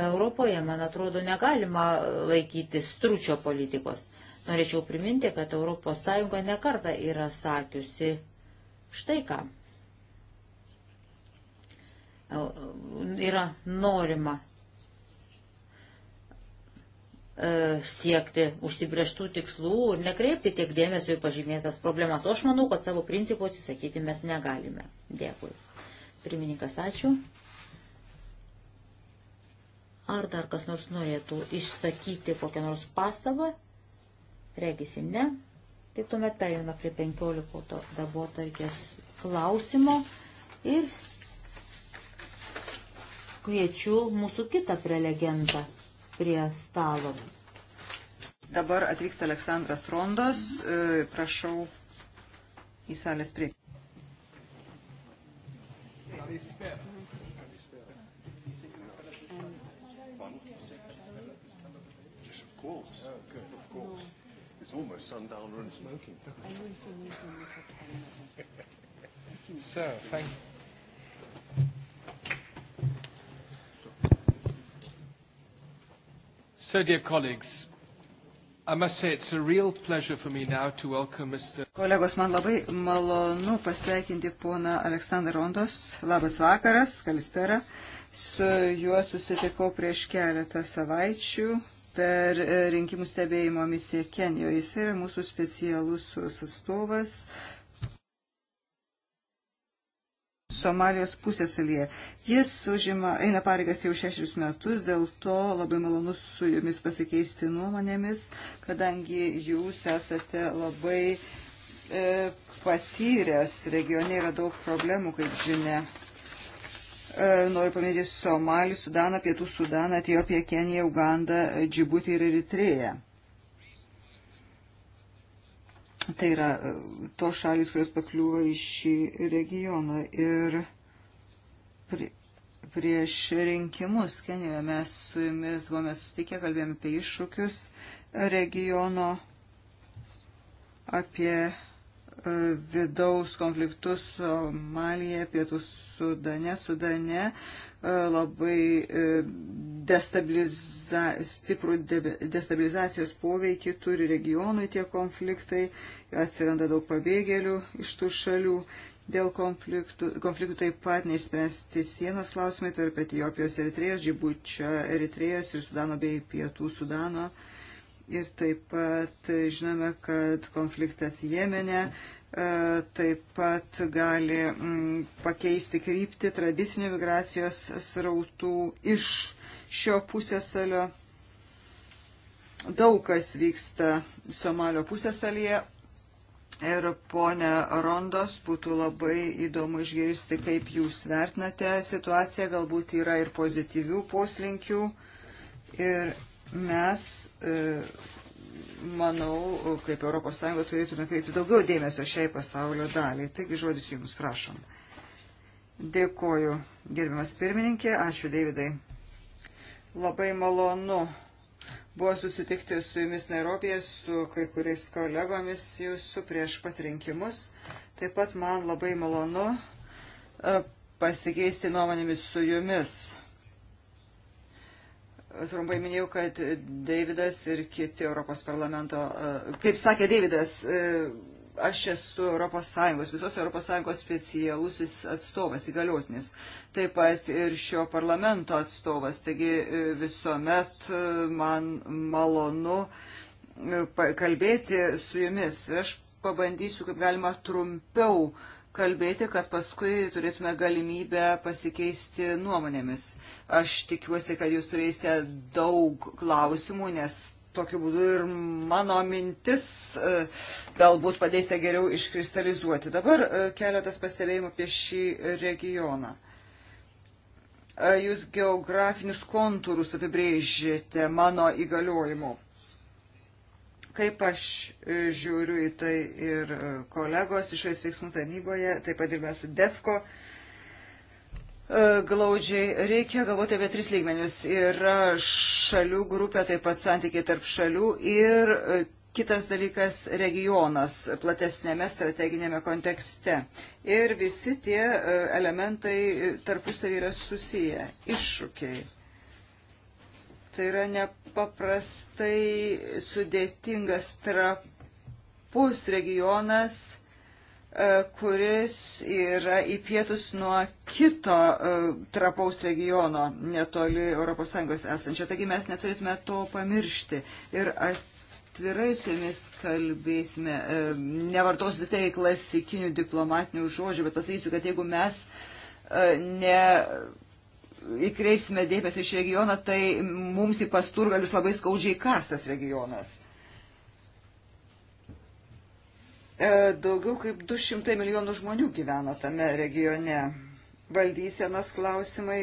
Europoje, man atrodo, negalima laikyti stručio politikos. Norėčiau priminti, kad ES nekarta yra sakiusi štai ką. Yra norima E, siekti užsibrieštų tikslų ir nekreipti tiek dėmesio į pažymėtas problemas. O aš manau, kad savo principų atsisakyti mes negalime. Dėkui. Pirmininkas, ačiū. Ar dar kas nors norėtų išsakyti kokią nors pastabą? Regisi ne. Tai tuomet pereiname prie 15 darbo tarkės klausimo ir kviečiu mūsų kitą prelegentą prie stalo. Dabar atvyks Aleksandras Rondos. E, prašau į salės priekį. course. Oh, good, of course. No. It's almost sundowner and smoking. so, thank you. So, dear colleagues, I must say it's a real pleasure for me now to welcome Mr. Kolegos, man labai malonu pasveikinti poną Aleksandrą Rondos. Labas vakaras, Kalispera. Su juo susitikau prieš keletą savaičių per e, rinkimų stebėjimo misiją Kenijoje. Jis yra mūsų specialusus atstovas Somalijos pusėsalyje. Jis užima, eina pareigas jau šešerius metus, dėl to labai malonu su jumis pasikeisti nuomonėmis, kadangi jūs esate labai e, patyręs, regione yra daug problemų, kaip žinia. E, noriu paminėti Somalį, Sudaną, Pietų Sudaną, Etiopiją, Keniją, Ugandą, Džibutį ir Eritrėją. Tai yra e, tos šalis, kurios pakliūva į šį regioną. Ir pri, prieš rinkimus Kenijoje mes su jumis buvome susitikę, kalbėjome apie iššūkius regiono, apie e, vidaus konfliktus Somalija, pietų Sudane, Sudane, E, labai e, destabiliza, stiprų destabilizacijos poveikį turi regionui tie konfliktai, atsiranda daug pabėgėlių iš tų šalių. Dėl konfliktų, konfliktų taip pat neišspręsti sienos klausimai tarp Etijopijos ir Eritrėjos, Džibučio Eritrėjos ir Sudano bei Pietų Sudano. Ir taip pat žinome, kad konfliktas Jemene E, taip pat gali mm, pakeisti krypti tradicinių migracijos srautų iš šio pusėsalio. Daug kas vyksta Somalio pusėsalyje ir ponė Rondos būtų labai įdomu išgirsti, kaip jūs vertinate situaciją, galbūt yra ir pozityvių poslinkių ir mes e, manau, kaip ES turėtume kreipti daugiau dėmesio šiai pasaulio daliai. Taigi žodis Jums, prašom. Dėkoju, gerbiamas pirmininkė, ačiū Davidai. Labai malonu buvo susitikti su jumis Nairobėje, su kai kuriais kolegomis jūsų prieš pat rinkimus. Taip pat man labai malonu e, pasikeisti nuomonėmis su jumis. Trumpai minėjau, kad Davidas ir kiti Europos parlamento, e, kaip sakė Davidas, e, aš esu Europos Sąjungos, visos Europos Sąjungos specialusis atstovas, įgaliotinis, taip pat ir šio parlamento atstovas, taigi e, visuomet man malonu kalbėti su jumis. Aš pabandysiu, kaip galima trumpiau kalbėti, kad paskui turėtume galimybę pasikeisti nuomonėmis. Aš tikiuosi, kad jūs turėsite daug klausimų, nes tokiu būdu ir mano mintis e, galbūt padėsite geriau iškristalizuoti. Dabar e, keletas pastebėjimų apie šį regioną. E, jūs geografinius kontūrus apibrėžėte mano įgaliojimu. Kaip aš e, žiūriu į tai ir e, kolegos išorės veiksmų tarnyboje, taip pat dirbame su DEFCO e, glaudžiai. Reikia galvoti apie tris lygmenius. Yra šalių grupė, taip pat santykiai tarp šalių ir kitas dalykas - regionas platesnėme strateginėme kontekste. Ir visi tie elementai tarpusavį yra susiję, iššūkiai. Tai yra ne nepaprastai sudėtingas trapus regionas, e, kuris yra į pietus nuo kito e, trapaus regiono netoli ES esančio. Taigi mes neturėtume to pamiršti. Ir atvirai su jumis kalbėsime, e, nevartosiu tai klasikinių diplomatinių žodžių, bet pasakysiu, kad jeigu mes ne įkreipsime dėmesį iš regioną, tai mums į pasturgalius labai skaudžiai kastas regionas. E, daugiau kaip 200 milijonų žmonių gyvena tame regione. Valdysenas klausimai,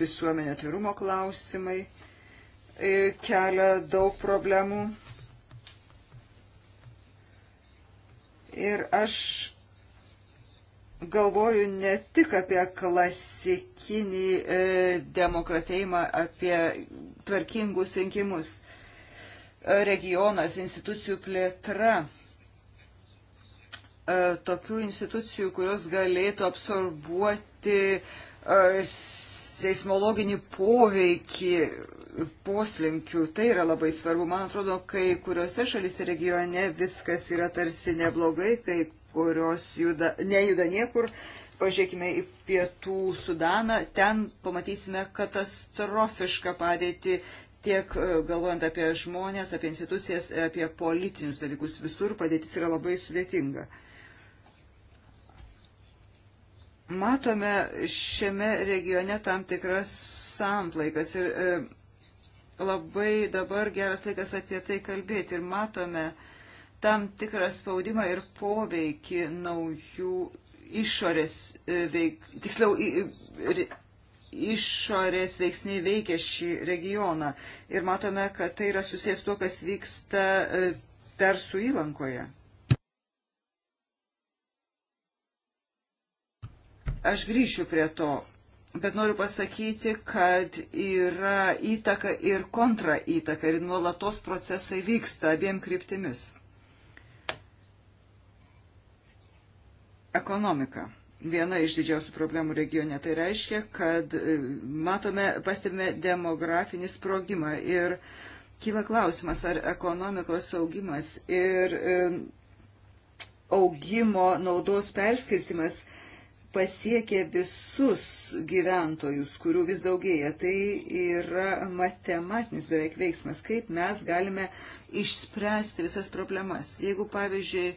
visuomenė atvirumo klausimai e, kelia daug problemų. Ir aš galvoju ne tik apie klasikinį e, demokratėjimą, apie tvarkingus rinkimus. E, regionas, institucijų plėtra, e, tokių institucijų, kurios galėtų absorbuoti e, seismologinį poveikį poslinkių. Tai yra labai svarbu. Man atrodo, kai kuriuose šalise regione viskas yra tarsi neblogai, kai kurios juda, nejuda niekur. Pažiūrėkime į pietų Sudaną, ten pamatysime katastrofišką padėtį tiek e, galvojant apie žmonės, apie institucijas, apie politinius dalykus. Visur padėtis yra labai sudėtinga. Matome šiame regione tam tikras samplaikas ir e, labai dabar geras laikas apie tai kalbėti. Ir matome, tam tikrą spaudimą ir poveikį naujų išorės e, veik, tiksliau, išorės veiksniai veikia šį regioną. Ir matome, kad tai yra susijęs tuo, kas vyksta e, Persų įlankoje. Aš grįšiu prie to, bet noriu pasakyti, kad yra įtaka ir kontra įtaka ir nuolatos procesai vyksta abiem kryptimis. ekonomika. Viena iš didžiausių problemų regione tai reiškia, kad e, matome, pastebime demografinį sprogimą ir kyla klausimas, ar ekonomikos augimas ir e, augimo naudos perskirstimas pasiekė visus gyventojus, kurių vis daugėja. Tai yra matematinis beveik veiksmas, kaip mes galime išspręsti visas problemas. Jeigu, pavyzdžiui,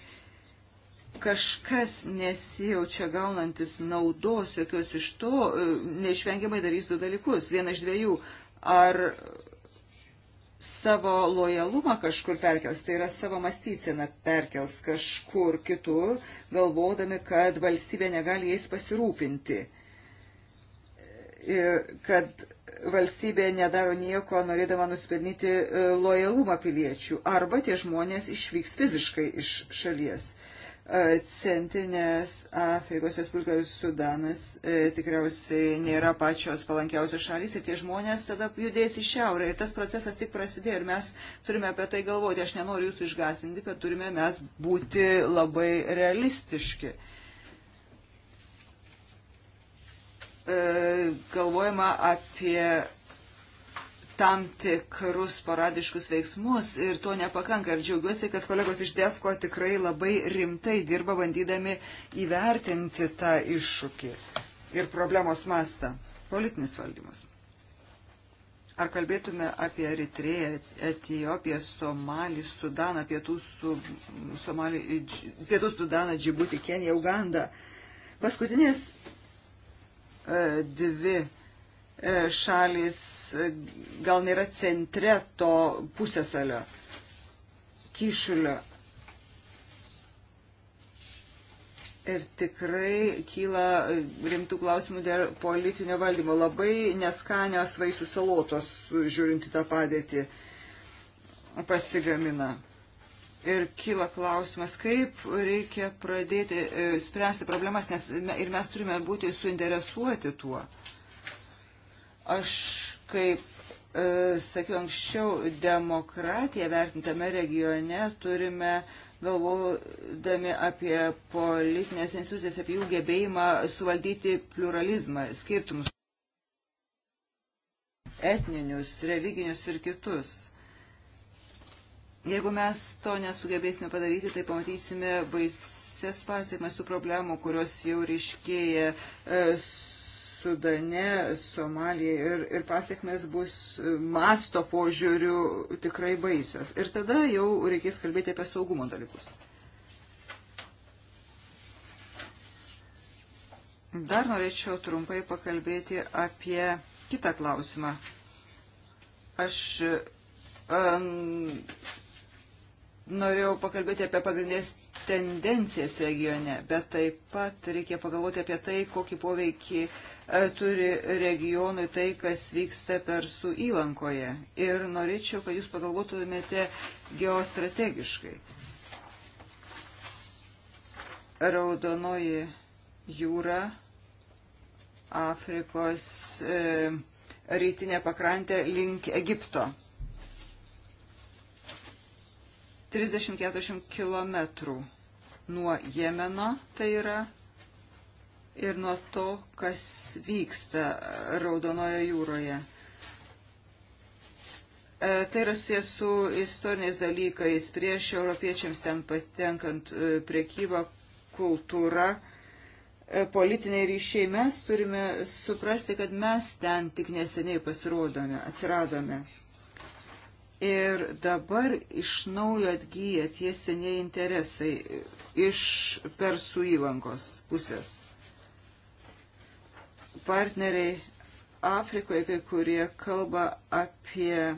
kažkas nesijaučia gaunantis naudos jokios iš to, e, neišvengiamai darys du dalykus. Vieną iš dviejų. Ar savo lojalumą kažkur perkels, tai yra savo mąstyseną perkels kažkur kitur, galvodami, kad valstybė negali jais pasirūpinti. Ir kad valstybė nedaro nieko, norėdama nusipelnyti e, lojalumą piliečių. Arba tie žmonės išvyks fiziškai iš šalies. Centrinės Afrikos Respublika ir Sudanas e, tikriausiai nėra pačios palankiausios šalys ir tie žmonės tada judės į šiaurę. Ir tas procesas tik prasidėjo ir mes turime apie tai galvoti. Aš nenoriu jūsų išgasinti, bet turime mes būti labai realistiški. E, galvojama apie tam tikrus paradiškus veiksmus ir to nepakanka. Ir džiaugiuosi, kad kolegos iš DEFCO tikrai labai rimtai dirba bandydami įvertinti tą iššūkį ir problemos mastą. Politinis valdymas. Ar kalbėtume apie Eritrėją, Etijopiją, Somalį, Sudaną, Pietų, su, Somalį, Pietų Sudaną, Džibutį, Keniją, Ugandą. Paskutinės e, dvi E, šalis e, gal nėra centre to pusėsalio, kyšulio. Ir tikrai kyla rimtų klausimų dėl politinio valdymo. Labai neskanios vaisių salotos, žiūrint į tą padėtį, pasigamina. Ir kyla klausimas, kaip reikia pradėti e, spręsti problemas, nes ir mes turime būti suinteresuoti tuo. Uh, Aš kaip e, sakiau anksčiau, demokratiją vertintame regione turime galvodami apie politinės institucijas, apie jų gebėjimą suvaldyti pluralizmą, skirtumus etninius, religinius ir kitus. Jeigu mes to nesugebėsime padaryti, tai pamatysime baises pasiekmes tų problemų, kurios jau ryškėja e, Sudane, Somalija ir, ir pasiekmes bus masto požiūrių tikrai baisios. Ir tada jau reikės kalbėti apie saugumo dalykus. Dar norėčiau trumpai pakalbėti apie kitą klausimą. Aš um, norėjau pakalbėti apie pagrindinės tendencijas regione, bet taip pat reikia pagalvoti apie tai, kokį poveikį uh, E, turi regionui tai, kas vyksta Persų įlankoje. Ir norėčiau, kad jūs pagalvotumėte geostrategiškai. Raudonoji jūra, Afrikos e, rytinė pakrantė link Egipto. 30-40 km nuo Jemeno tai yra ir nuo to, kas vyksta Raudonojo jūroje. E, tai yra susijęs su istoriniais dalykais. Prieš europiečiams ten patenkant e, priekybą, kultūra, e, politiniai ryšiai. Mes turime suprasti, kad mes ten tik neseniai pasirodome, atsiradome. Ir dabar iš naujo atgyja tie seniai interesai iš Persų įlankos pusės partneriai Afrikoje, kai kurie kalba apie e,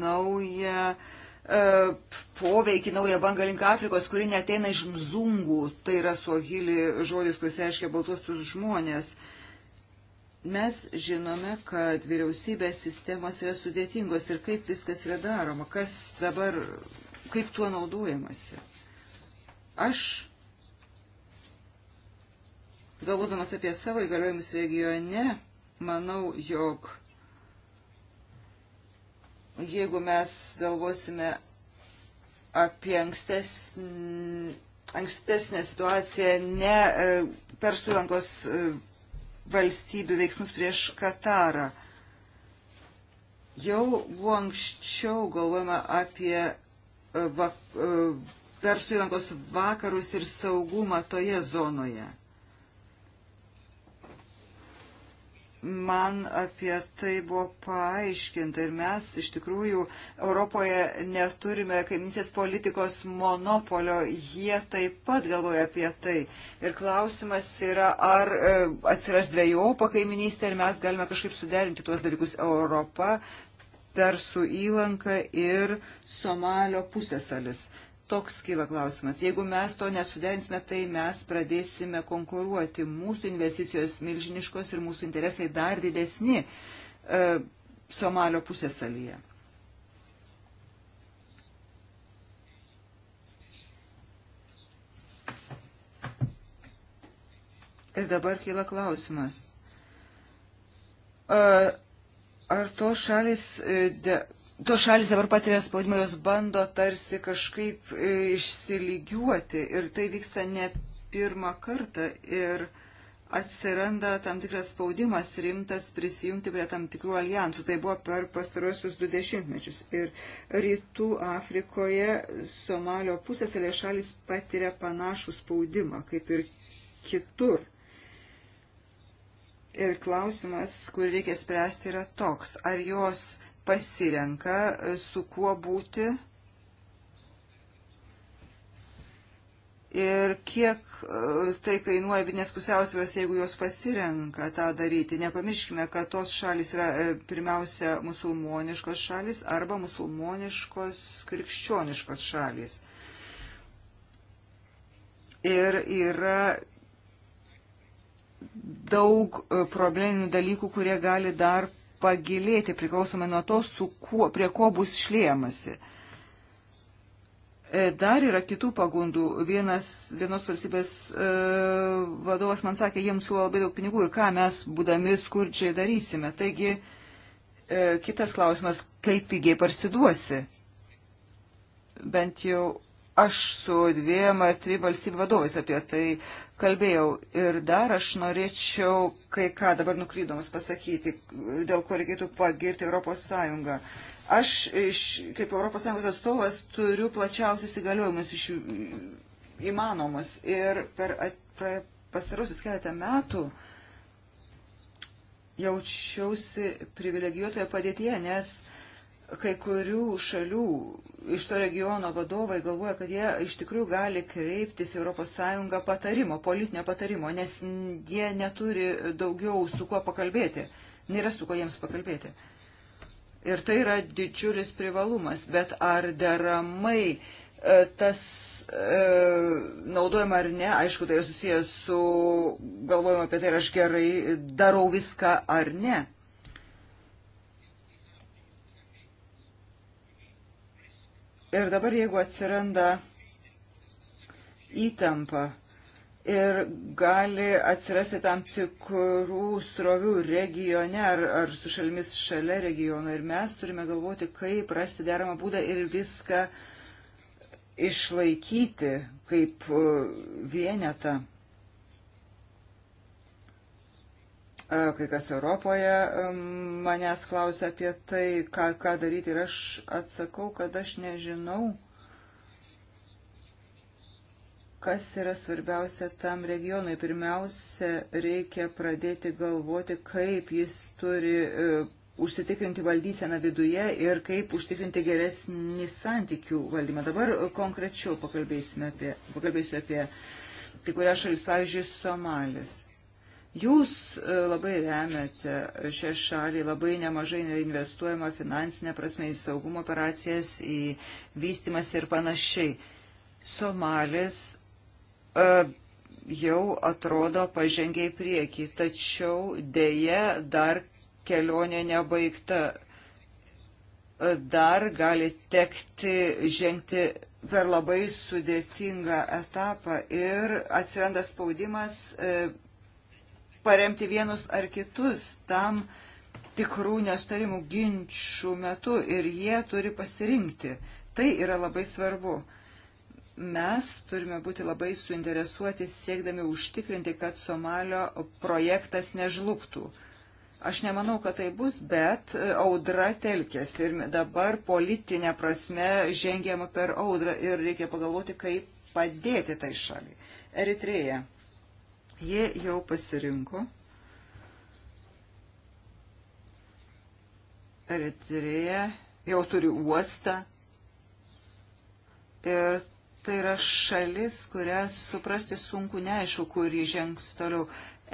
naują e, poveikį, naują bangą link Afrikos, kuri neteina iš mzungų, tai yra suohili žodis, kuris reiškia baltuosius žmonės. Mes žinome, kad vyriausybės sistemos yra sudėtingos ir kaip viskas yra daroma, kas dabar, kaip tuo naudojamasi. Aš Galvodamas apie savo įgaliojimus regione, manau, jog jeigu mes galvosime apie ankstesnį ankstesnę situaciją, ne e, Persų įlankos e, valstybių veiksmus prieš Katarą. Jau buvo anksčiau galvojama apie e, Persų įlankos vakarus ir saugumą toje zonoje. man apie tai buvo paaiškinta ir mes iš tikrųjų Europoje neturime kaiminsės politikos monopolio, jie taip pat galvoja apie tai. Ir klausimas yra, ar e, atsiras dviejopa kaiminystė ir mes galime kažkaip suderinti tuos dalykus Europą, Persų įlanką ir Somalio pusėsalis toks kyla klausimas. Jeigu mes to nesudensime, tai mes pradėsime konkuruoti. Mūsų investicijos milžiniškos ir mūsų interesai dar didesni e, Somalio pusėsalyje. Ir dabar kyla klausimas. E, ar tos šalis e, to šalis dabar patiria spaudimą, jos bando tarsi kažkaip e, išsiligiuoti ir tai vyksta ne pirmą kartą ir atsiranda tam tikras spaudimas rimtas prisijungti prie tam tikrų alijansų. Tai buvo per pastarosius du dešimtmečius. Ir rytų Afrikoje Somalio pusėsalė šalis patiria panašų spaudimą kaip ir kitur. Ir klausimas, kurį reikia spręsti, yra toks. Ar jos pasirenka, e, su kuo būti ir kiek e, tai kainuoja vidinės pusiausvėros, jeigu jos pasirenka tą daryti. Nepamirškime, kad tos šalis yra e, pirmiausia musulmoniškos šalis arba musulmoniškos krikščioniškos šalis. Ir yra daug probleminių dalykų, kurie gali dar pagilėti priklausomai nuo to, kuo, prie ko bus šliemasi. E, dar yra kitų pagundų. Vienas, vienos valstybės e, vadovas man sakė, jiems siūlo labai daug pinigų ir ką mes, būdami skurdžiai, darysime. Taigi, e, kitas klausimas, kaip pigiai parsiduosi. Bent jau aš su dviem ar trim valstybių vadovais apie tai kalbėjau. Ir dar aš norėčiau kai ką dabar nukrydoms pasakyti, dėl ko reikėtų pagirti Europos Sąjungą. Aš iš, kaip Europos Sąjungos atstovas turiu plačiausius įgaliojimus iš įmanomus ir per, per pasarusius keletą metų jaučiausi privilegijuotoje padėtyje, nes kai kurių šalių iš to regiono vadovai galvoja, kad jie iš tikrųjų gali kreiptis ES patarimo, politinio patarimo, nes jie neturi daugiau su kuo pakalbėti, nėra su kuo jiems pakalbėti. Ir tai yra didžiulis privalumas, bet ar deramai e, tas e, naudojama ar ne, aišku, tai yra susijęs su galvojimu apie tai, ar aš gerai darau viską ar ne. Ir dabar, jeigu atsiranda įtampa ir gali atsirasti tam tikrų srovių regione ar, ar su šalimis šalia regiono, ir mes turime galvoti, kaip rasti deramą būdą ir viską išlaikyti kaip uh, vienetą. Uh, kai kas Europoje manęs klausia apie tai, ką, ką daryti ir aš atsakau, kad aš nežinau, kas yra svarbiausia tam regionui. Pirmiausia, reikia pradėti galvoti, kaip jis turi e, užsitikrinti valdyseną viduje ir kaip užtikrinti geresnį santykių valdymą. Dabar konkrečiau pakalbėsime apie, pakalbėsiu apie kai kurias šalis, pavyzdžiui, Somalis Jūs e, labai remiate šią šalį, labai nemažai investuojama finansinė prasme į saugumo operacijas, į vystimas ir panašiai. Somalis e, jau atrodo pažengiai prieki, tačiau dėje dar kelionė nebaigta. E, dar gali tekti žengti per labai sudėtingą etapą ir atsiranda spaudimas paremti vienus ar kitus tam tikrų nesustarimų ginčių metu ir jie turi pasirinkti. Tai yra labai svarbu. Mes turime būti labai suinteresuoti siekdami užtikrinti, kad Somalio projektas nežlugtų. Aš nemanau, kad tai bus, bet audra telkėsi ir dabar politinė prasme žengiama per audrą ir reikia pagalvoti, kaip padėti tai šaliai. Eritreja. Jie jau pasirinko Eritrėje, jau turi uostą ir tai yra šalis, kurią suprasti sunku neaišku, kur įžengs toliau.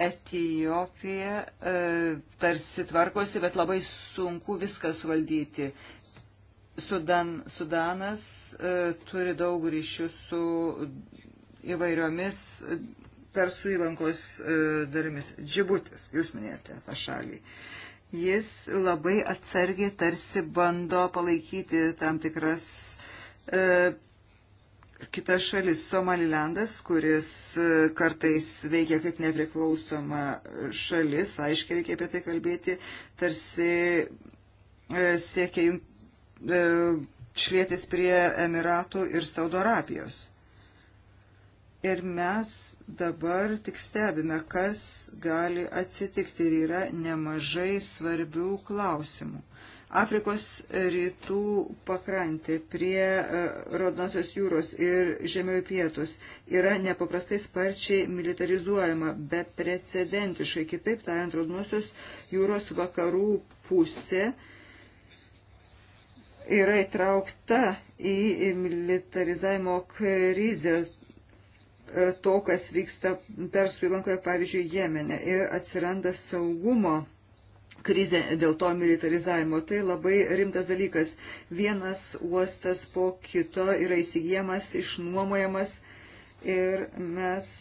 Etijopija e, tarsi tvarkosi, bet labai sunku viską suvaldyti. Sudan, Sudanas e, turi daug ryšių su įvairiomis Persų įlankos e, darimis. Džibutis, jūs minėjote tą šalį. Jis labai atsargiai tarsi bando palaikyti tam tikras e, kitas šalis Somalilandas, kuris e, kartais veikia kaip nepriklausoma šalis, aiškiai reikia apie tai kalbėti, tarsi e, siekia šlėtis prie Emiratų ir Saudo Arabijos. Ir mes dabar tik stebime, kas gali atsitikti ir yra nemažai svarbių klausimų. Afrikos rytų pakrantė prie e, Rodnosios jūros ir žemiau pietus yra nepaprastai sparčiai militarizuojama, beprecedentiškai. Kitaip tariant, Rodnosios jūros vakarų pusė yra įtraukta į militarizavimo krizę E, to, kas vyksta Persų įlankoje, pavyzdžiui, Jemene. Ir atsiranda saugumo krizė dėl to militarizavimo. Tai labai rimtas dalykas. Vienas uostas po kito yra įsigijamas, išnuomojamas ir mes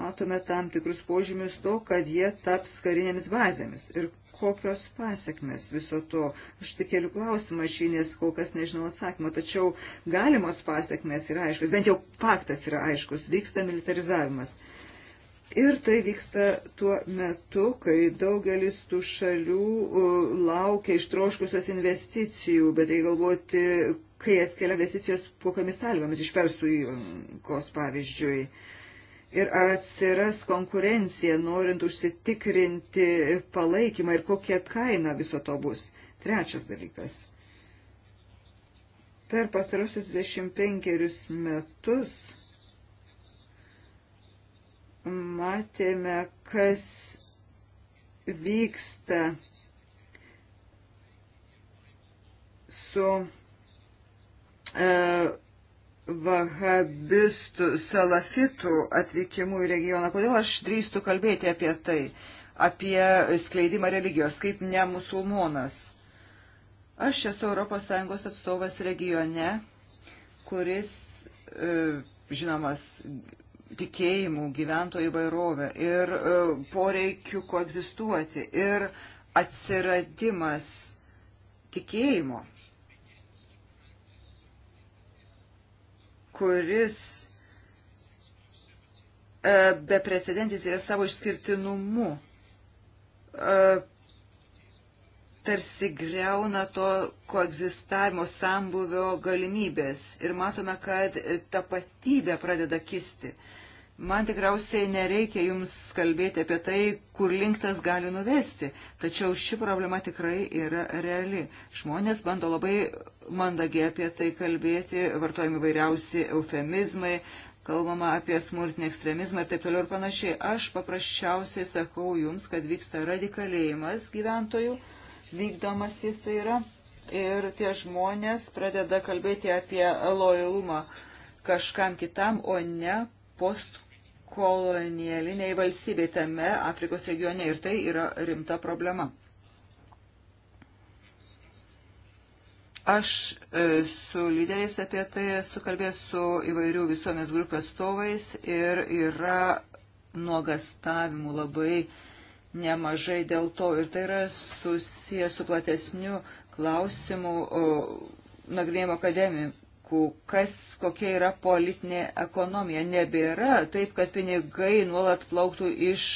matome tam tikrus požymius to, kad jie taps karinėmis bazėmis. Ir kokios pasiekmes viso to. Aš tik keliu klausimą šį, nes kol kas nežinau atsakymą, tačiau galimos pasiekmes yra aiškus, bent jau faktas yra aiškus, vyksta militarizavimas. Ir tai vyksta tuo metu, kai daugelis tų šalių laukia ištroškusios investicijų, bet tai galvoti, kai atkelia investicijos kokiamis sąlygomis iš Persų įlankos, pavyzdžiui ir ar atsiras konkurencija, norint užsitikrinti palaikymą ir kokia kaina viso to bus. Trečias dalykas. Per pastarusius 25 metus matėme, kas vyksta su e, vahabistų, salafitų atvykimu į regioną. Kodėl aš drįstu kalbėti apie tai, apie skleidimą religijos, kaip ne musulmonas? Aš esu ES atstovas regione, kuris e, žinomas tikėjimų, gyventojų įvairovę ir e, poreikių koegzistuoti ir atsiradimas tikėjimo kuris e, beprecedentis yra savo išskirtinumu. E, tarsi greuna to koegzistavimo sambuvio galimybės ir matome, kad tapatybė pradeda kisti. Man tikriausiai nereikia jums kalbėti apie tai, kur linktas gali nuvesti, tačiau ši problema tikrai yra reali. Žmonės bando labai mandagiai apie tai kalbėti, vartojami vairiausi eufemizmai, kalbama apie smurtinį ekstremizmą ir taip toliau ir panašiai. Aš paprasčiausiai sakau jums, kad vyksta radikalėjimas gyventojų, vykdomas jis yra ir tie žmonės pradeda kalbėti apie lojalumą kažkam kitam, o ne post kolonialiniai valstybei tame Afrikos regione ir tai yra rimta problema. Aš e, su lyderiais apie tai esu kalbėjęs su įvairių visuomenės grupės atstovais ir yra nuogastavimų labai nemažai dėl to. Ir tai yra susijęs su platesniu klausimu nagrinėjimo akademijų dalykų, kas, kokia yra politinė ekonomija. Nebėra taip, kad pinigai nuolat plauktų iš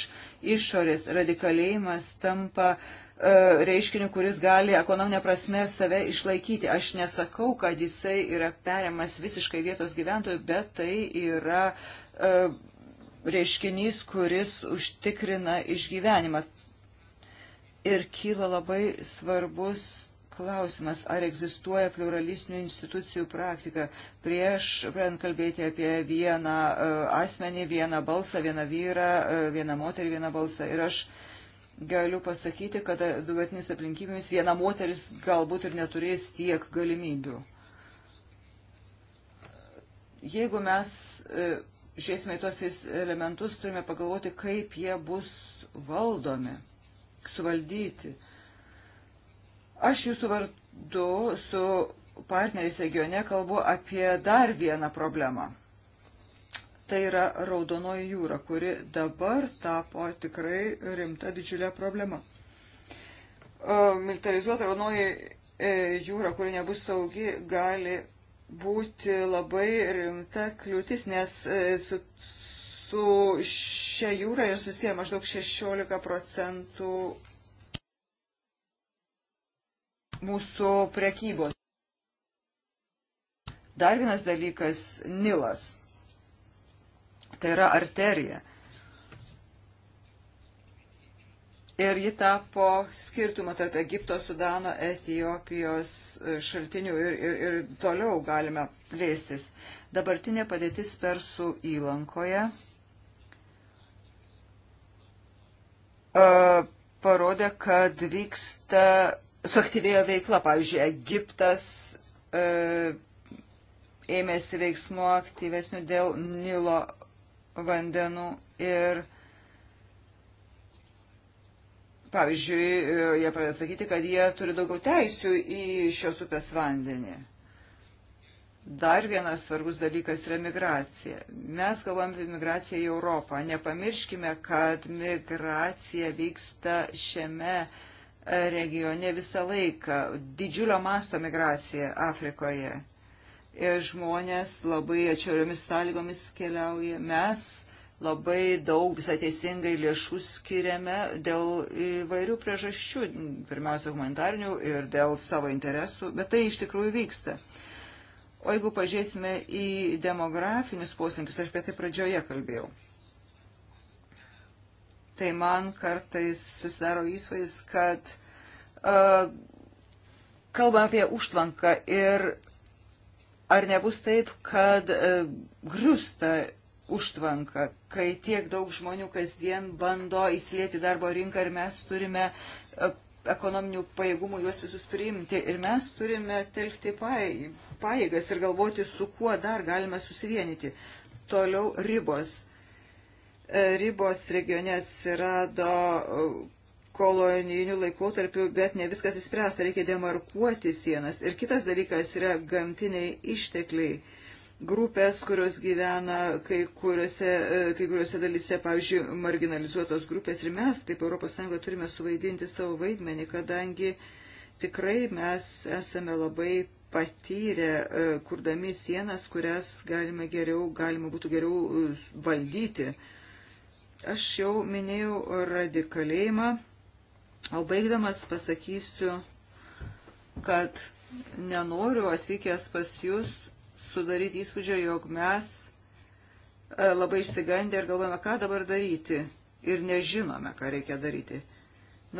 išorės. Radikalėjimas tampa e, reiškiniu, kuris gali ekonominė prasme save išlaikyti. Aš nesakau, kad jisai yra periamas visiškai vietos gyventojų, bet tai yra e, reiškinys, kuris užtikrina išgyvenimą. Ir kyla labai svarbus klausimas, ar egzistuoja pluralistinių institucijų praktika. Prieš pradant kalbėti apie vieną e, asmenį, vieną balsą, vieną vyrą, e, vieną moterį, vieną balsą. Ir aš galiu pasakyti, kad duetinis aplinkybėmis viena moteris galbūt ir neturės tiek galimybių. Jeigu mes e, žiūrėsime į tos tris elementus, turime pagalvoti, kaip jie bus valdomi, suvaldyti. Uh, Aš jūsų vardu su partneriais regione kalbu apie dar vieną problemą. Tai yra Raudonoji jūra, kuri dabar tapo tikrai rimta didžiulė problema. Militarizuota Raudonoji e, jūra, kuri nebus saugi, gali būti labai rimta kliūtis, nes e, su, su šia jūra yra susiję maždaug 16 procentų mūsų prekybos. Dar vienas dalykas - Nilas. Tai yra arterija. Ir ji tapo skirtumą tarp Egipto, Sudano, Etijopijos e, šaltinių ir, ir, ir toliau galime plėstis. Dabartinė padėtis Persų įlankoje e, parodė, kad vyksta suaktyvėjo veikla, pavyzdžiui, Egiptas e, ėmėsi veiksmų aktyvesnių dėl Nilo vandenų ir Pavyzdžiui, e, jie pradeda sakyti, kad jie turi daugiau teisių į šios upės vandenį. Dar vienas svarbus dalykas yra migracija. Mes kalbam apie migraciją į Europą. Nepamirškime, kad migracija vyksta šiame uh, regione visą laiką. Didžiulio masto migracija Afrikoje. Ir žmonės labai atšiauriomis sąlygomis keliauja. Mes labai daug visai teisingai lėšų skiriame dėl įvairių priežasčių, pirmiausia humanitarnių ir dėl savo interesų, bet tai iš tikrųjų vyksta. O jeigu pažiūrėsime į demografinius poslinkius, aš apie tai pradžioje kalbėjau tai man kartais susidaro įsvaiz, kad uh, kalbam apie užtvanką ir ar nebus taip, kad uh, e, griusta užtvanka, kai tiek daug žmonių kasdien bando įsilieti darbo rinką ir mes turime uh, ekonominių pajėgumų juos visus priimti ir mes turime telkti pajėgas ir galvoti, su kuo dar galime susivienyti. Toliau ribos E, ribos regione atsirado e, kolonijinių laikotarpių, bet ne viskas įspręsta, reikia demarkuoti sienas. Ir kitas dalykas yra gamtiniai ištekliai. Grupės, kurios gyvena kai kuriuose, e, kai kuriuose dalyse, pavyzdžiui, marginalizuotos grupės ir mes, kaip ES, turime suvaidinti savo vaidmenį, kadangi tikrai mes esame labai patyrę, kurdami sienas, kurias galima geriau, galima būtų geriau valdyti. Aš jau minėjau radikalėjimą, o baigdamas pasakysiu, kad nenoriu atvykęs pas jūs sudaryti įspūdžio, jog mes e, labai išsigandę ir galvojame, ką dabar daryti ir nežinome, ką reikia daryti.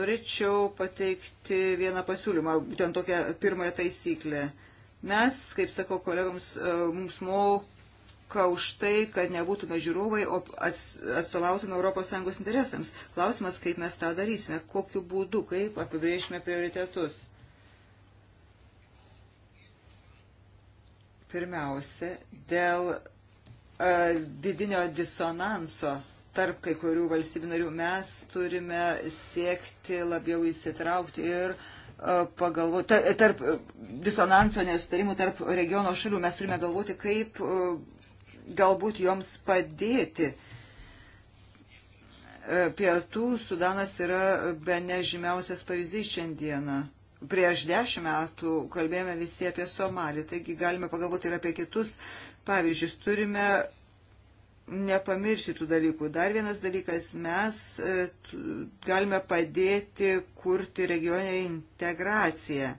Norėčiau pateikti vieną pasiūlymą, būtent tokią pirmąją taisyklę. Mes, kaip sakau kolegoms, e, mums mol atsaką už tai, kad nebūtume žiūrovai, o atstovautume ES interesams. Klausimas, kaip mes tą darysime, kokiu būdu, kaip apibrėžime prioritetus. Pirmiausia, dėl a, e, vidinio disonanso tarp kai kurių valstybių narių mes turime siekti labiau įsitraukti ir e, pagalvoti, tarp disonanso nesutarimų tarp regiono šalių mes turime galvoti, kaip e, galbūt joms padėti. E, pietų Sudanas yra be nežymiausias pavyzdys šiandieną. Prieš dešimt metų kalbėjome visi apie Somalį, taigi galime pagalvoti ir apie kitus pavyzdžius. Turime nepamiršti tų dalykų. Dar vienas dalykas, mes e, galime padėti kurti regionę integraciją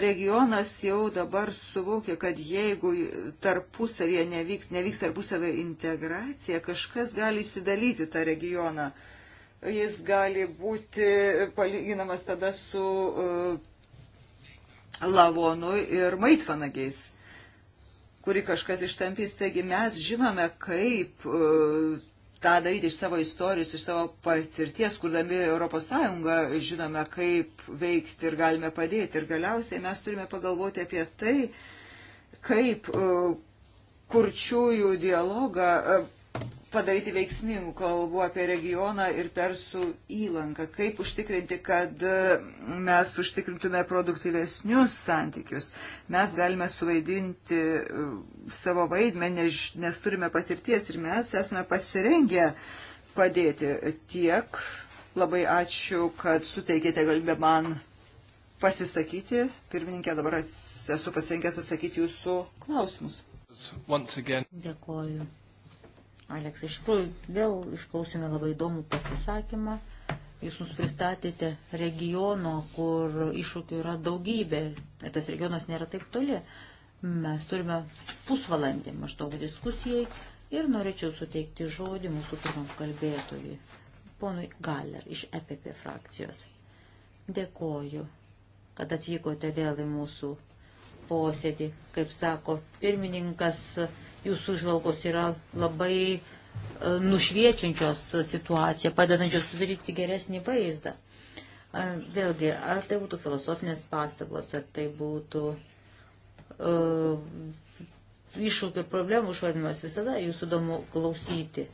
regionas jau dabar suvokia, kad jeigu tarpusavėje nevyks, nevyks tarpusavėje integracija, kažkas gali įsidalyti tą regioną. Jis gali būti palyginamas tada su uh, lavonu ir maitvanagiais, kuri kažkas ištampys. Taigi mes žinome, kaip uh, tą daryti iš savo istorijos, iš savo patirties, kurdami Europos Sąjungą, žinome, kaip veikti ir galime padėti. Ir galiausiai mes turime pagalvoti apie tai, kaip uh, kurčiųjų dialogą uh, padaryti veiksmingų kalbų apie regioną ir persų įlanką. Kaip užtikrinti, kad e, mes užtikrintume produktyvesnius santykius. Mes galime suvaidinti e, savo vaidmenį, nes turime patirties ir mes esame pasirengę padėti tiek. Labai ačiū, kad suteikėte galimybę man pasisakyti. Pirmininkė, dabar esu pasirinkęs atsakyti jūsų klausimus. Dėkuoju. Aleks, iš tikrųjų vėl išklausėme labai įdomų pasisakymą. Jūs mus pristatėte regiono, kur iššūkių yra daugybė ir tas regionas nėra taip toli. Mes turime pusvalandį maždaug diskusijai ir norėčiau suteikti žodį mūsų pirmam kalbėtojui, ponui Galler iš EPP frakcijos. Dėkoju, kad atvykote vėl į mūsų posėdį. Kaip sako pirmininkas, Jūsų žvalgos yra labai e, nušviečiančios situaciją, padedančios sudaryti geresnį vaizdą. Vėlgi, ar tai būtų filosofinės pastabos, ar tai būtų uh, iššūkių problemų išvardimas, visada jūsų įdomu klausyti.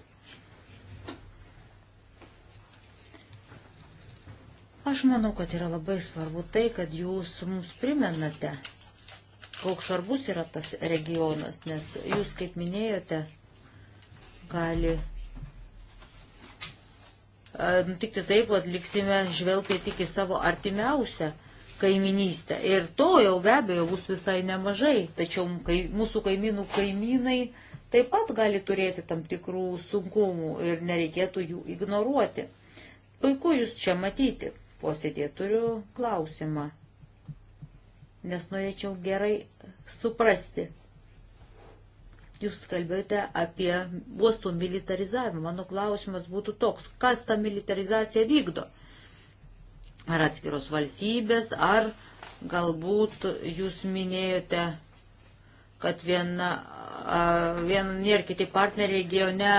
Aš manau, kad yra labai svarbu tai, kad jūs mums primenate, koks svarbus yra tas regionas, nes jūs, kaip minėjote, gali nutikti taip, kad liksime žvelgti tik į savo artimiausią kaiminystę. Ir to jau be abejo bus visai nemažai, tačiau kai, mūsų kaimynų kaimynai taip pat gali turėti tam tikrų sunkumų ir nereikėtų jų ignoruoti. Puiku jūs čia matyti. Posėdė turiu klausimą nes norėčiau gerai suprasti. Jūs kalbėjote apie uostų militarizavimą. Mano klausimas būtų toks, kas tą militarizaciją vykdo? Ar atskiros valstybės, ar galbūt jūs minėjote, kad viena, vieni ir kiti partneriai regione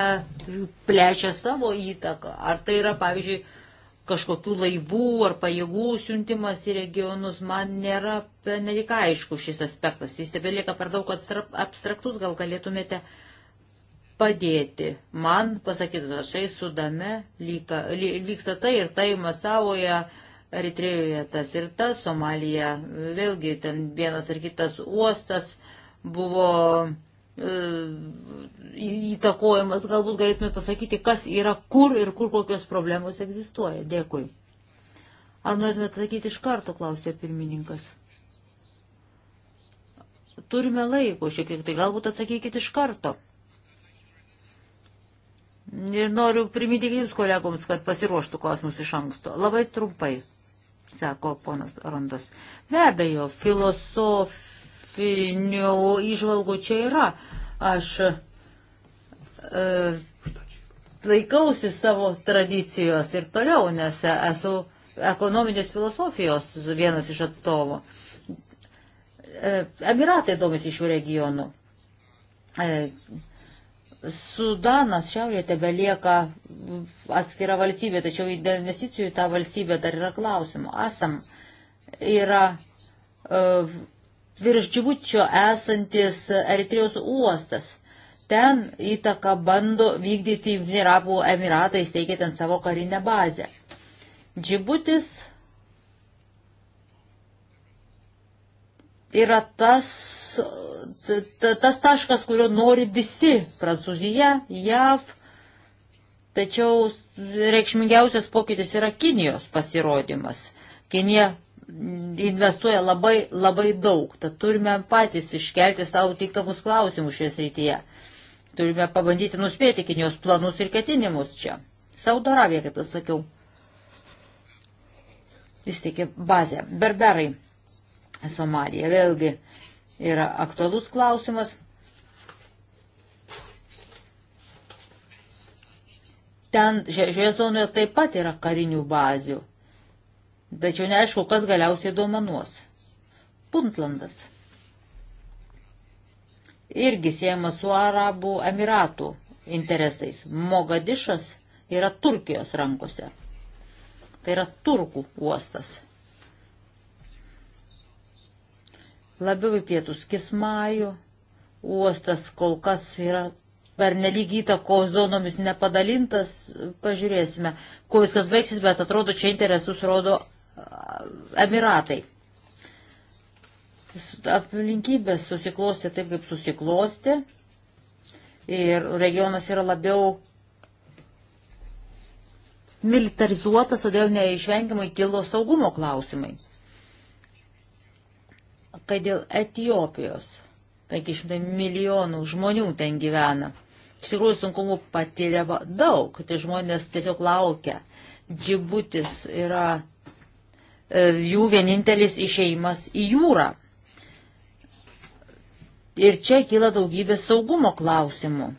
plečia savo įtaką. Ar tai yra, pavyzdžiui, kažkokių laivų ar pajėgų siuntimas į regionus, man nėra nelik aišku šis aspektas. Jis tebelieka per daug abstraktus, gal galėtumėte padėti. Man pasakytų, štai Sudame lyka, ly, vyksta tai ir tai Masavoje, Eritrejoje tas ir tas, Somalija, vėlgi ten vienas ar kitas uostas buvo E, įtakojamas, galbūt galėtumėte pasakyti, kas yra kur ir kur kokios problemos egzistuoja. Dėkui. Ar norėtumėte atsakyti iš karto, klausė pirmininkas. Turime laiko šiek tiek, tai galbūt atsakykite iš karto. Ir noriu priminti jums kolegoms, kad pasiruoštų klausimus iš anksto. Labai trumpai, sako ponas Rondos. Be abejo, filosof, filosofinių išvalgų čia yra. Aš e, laikausi savo tradicijos ir toliau, nes esu ekonominės filosofijos vienas iš atstovų. E, Emiratai domisi šių regionų. E, Sudanas šiaurėje tebelieka atskira valstybė, tačiau investicijų į tą valstybę dar yra klausimų. Asam yra e, virš Džibučio esantis Eritrijos uostas. Ten įtaką bando vykdyti Junktiniai Arabų Emiratai, steigia ten savo karinę bazę. Džibutis yra tas, tas taškas, kurio nori visi - Prancūzija, JAV, tačiau reikšmingiausias pokytis yra Kinijos pasirodymas. Kinija investuoja labai, labai daug. Tad turime patys iškelti savo tinkamus klausimus šioje srityje. Turime pabandyti nuspėti Kinijos planus ir ketinimus čia. Saudo Arabija, kaip jau sakiau, įsteigė bazę. Berberai, Somalija, vėlgi yra aktualus klausimas. Ten šioje zonoje taip pat yra karinių bazių Tačiau neaišku, kas galiausiai dominuos. Puntlandas. Irgi siejama su Arabų Emiratų interesais. Mogadišas yra Turkijos rankose. Tai yra turkų uostas. Labiau į pietus Kismajų. Uostas kol kas yra per nelygytą, ko zonomis nepadalintas. Pažiūrėsime, kuo viskas baigsis, bet atrodo, čia interesus rodo Emiratai. Aplinkybės susiklosti taip, kaip susiklosti. Ir regionas yra labiau militarizuotas, todėl neišvengiamai kilo saugumo klausimai. Kai dėl Etijopijos 500 milijonų žmonių ten gyvena. Iš tikrųjų sunkumų patiriama daug, tai žmonės tiesiog laukia. Džibutis yra E, jų vienintelis išeimas į jūrą. Ir čia kyla daugybė saugumo klausimų.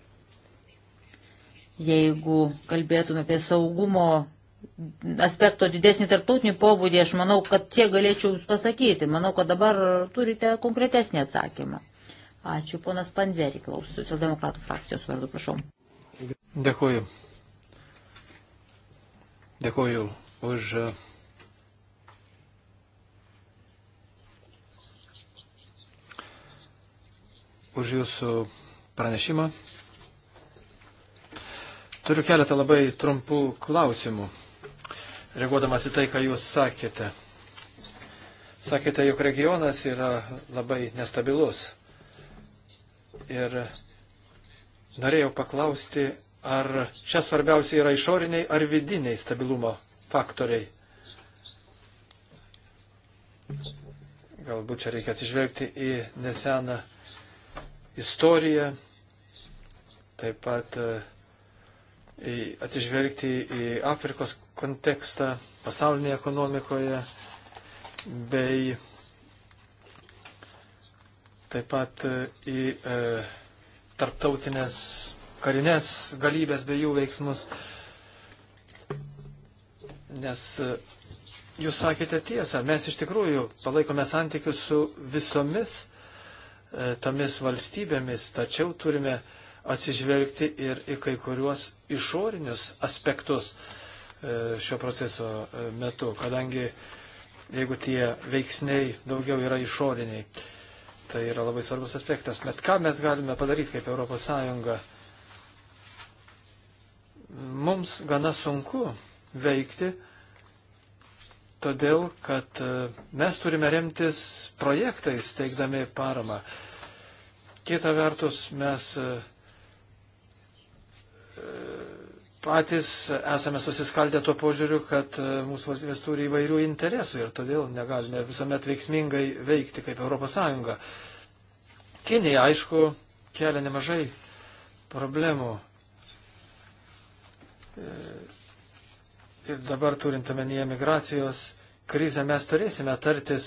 Jeigu kalbėtume apie saugumo aspekto didesnį tarptautinį pobūdį, aš manau, kad tie galėčiau Jums pasakyti. Manau, kad dabar turite konkretesnį atsakymą. Ačiū, ponas Panzerį, klausiu, socialdemokratų frakcijos vardu, prašau. Dėkuoju. Dėkuoju už. Uh už Jūsų pranešimą. Turiu keletą labai trumpų klausimų, reaguodamas į tai, ką Jūs sakėte. Sakėte, jog regionas yra labai nestabilus. Ir norėjau paklausti, ar čia svarbiausia yra išoriniai ar vidiniai stabilumo faktoriai. Galbūt čia reikia atsižvelgti į neseną istoriją, taip pat e, atsižvelgti į Afrikos kontekstą pasaulinėje ekonomikoje bei taip pat e, į e, tarptautinės karinės galybės bei jų veiksmus. Nes e, jūs sakėte tiesą, mes iš tikrųjų palaikome santykius su visomis E, tomis valstybėmis, tačiau turime atsižvelgti ir į kai kuriuos išorinius aspektus e, šio proceso e, metu, kadangi jeigu tie veiksniai daugiau yra išoriniai, tai yra labai svarbus aspektas. Bet ką mes galime padaryti kaip ES? Mums gana sunku veikti todėl kad e, mes turime remtis projektais teikdami paramą. Kita vertus, mes e, e, patys esame susiskaldę tuo požiūriu, kad mūsų valstybės turi įvairių interesų ir todėl negalime visuomet veiksmingai veikti kaip ES. Kinija, aišku, kelia nemažai problemų. E, ir dabar turint omenyje migracijos krizę, mes turėsime tartis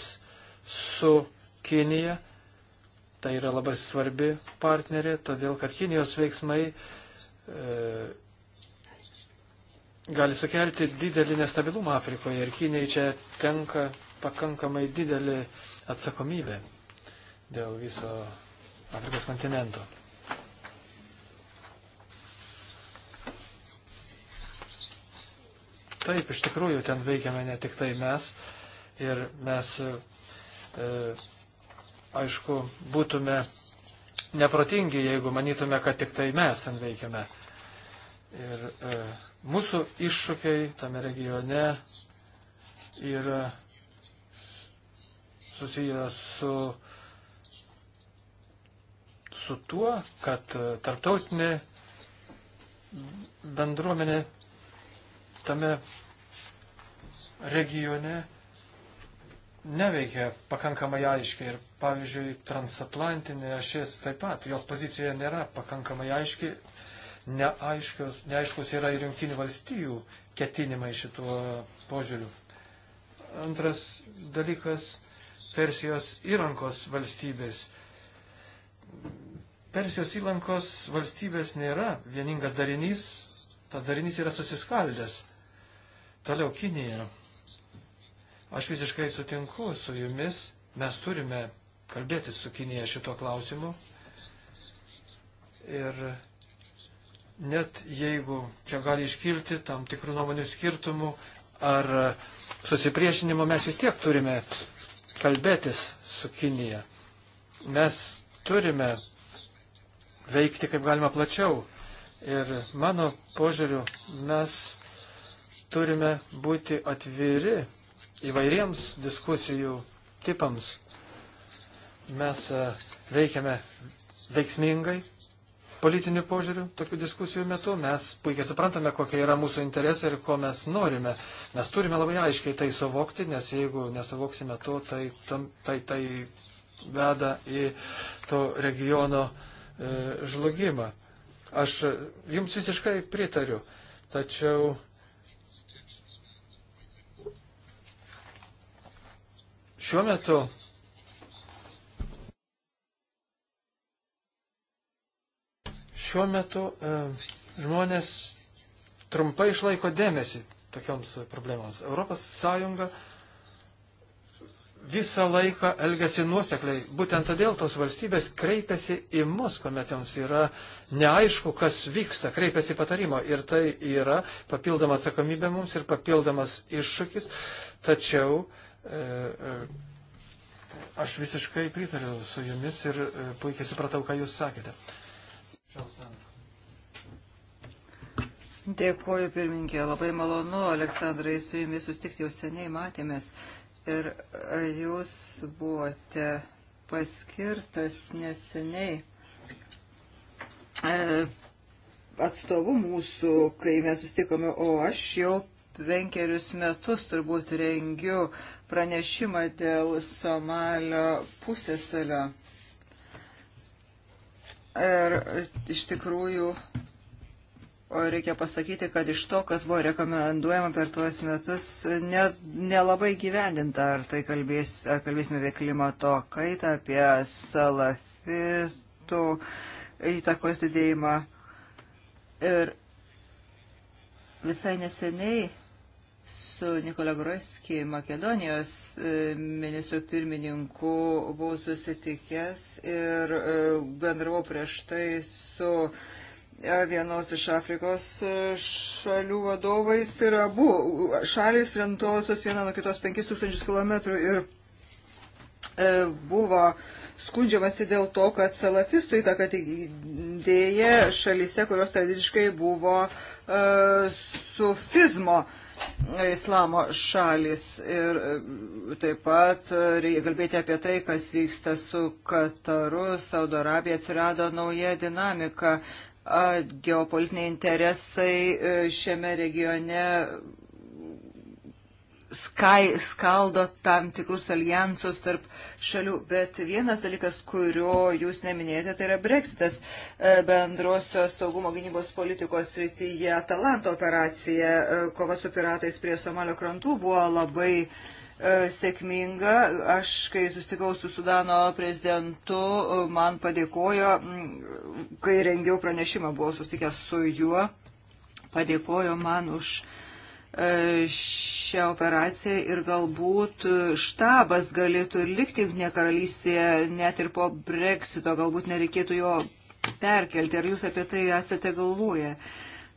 su Kinija. Tai yra labai svarbi partnerė, todėl kad Kinijos veiksmai e, gali sukelti didelį nestabilumą Afrikoje ir Kinijai čia tenka pakankamai didelį atsakomybę dėl viso Afrikos kontinento. Taip, iš tikrųjų, ten veikiame ne tik tai mes. Ir mes, e, aišku, būtume neprotingi, jeigu manytume, kad tik tai mes ten veikiame. Ir e, mūsų iššūkiai tame regione yra susijęs su, su tuo, kad e, tarptautinė bendruomenė tame regione neveikia pakankamai aiškiai. Ir pavyzdžiui, transatlantinė ašis taip pat, jos pozicija nėra pakankamai aiški, neaiškios, neaiškus yra ir jungtinių valstijų ketinimai šituo požiūriu. Antras dalykas - Persijos įrankos valstybės. Persijos įlankos valstybės nėra vieningas darinys, tas darinys yra susiskaldęs. Toliau Kinija. Aš visiškai sutinku su jumis. Mes turime kalbėti su Kinija šito klausimu. Ir net jeigu čia gali iškilti tam tikrų nuomonių skirtumų ar susipriešinimo, mes vis tiek turime kalbėtis su Kinija. Mes turime veikti kaip galima plačiau. Ir mano požiūriu, mes turime būti atviri įvairiems diskusijų tipams. Mes e, veikiame veiksmingai politinių požiūrių tokių diskusijų metu. Mes puikiai suprantame, kokie yra mūsų interesai ir ko mes norime. Mes turime labai aiškiai tai suvokti, nes jeigu nesuvoksime to, tai, tam, tai, tai veda į to regiono e, žlugimą. Aš jums visiškai pritariu, tačiau Šiuo metu šiuo metu e, žmonės trumpai išlaiko dėmesį tokioms problemams. Europos Sąjunga visą laiką elgesi nuosekliai. Būtent todėl tos valstybės kreipiasi į mus, kuomet joms yra neaišku, kas vyksta, kreipiasi patarimo. Ir tai yra papildoma atsakomybė mums ir papildomas iššūkis. Tačiau e, E, e, aš visiškai pritariu su jumis ir e, puikiai supratau, ką jūs sakėte. Dėkuoju, pirmininkė. Labai malonu, Aleksandrai, su jumis sustikti jau seniai matėmės. Ir jūs buvote paskirtas neseniai atstovu mūsų, kai mes sustikome, o aš jau penkerius metus turbūt rengiu pranešimą dėl Somalio pusėsalio. Ir iš tikrųjų O reikia pasakyti, kad iš to, kas buvo rekomenduojama per tuos metus, ne, nelabai gyvendinta. Ar tai kalbės, ar kalbėsime apie klimato kaitą, apie salafitų įtakos didėjimą. Ir visai neseniai su Nikola Groski, Makedonijos e, ministro pirmininku, buvau susitikęs ir e, bendravau prieš tai su e, vienos iš Afrikos šalių vadovais ir abu šalis rentosios viena nuo kitos 5000 km ir buvo skundžiamasi dėl to, kad salafistų įtaka dėja šalyse, kurios tradiciškai buvo uh, sufizmo uh, islamo šalis ir e, taip pat e, reikia kalbėti apie tai, kas vyksta su Kataru, Saudo Arabija atsirado nauja dinamika, geopolitiniai interesai e, šiame regione skai, skaldo tam tikrus alijansus tarp šalių. Bet vienas dalykas, kurio jūs neminėjote, tai yra Brexitas e, bendrosios saugumo gynybos politikos srityje. Atalanto operacija, e, kova su piratais prie Somalio krantų buvo labai e, sėkminga. Aš, kai sustikau su Sudano prezidentu, man padėkojo, kai rengiau pranešimą, buvau sustikęs su juo, padėkojo man už uh, E, šią operaciją ir galbūt štabas galėtų ir likti Junktinėje karalystėje net ir po Brexito, galbūt nereikėtų jo perkelti. Ar jūs apie tai esate galvoję?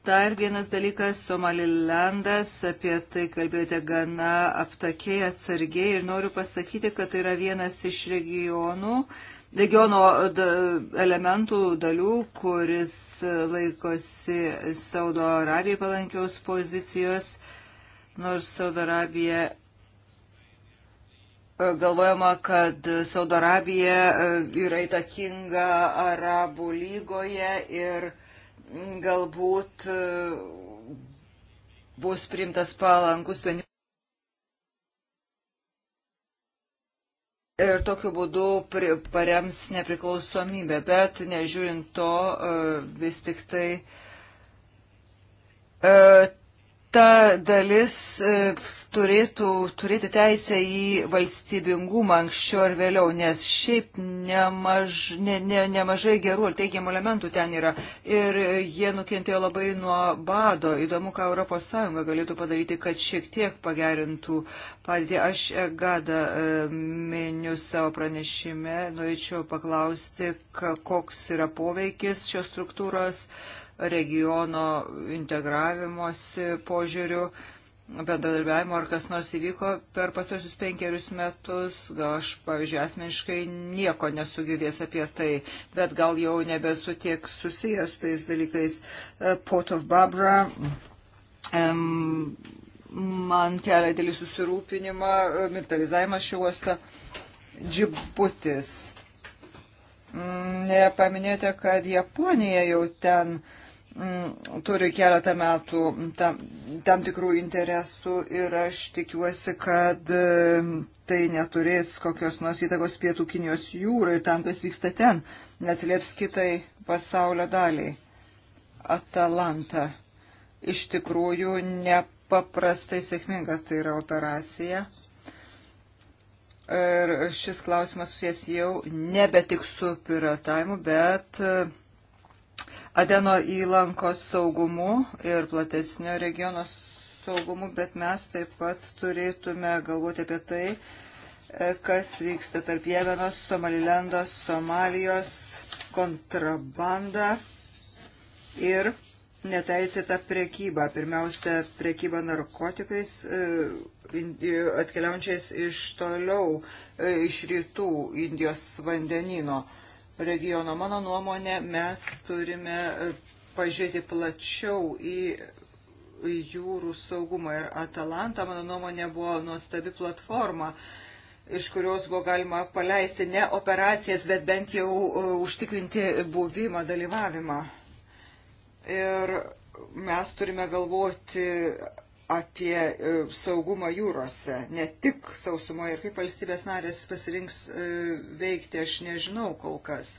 Dar vienas dalykas, Somalilandas, apie tai kalbėjote gana aptakiai, atsargiai ir noriu pasakyti, kad tai yra vienas iš regionų, uh, regiono elementų dalių, kuris laikosi Saudo Arabijai palankiaus pozicijos, nors Saudo Arabija e, galvojama, kad Saudo Arabija e, yra įtakinga Arabų lygoje ir galbūt e, bus priimtas palankus sprendimas. ir tokiu būdu parems nepriklausomybę, bet nežiūrint to e, vis tik tai e, ta dalis e, turėtų turėti teisę į valstybingumą anksčiau ar vėliau, nes šiaip nemaž, ne, ne, nemažai gerų ir teigiamų elementų ten yra. Ir jie nukentėjo labai nuo bado. Įdomu, ką ES galėtų padaryti, kad šiek tiek pagerintų padėtį. Aš Egada e, miniu savo pranešime, norėčiau paklausti, koks yra poveikis šios struktūros regiono integravimosi požiūrių bendradarbiavimo, ar kas nors įvyko per pastarosius penkerius metus. Gal aš, pavyzdžiui, asmeniškai nieko nesugirdės apie tai, bet gal jau nebesu tiek susijęs su tais dalykais. E, Port of Babra. Um, man kelia dėlį susirūpinimą, e, militarizavimas šio uosto. Džibutis. Mm, nepaminėjote, kad Japonija jau ten uh, Mm, turi keletą metų tam, tam tikrų interesų ir aš tikiuosi, kad mm, tai neturės kokios nors įtakos pietų Kinijos jūrai ir tam, kas vyksta ten, neatsilieps kitai pasaulio daliai. Atalanta iš tikrųjų nepaprastai sėkminga tai yra operacija. Ir šis klausimas susijęs jau nebe tik su piratavimu, bet Adeno įlankos saugumu ir platesnio regiono saugumu, bet mes taip pat turėtume galvoti apie tai, e, kas vyksta tarp Jemenos, Somalilendos, Somalijos, kontrabanda ir neteisėta prekyba. Pirmiausia, prekyba narkotikais e, atkeliaujančiais iš toliau, e, iš rytų Indijos vandenino regiono. Mano nuomonė, mes turime e, pažiūrėti plačiau į jūrų saugumą. Ir Atalanta, mano nuomonė, buvo nuostabi platforma iš kurios buvo galima paleisti ne operacijas, bet bent jau e, užtikrinti buvimą, dalyvavimą. Ir mes turime galvoti apie e, saugumą jūrose, ne tik sausumoje ir kaip valstybės narės pasirinks e, veikti, aš nežinau kol kas.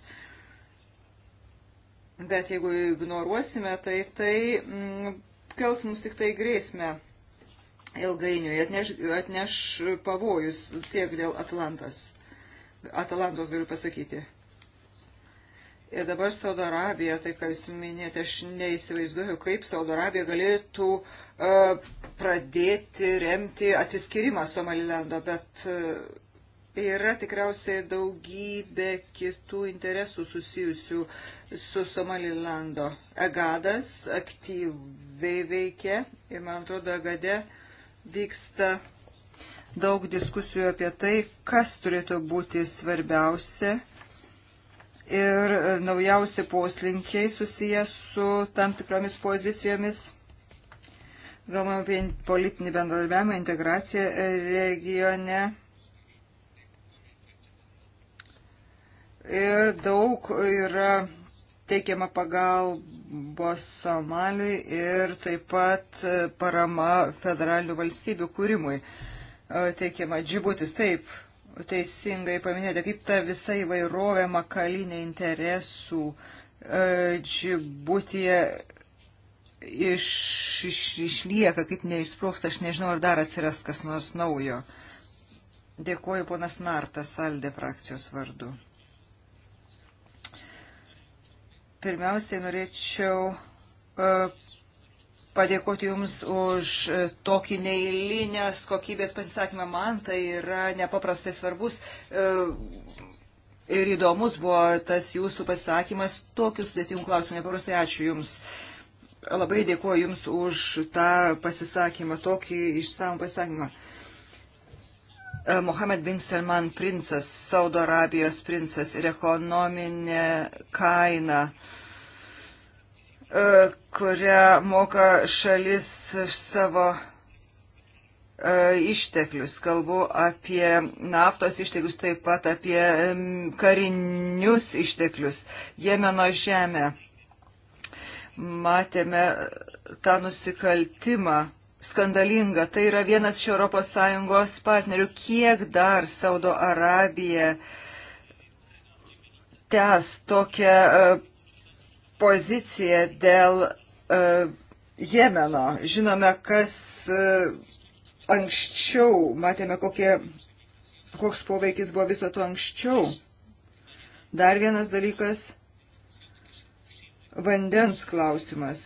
Bet jeigu ignoruosime, tai tai m, mm, kels mums tik tai grėsmę ilgainiui, atneš, atneš pavojus tiek dėl Atlantas. Atlantos galiu pasakyti. Ir dabar Saudo Arabija, tai ką jūs minėjote, aš neįsivaizduoju, kaip Saudo Arabija galėtų uh, pradėti remti atsiskirimą Somalilando, bet e, yra tikriausiai daugybė kitų interesų susijusių su Somalilando. Agadas aktyviai veikia ir, man atrodo, Agade vyksta daug diskusijų apie tai, kas turėtų būti svarbiausia ir e, naujausi poslinkiai susijęs su tam tikromis pozicijomis galvojame apie politinį bendradarbiavimą, integraciją e, regione. Ir daug yra teikiama pagalbos Somaliui ir taip pat e, parama federalinių valstybių kūrimui. E, teikiama džibutis, taip, teisingai paminėjote, kaip ta visa įvairovė makalinė interesų džibutyje iš, iš, išlieka, kaip neišsprūksta, aš nežinau, ar dar atsiras kas nors naujo. Dėkuoju ponas Nartas, Aldė frakcijos vardu. Pirmiausiai norėčiau e, padėkoti Jums už e, tokį neįlinės kokybės pasisakymą. Man tai yra nepaprastai svarbus e, ir įdomus buvo tas Jūsų pasisakymas tokius sudėtingų klausimų. Nepaprastai ačiū Jums. Uh, Labai dėkuoju Jums už tą pasisakymą, tokį išsamų pasisakymą. E, Mohamed bin Salman princas, Saudo Arabijos princas ir ekonominė kaina, e, kurią moka šalis savo e, išteklius. Kalbu apie naftos išteklius, taip pat apie karinius išteklius. Jemeno žemė matėme tą nusikaltimą skandalingą. Tai yra vienas iš ES partnerių. Kiek dar Saudo Arabija tęs tokią e, poziciją dėl e, Jemeno? Žinome, kas e, anksčiau, matėme, kokie, koks poveikis buvo viso to anksčiau. Dar vienas dalykas vandens klausimas.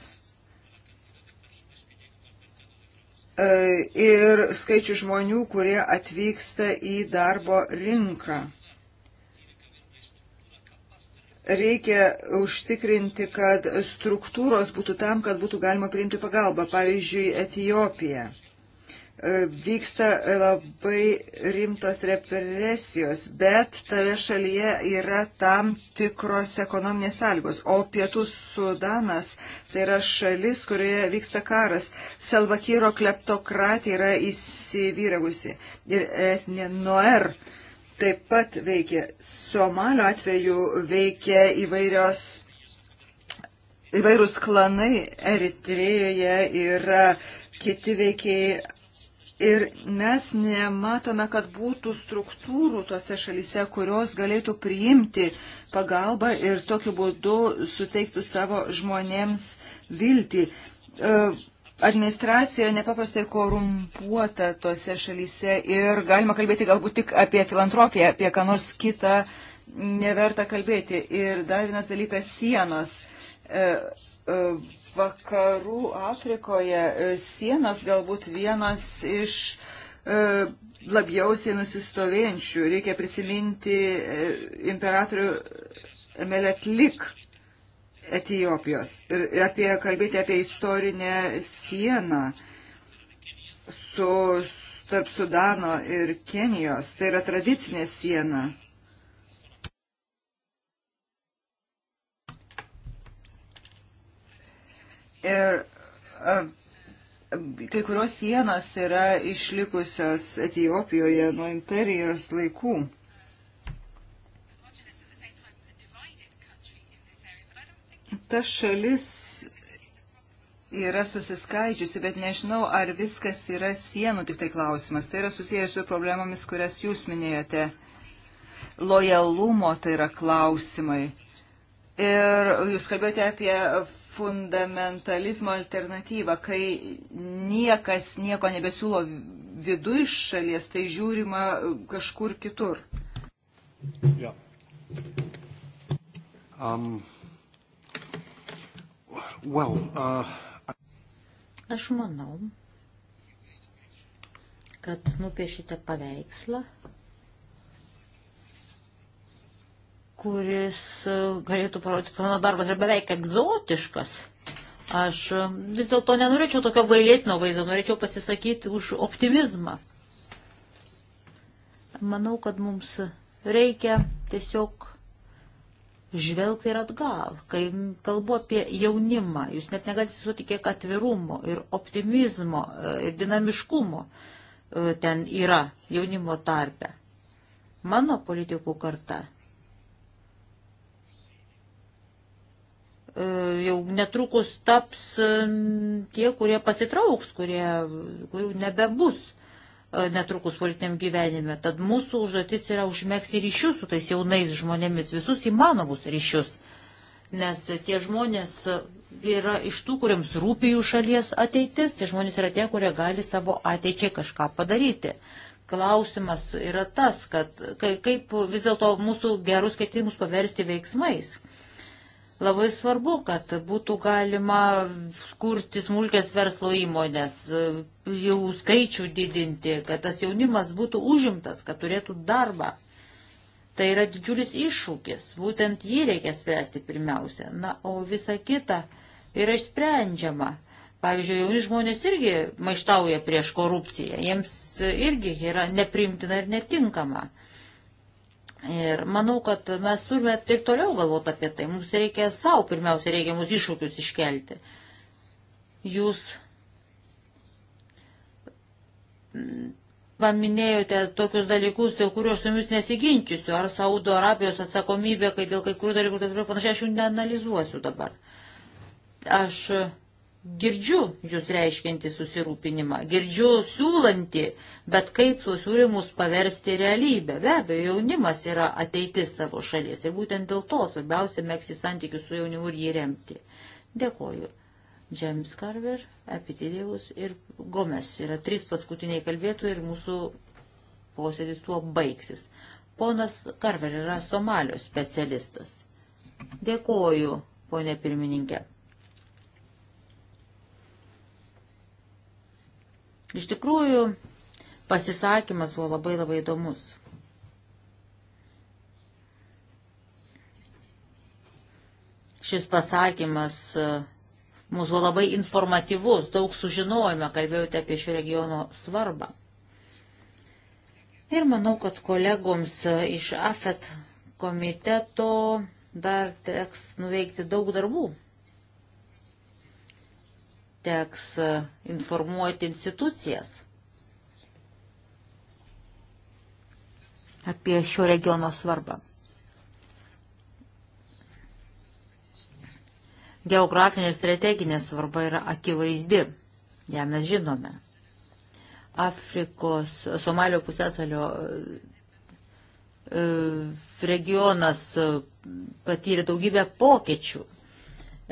E, ir skaičių žmonių, kurie atvyksta į darbo rinką reikia užtikrinti, kad struktūros būtų tam, kad būtų galima priimti pagalbą, pavyzdžiui, Etijopija. E, vyksta labai rimtos represijos, bet toje šalyje yra tam tikros ekonominės sąlygos. O pietų Sudanas tai yra šalis, kurioje vyksta karas. Salvakyro kleptokratija yra įsivyravusi. Ir etnė Noer taip pat veikia. Somalio atveju veikia įvairios įvairūs klanai Eritrėjoje yra kiti veikiai Ir mes nematome, kad būtų struktūrų tose šalyse, kurios galėtų priimti pagalbą ir tokiu būdu suteiktų savo žmonėms viltį. E, administracija yra nepaprastai korumpuota tose šalyse ir galima kalbėti galbūt tik apie filantropiją, apie ką nors kitą neverta kalbėti. Ir dar vienas dalykas - sienos e, e, Vakarų Afrikoje e, sienos galbūt vienos iš e, labiausiai nusistovėjančių. Reikia prisiminti e, imperatorių Meletlik Etijopijos ir apie, kalbėti apie istorinę sieną su, tarp Sudano ir Kenijos. Tai yra tradicinė siena. Ir kai kurios sienos yra išlikusios Etijopijoje nuo imperijos laikų. Ta šalis yra susiskaidžiusi, bet nežinau, ar viskas yra sienų tik tai klausimas. Tai yra susijęs su problemomis, kurias jūs minėjote. Lojalumo tai yra klausimai. Ir jūs kalbėjote apie fundamentalizmo alternatyvą, kai niekas nieko nebesiūlo vidu iš šalies, tai žiūrima kažkur kitur. Ja. Um, well, uh, Aš manau, kad nupiešite paveikslą, kuris e, galėtų parodyti, kad mano darbas yra beveik egzotiškas. Aš e, vis dėlto nenorėčiau tokio gailėtino vaizdo, norėčiau pasisakyti už optimizmą. Manau, kad mums reikia tiesiog žvelgti ir atgal. Kai kalbu apie jaunimą, jūs net negalite sutikti, kiek atvirumo ir optimizmo e, ir dinamiškumo ten yra jaunimo tarpe. Mano politikų karta E, jau netrukus taps e, tie, kurie pasitrauks, kurie, kurių nebebus e, netrukus politiniam gyvenime. Tad mūsų užduotis yra užmėgsti ryšius su tais jaunais žmonėmis, visus įmanomus ryšius. Nes tie žmonės yra iš tų, kuriems rūpi jų šalies ateitis, tie žmonės yra tie, kurie gali savo ateičiai kažką padaryti. Klausimas yra tas, kad kaip vis dėlto mūsų gerus ketinimus paversti veiksmais. Labai svarbu, kad būtų galima kurti smulkės verslo įmonės, jau skaičių didinti, kad tas jaunimas būtų užimtas, kad turėtų darbą. Tai yra didžiulis iššūkis, būtent jį reikia spręsti pirmiausia. Na, o visa kita yra išsprendžiama. Pavyzdžiui, jauni žmonės irgi maištauja prieš korupciją, jiems irgi yra neprimtina ir netinkama. Uh, Ir manau, kad mes turime tik toliau galvoti apie tai. Mums reikia savo pirmiausia reikiamus iššūkius iškelti. Jūs paminėjote tokius dalykus, dėl kurių aš su jumis nesiginčiusiu, ar Saudo Arabijos atsakomybė, kai dėl kai kurių dalykų, tai panašiai aš jų neanalizuosiu dabar. Aš girdžiu jūs reiškinti susirūpinimą, girdžiu siūlanti, bet kaip tuos siūlymus paversti realybę. Be abejo, jaunimas yra ateitis savo šalies ir būtent dėl to svarbiausia mėgsi santykius su jaunimu ir jį remti. Dėkoju. James Carver, Epitidėjus ir Gomes yra trys paskutiniai kalbėtojai ir mūsų posėdis tuo baigsis. Ponas Carver yra Somalio specialistas. Dėkoju, ponė pirmininkė. Iš tikrųjų, pasisakymas buvo labai labai įdomus. Šis pasakymas e, mūsų buvo labai informatyvus, daug sužinojome, kalbėjote apie šio regiono svarbą. Ir manau, kad kolegoms e, iš AFET komiteto dar teks nuveikti daug darbų teks e, informuoti institucijas apie šio regiono svarbą. Geografinė ir strateginė svarba yra akivaizdi, ją ja, mes žinome. Afrikos, Somalio pusėsalio e, e, regionas patyrė daugybę pokyčių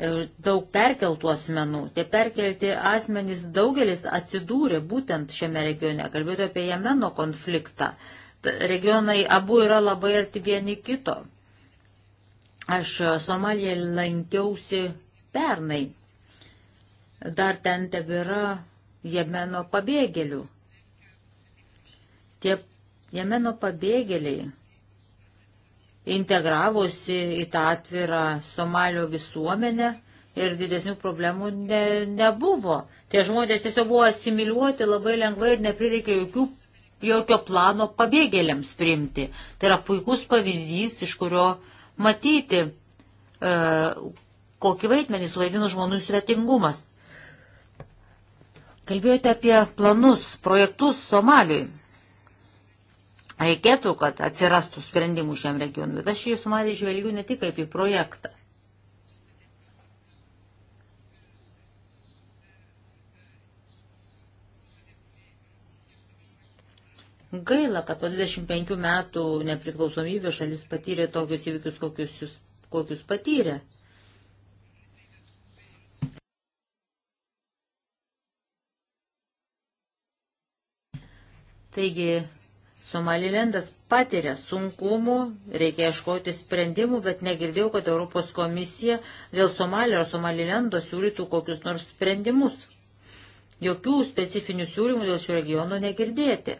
E, daug perkeltų asmenų. Tie perkelti asmenys daugelis atsidūrė būtent šiame regione. Kalbėjote apie Jemeno konfliktą. Regionai abu yra labai arti vieni kito. Aš Somaliją lankiausi pernai. Dar ten tebėra Jemeno pabėgėlių. Tie Jemeno pabėgėliai integravosi į tą atvirą Somalio visuomenę ir didesnių problemų ne, nebuvo. Tie žmonės tiesiog buvo asimiliuoti labai lengvai ir neprireikė jokių, jokio plano pabėgėliams priimti. Tai yra puikus pavyzdys, iš kurio matyti, e, kokį vaidmenį suvaidino žmonių svetingumas. Kalbėjote apie planus, projektus Somaliui reikėtų, kad atsirastų sprendimų šiam regionui, bet aš jūsų marį žvelgiu ne tik kaip į projektą. Gaila, kad po 25 metų nepriklausomybė šalis patyrė tokius įvykius, kokius, jūs, kokius patyrė. Taigi, Somalilendas patiria sunkumų, reikia ieškoti sprendimų, bet negirdėjau, kad Europos komisija dėl Somalio ar Somalilendo siūlytų kokius nors sprendimus. Jokių specifinių siūlymų dėl šio regiono negirdėti.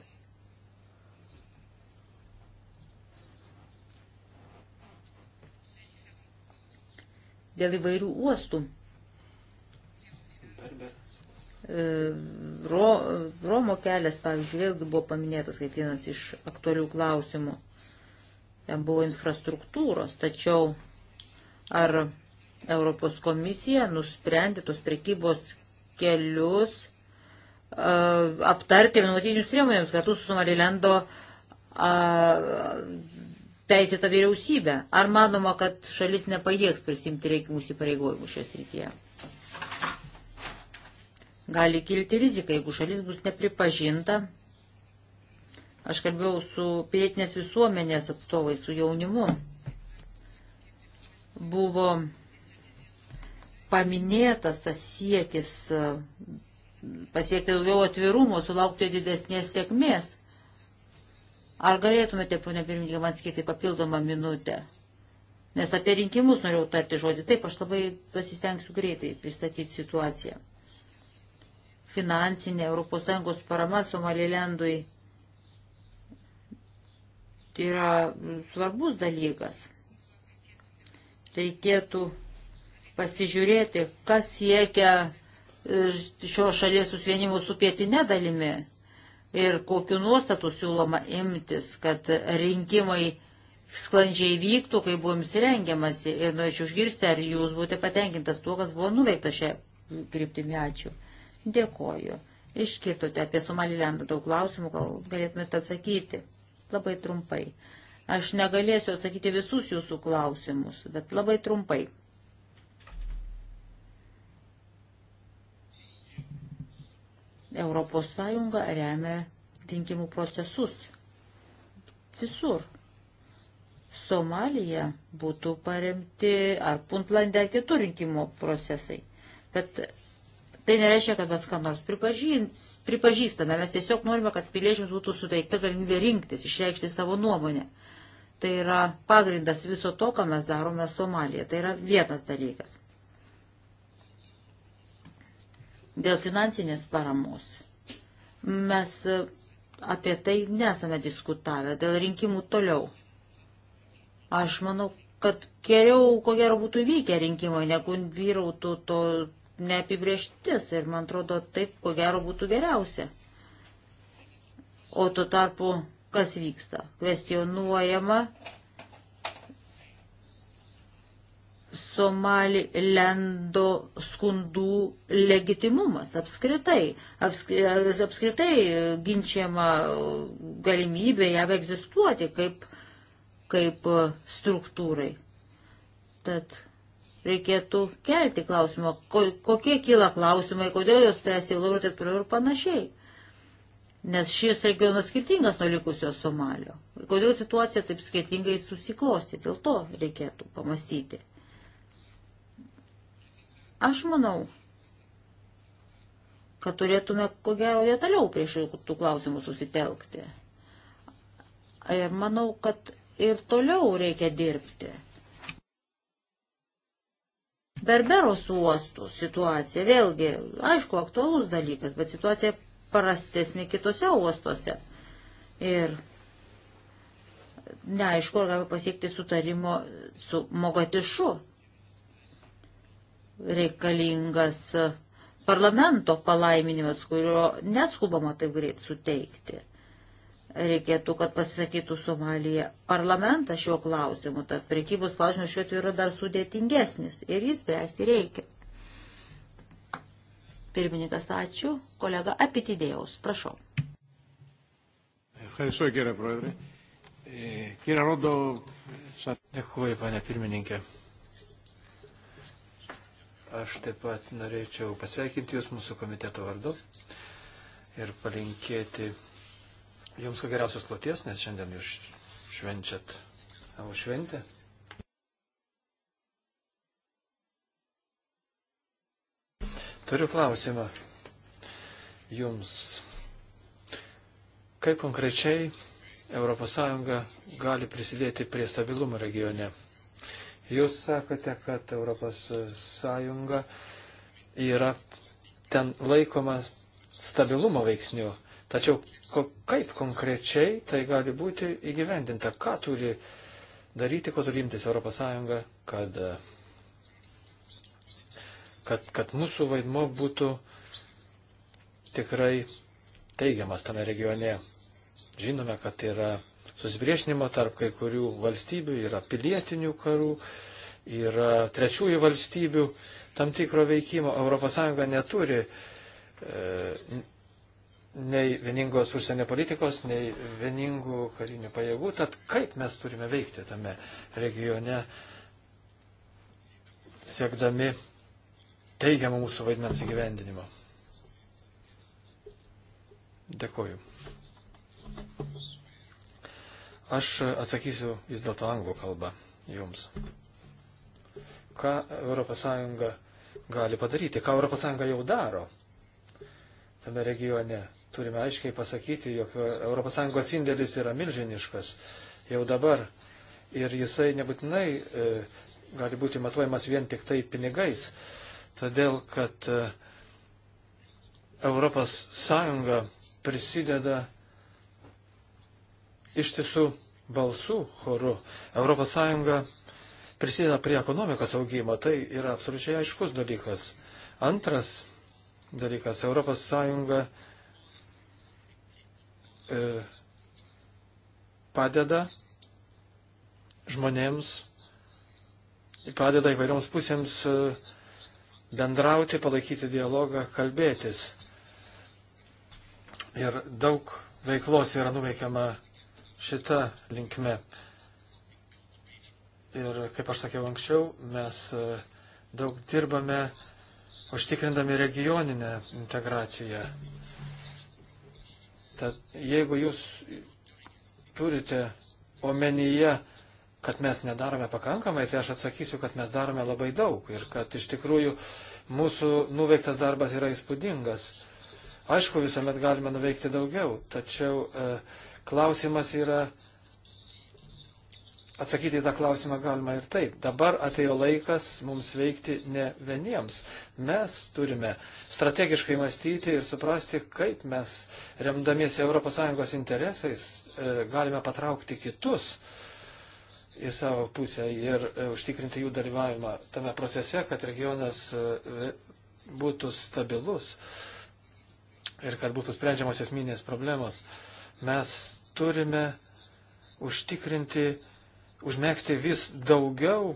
Dėl įvairių uostų. Ro, Romo kelias, pavyzdžiui, vėlgi buvo paminėtas kaip vienas iš aktualių klausimų. Ten buvo infrastruktūros, tačiau ar Europos komisija nusprendė tos prekybos kelius uh, aptarti ir nuotinius priemonėms kartu su Somalilendo uh, teisėta vyriausybė. Ar manoma, kad šalis nepajėgs prisimti reikimus įpareigojimus šios rytyje? gali kilti rizika, jeigu šalis bus nepripažinta. Aš kalbėjau su pilietinės visuomenės atstovais, su jaunimu. Buvo paminėtas tas siekis pasiekti daugiau atvirumo, sulaukti didesnės sėkmės. Ar galėtumėte, ponia pirmininkė, man skirti papildomą minutę? Nes apie rinkimus norėjau tarti žodį. Taip, aš labai pasistengsiu greitai pristatyti situaciją finansinė ES parama Somalilendui yra svarbus dalykas. Reikėtų pasižiūrėti, kas siekia e, šio šalies susivienimo su pietinė dalimi ir kokiu nuostatu siūloma imtis, kad rinkimai sklandžiai vyktų, kai buvom įsirengiamasi. Ir norėčiau nu, išgirsti, ar jūs būte patenkintas tuo, kas buvo nuveikta šią kryptimį. Ačiū. Dėkoju. Iškirtote apie Somalilendą daug klausimų, gal galėtumėte atsakyti. Labai trumpai. Aš negalėsiu atsakyti visus jūsų klausimus, bet labai trumpai. Europos Sąjunga remia rinkimų procesus. Visur. Somalija būtų paremti ar Puntlandė ar kitur rinkimo procesai. Bet Tai nereiškia, kad mes ką nors pripažįstame, mes tiesiog norime, kad piliečiams būtų suteikta galimybė rinktis, išreikšti savo nuomonę. Tai yra pagrindas viso to, ką mes darome Somalija. Tai yra vienas dalykas. Dėl finansinės paramos. Mes apie tai nesame diskutavę, dėl rinkimų toliau. Aš manau, kad geriau, ko gero, būtų vykę rinkimai, negu vyrautų to neapibrieštis ir man atrodo taip, ko gero būtų geriausia. O tuo tarpu, kas vyksta? Kvestionuojama Somali lendo skundų legitimumas apskritai. Apskri, apskritai ginčiama galimybė jav egzistuoti kaip, kaip struktūrai. Tad reikėtų kelti klausimą, ko, kokie kyla klausimai, kodėl jos spręs įlaurų ir taip toliau ir panašiai. Nes šis regionas skirtingas nuo likusio Somalio. Ir kodėl situacija taip skirtingai susiklosti, dėl to reikėtų pamastyti. Aš manau, kad turėtume ko gero detaliau prie šitų klausimų susitelkti. Ir manau, kad ir toliau reikia dirbti Berberos uostų situacija, vėlgi, aišku, aktualus dalykas, bet situacija prastesnė kitose uostuose. Ir neaišku, ar galima pasiekti sutarimo su Mogatišu. Reikalingas parlamento palaiminimas, kurio neskubama taip greit suteikti reikėtų, kad pasisakytų Somalija parlamentą šiuo klausimu, tad prekybos klausimas šiuo atveju yra dar sudėtingesnis ir jis spręsti reikia. Pirmininkas, ačiū. Kolega Apitidėjaus, prašau. Dėkuoju, pane pirmininkė. Aš taip pat norėčiau pasveikinti Jūs mūsų komiteto vardu ir palinkėti Jums ko geriausios kloties, nes šiandien jūs švenčiat savo šventę. Turiu klausimą jums. Kaip konkrečiai ES gali prisidėti prie stabilumo regione? Jūs sakote, kad ES yra ten laikoma stabilumo veiksniu. Tačiau ko, kaip konkrečiai tai gali būti įgyvendinta? Ką turi daryti, ko turi imtis ES, kad, kad, kad mūsų vaidmo būtų tikrai teigiamas tame regione. Žinome, kad yra suspriešinimo tarp kai kurių valstybių, yra pilietinių karų, yra trečiųjų valstybių tam tikro veikimo. ES neturi e, nei vieningos užsienio politikos, nei vieningų karinių pajėgų. Tad kaip mes turime veikti tame regione, siekdami teigiamą mūsų vaidmens įgyvendinimo. Dėkuoju. Aš atsakysiu vis dėlto anglų kalbą jums. Ką ES gali padaryti, ką ES jau daro tame regione turime aiškiai pasakyti, jog ES indėlis yra milžiniškas jau dabar ir jisai nebūtinai e, gali būti matuojamas vien tik tai pinigais, todėl kad e, ES prisideda ištisų balsų choru. ES prisideda prie ekonomikos augimo, tai yra absoliučiai aiškus dalykas. Antras dalykas, ES E, padeda žmonėms, padeda įvairioms pusėms e, bendrauti, palaikyti dialogą, kalbėtis. Ir daug veiklos yra nuveikiama šita linkme. Ir kaip aš sakiau anksčiau, mes e, daug dirbame užtikrindami regioninę integraciją. Tad jeigu jūs turite omenyje, kad mes nedarome pakankamai, tai aš atsakysiu, kad mes darome labai daug ir kad iš tikrųjų mūsų nuveiktas darbas yra įspūdingas. Aišku, visuomet galime nuveikti daugiau, tačiau e, klausimas yra Atsakyti į tą klausimą galima ir taip. Dabar atėjo laikas mums veikti ne vieniems. Mes turime strategiškai mąstyti ir suprasti, kaip mes, remdamiesi ES interesais, e, galime patraukti kitus į savo pusę ir e, užtikrinti jų dalyvavimą tame procese, kad regionas e, būtų stabilus ir kad būtų sprendžiamos esminės problemos. Mes turime užtikrinti užmėgsti vis daugiau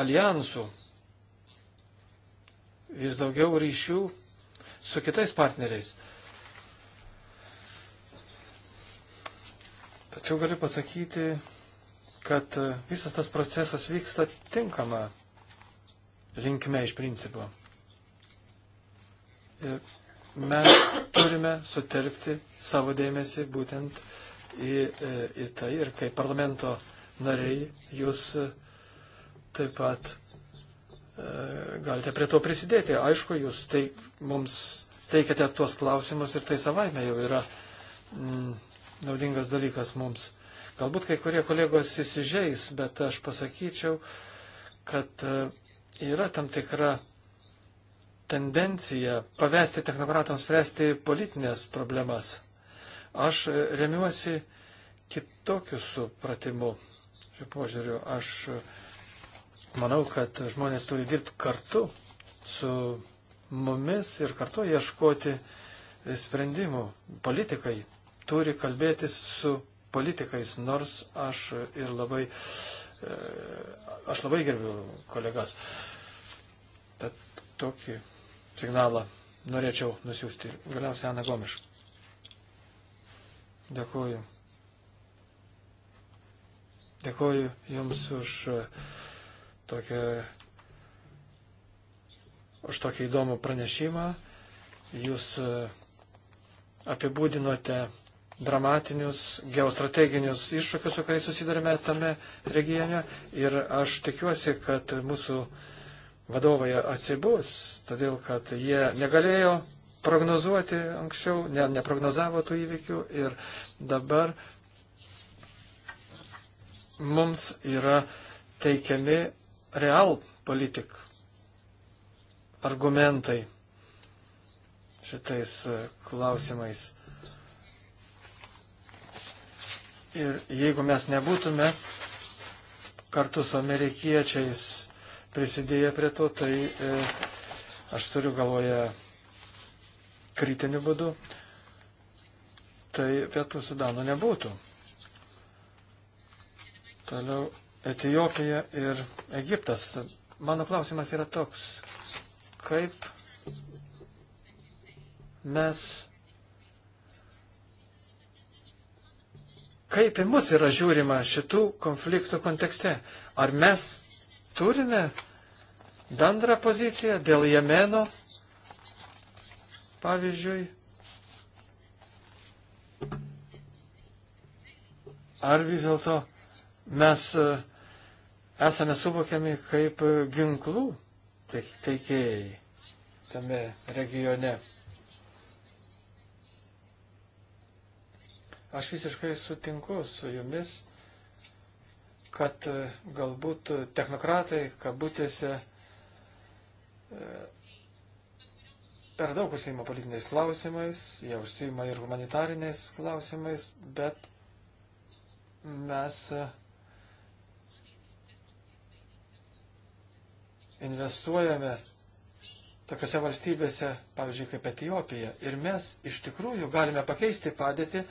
alijansų, vis daugiau ryšių su kitais partneriais. Tačiau galiu pasakyti, kad visas tas procesas vyksta tinkama linkme iš principo. Ir mes turime sutelkti savo dėmesį būtent uh, į, e, į tai ir kaip parlamento nariai jūs e, taip pat e, galite prie to prisidėti. Aišku, jūs teik, mums teikiate tuos klausimus ir tai savaime jau yra mm, naudingas dalykas mums. Galbūt kai kurie kolegos įsižeis, bet aš pasakyčiau, kad e, yra tam tikra tendencija pavesti technokratams spręsti politinės problemas. Aš e, remiuosi kitokiu supratimu. Šiuo požiūriu aš e, manau, kad žmonės turi dirbti kartu su mumis ir kartu ieškoti e, sprendimų. Politikai turi kalbėtis su politikais, nors aš ir labai, aš labai gerbiu kolegas. Tad tokį signalą norėčiau nusiųsti. Galiausiai Ana Gomiš. Dėkuoju. Dėkuoju Jums už e, tokią, už tokį įdomų pranešimą. Jūs e, apibūdinote dramatinius geostrateginius iššūkius, su kuriais susidarėme tame regione. Ir aš tikiuosi, kad mūsų vadovai atsibus, todėl kad jie negalėjo prognozuoti anksčiau, ne, neprognozavo tų įvykių ir dabar mums yra teikiami real politik argumentai šitais e, klausimais. Ir jeigu mes nebūtume kartu su amerikiečiais prisidėję prie to, tai e, aš turiu galvoje kritiniu būdu, tai pietų sudano nebūtų. Toliau Etijopija ir Egiptas. Mano klausimas yra toks, kaip mes, kaip į mus yra žiūrima šitų konfliktų kontekste. Ar mes turime bendrą poziciją dėl Jemeno pavyzdžiui, ar vis dėlto mes e, esame suvokiami kaip e, ginklų teikėjai tame regione. Aš visiškai sutinku su jumis, kad e, galbūt technokratai, kabutėse, per daug užsima politiniais klausimais, jie užsima ir humanitariniais klausimais, bet mes eh, investuojame tokiose valstybėse, pavyzdžiui, kaip Etijopija. Ir mes iš tikrųjų galime pakeisti padėtį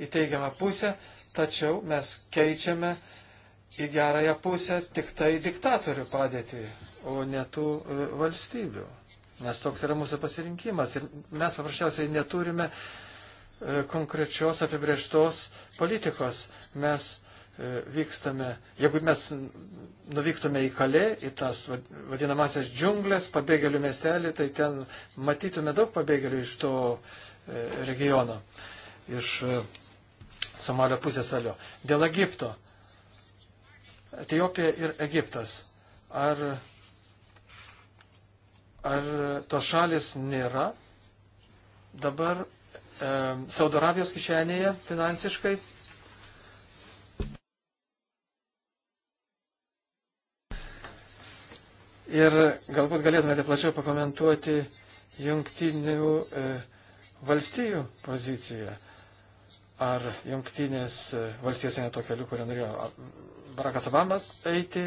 į teigiamą pusę, tačiau mes keičiame į gerąją pusę tik tai diktatorių padėtį, o ne tų eh, valstybių. Nes toks yra mūsų pasirinkimas. Ir mes paprasčiausiai neturime e, konkrečios apibrieštos politikos. Mes e, vykstame, jeigu mes nuvyktume į Kalė, į tas vadinamasias džiunglės, pabėgėlių miestelį, tai ten matytume daug pabėgėlių iš to e, regiono, iš Somalio pusėsalio. Dėl Egipto. Etiopija ir Egiptas. Ar ar tos šalis nėra dabar e, Saudo Arabijos kišenėje finansiškai. Ir galbūt galėtumėte plačiau pakomentuoti jungtinių e, valstijų poziciją. Ar jungtinės e, valstijos eina to keliu, kurio norėjo Barakas Obamas eiti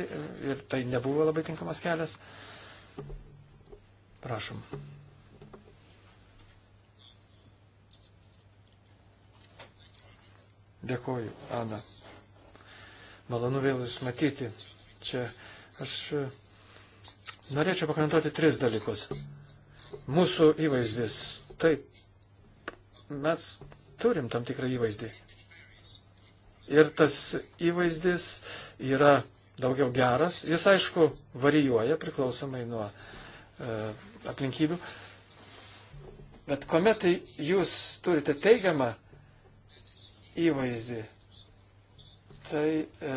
ir tai nebuvo labai tinkamas kelias. E, Prašom. Dėkoju, Ana. Malonu vėl Jūs matyti. Čia aš e, norėčiau pakomentuoti tris dalykus. Mūsų įvaizdis. Taip, mes turim tam tikrą įvaizdį. Ir tas įvaizdis yra daugiau geras. Jis, aišku, varijuoja priklausomai nuo uh, E, aplinkybių. Bet kuomet tai jūs turite teigiamą įvaizdį, tai e,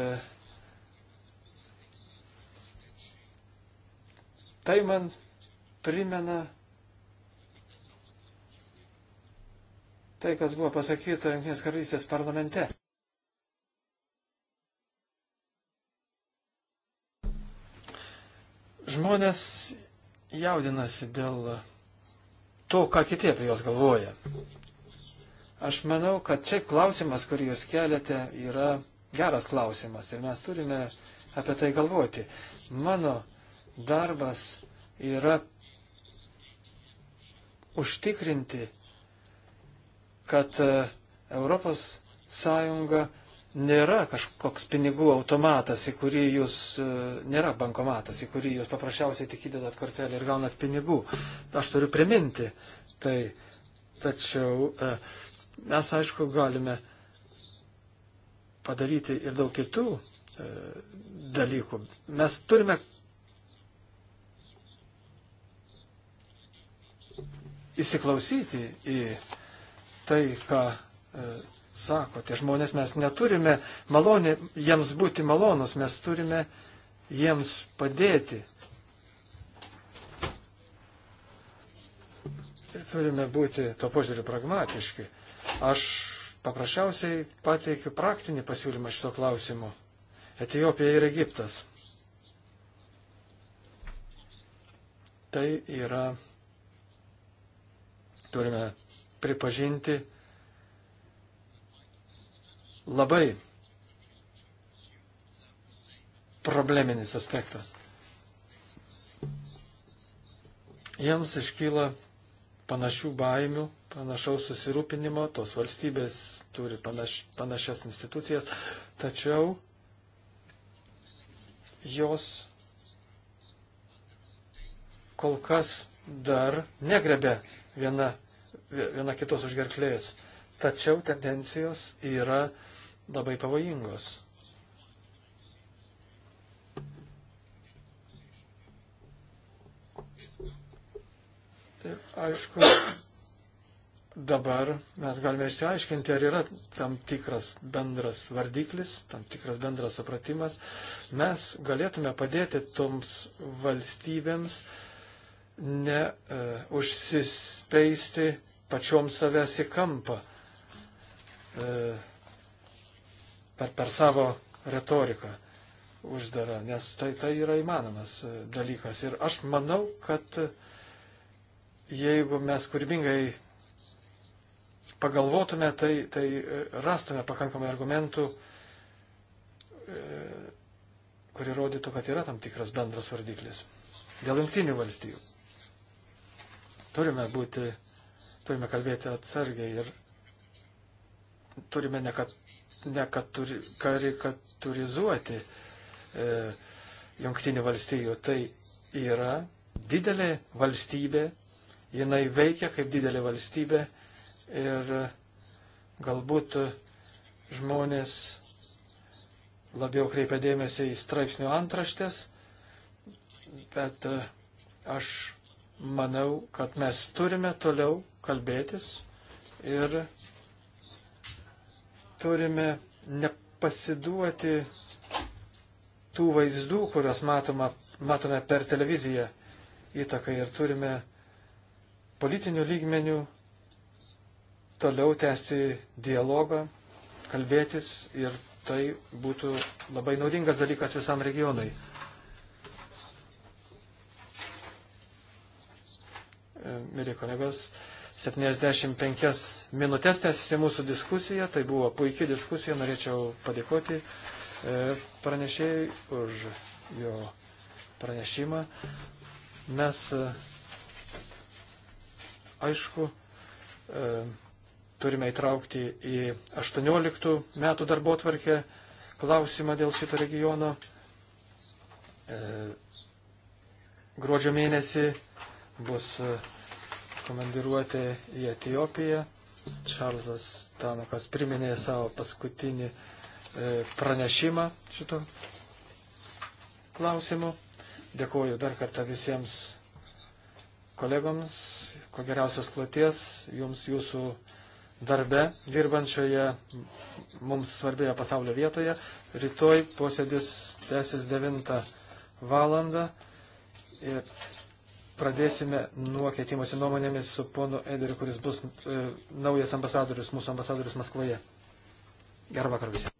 tai man primena tai, kas buvo pasakyta Junktinės karalystės parlamente. Žmonės jaudinasi dėl to, ką kiti apie juos galvoja. Aš manau, kad šiaip klausimas, kurį jūs keliate, yra geras klausimas ir mes turime apie tai galvoti. Mano darbas yra užtikrinti, kad Europos Sąjunga nėra kažkoks pinigų automatas, į kurį jūs, e, nėra bankomatas, į kurį jūs paprasčiausiai tik įdedat kortelę ir gaunat pinigų. Aš turiu priminti. Tai, tačiau e, mes, aišku, galime padaryti ir daug kitų e, dalykų. Mes turime įsiklausyti į tai, ką sako, tie žmonės mes neturime malonė, jiems būti malonus, mes turime jiems padėti. Ir turime būti to požiūriu pragmatiški. Aš paprasčiausiai pateikiu praktinį pasiūlymą šito klausimu. Etijopija ir Egiptas. Tai yra, turime pripažinti, labai probleminis aspektas. Jiems iškyla panašių baimių, panašaus susirūpinimo, tos valstybės turi panaš, panašias institucijas, tačiau jos kol kas dar negrebė viena, viena kitos užgerklės. Tačiau tendencijos yra labai pavojingos. Ir aišku, dabar mes galime išsiaiškinti, ar yra tam tikras bendras vardiklis, tam tikras bendras supratimas. Mes galėtume padėti toms valstybėms ne e, užsispeisti pačioms savęs į kampą. E, per, per savo retoriką uždara, nes tai, tai yra įmanomas e, dalykas. Ir aš manau, kad e, jeigu mes kūrybingai pagalvotume, tai, tai e, rastume pakankamai argumentų, kurie rodytų, kad yra tam tikras bendras vardiklis. Dėl jungtinių valstybių. Turime būti, turime kalbėti atsargiai ir turime nekat nekarikaturizuoti e, jungtinių valstybių. Tai yra didelė valstybė, jinai veikia kaip didelė valstybė ir galbūt žmonės labiau kreipia dėmesį į straipsnių antraštės, bet aš manau, kad mes turime toliau kalbėtis ir turime nepasiduoti tų vaizdų, kuriuos matoma, matome per televiziją įtakai ir turime politinių lygmenių toliau tęsti dialogą, kalbėtis ir tai būtų labai naudingas dalykas visam regionui. Mėly kolegos, 75 minutės tęsiasi mūsų diskusija. Tai buvo puikia diskusija. Norėčiau padėkoti e, pranešėjai už jo pranešimą. Mes, e, aišku, e, turime įtraukti į 18 metų darbo tvarkę klausimą dėl šito regiono. Gruodžio mėnesį bus komandiruotė į Etijopiją. Čarlzas Tanukas priminė savo paskutinį e, pranešimą šito klausimu. Dėkuoju dar kartą visiems kolegoms, ko geriausios kloties jums jūsų darbe, dirbančioje mums svarbioje pasaulio vietoje. Rytoj posėdis tęsis 9 valandą ir Pradėsime nuo keitimosi nuomonėmis su ponu Ederiu, kuris bus e, naujas ambasadorius, mūsų ambasadorius Maskvoje. Gerą vakarą visiems.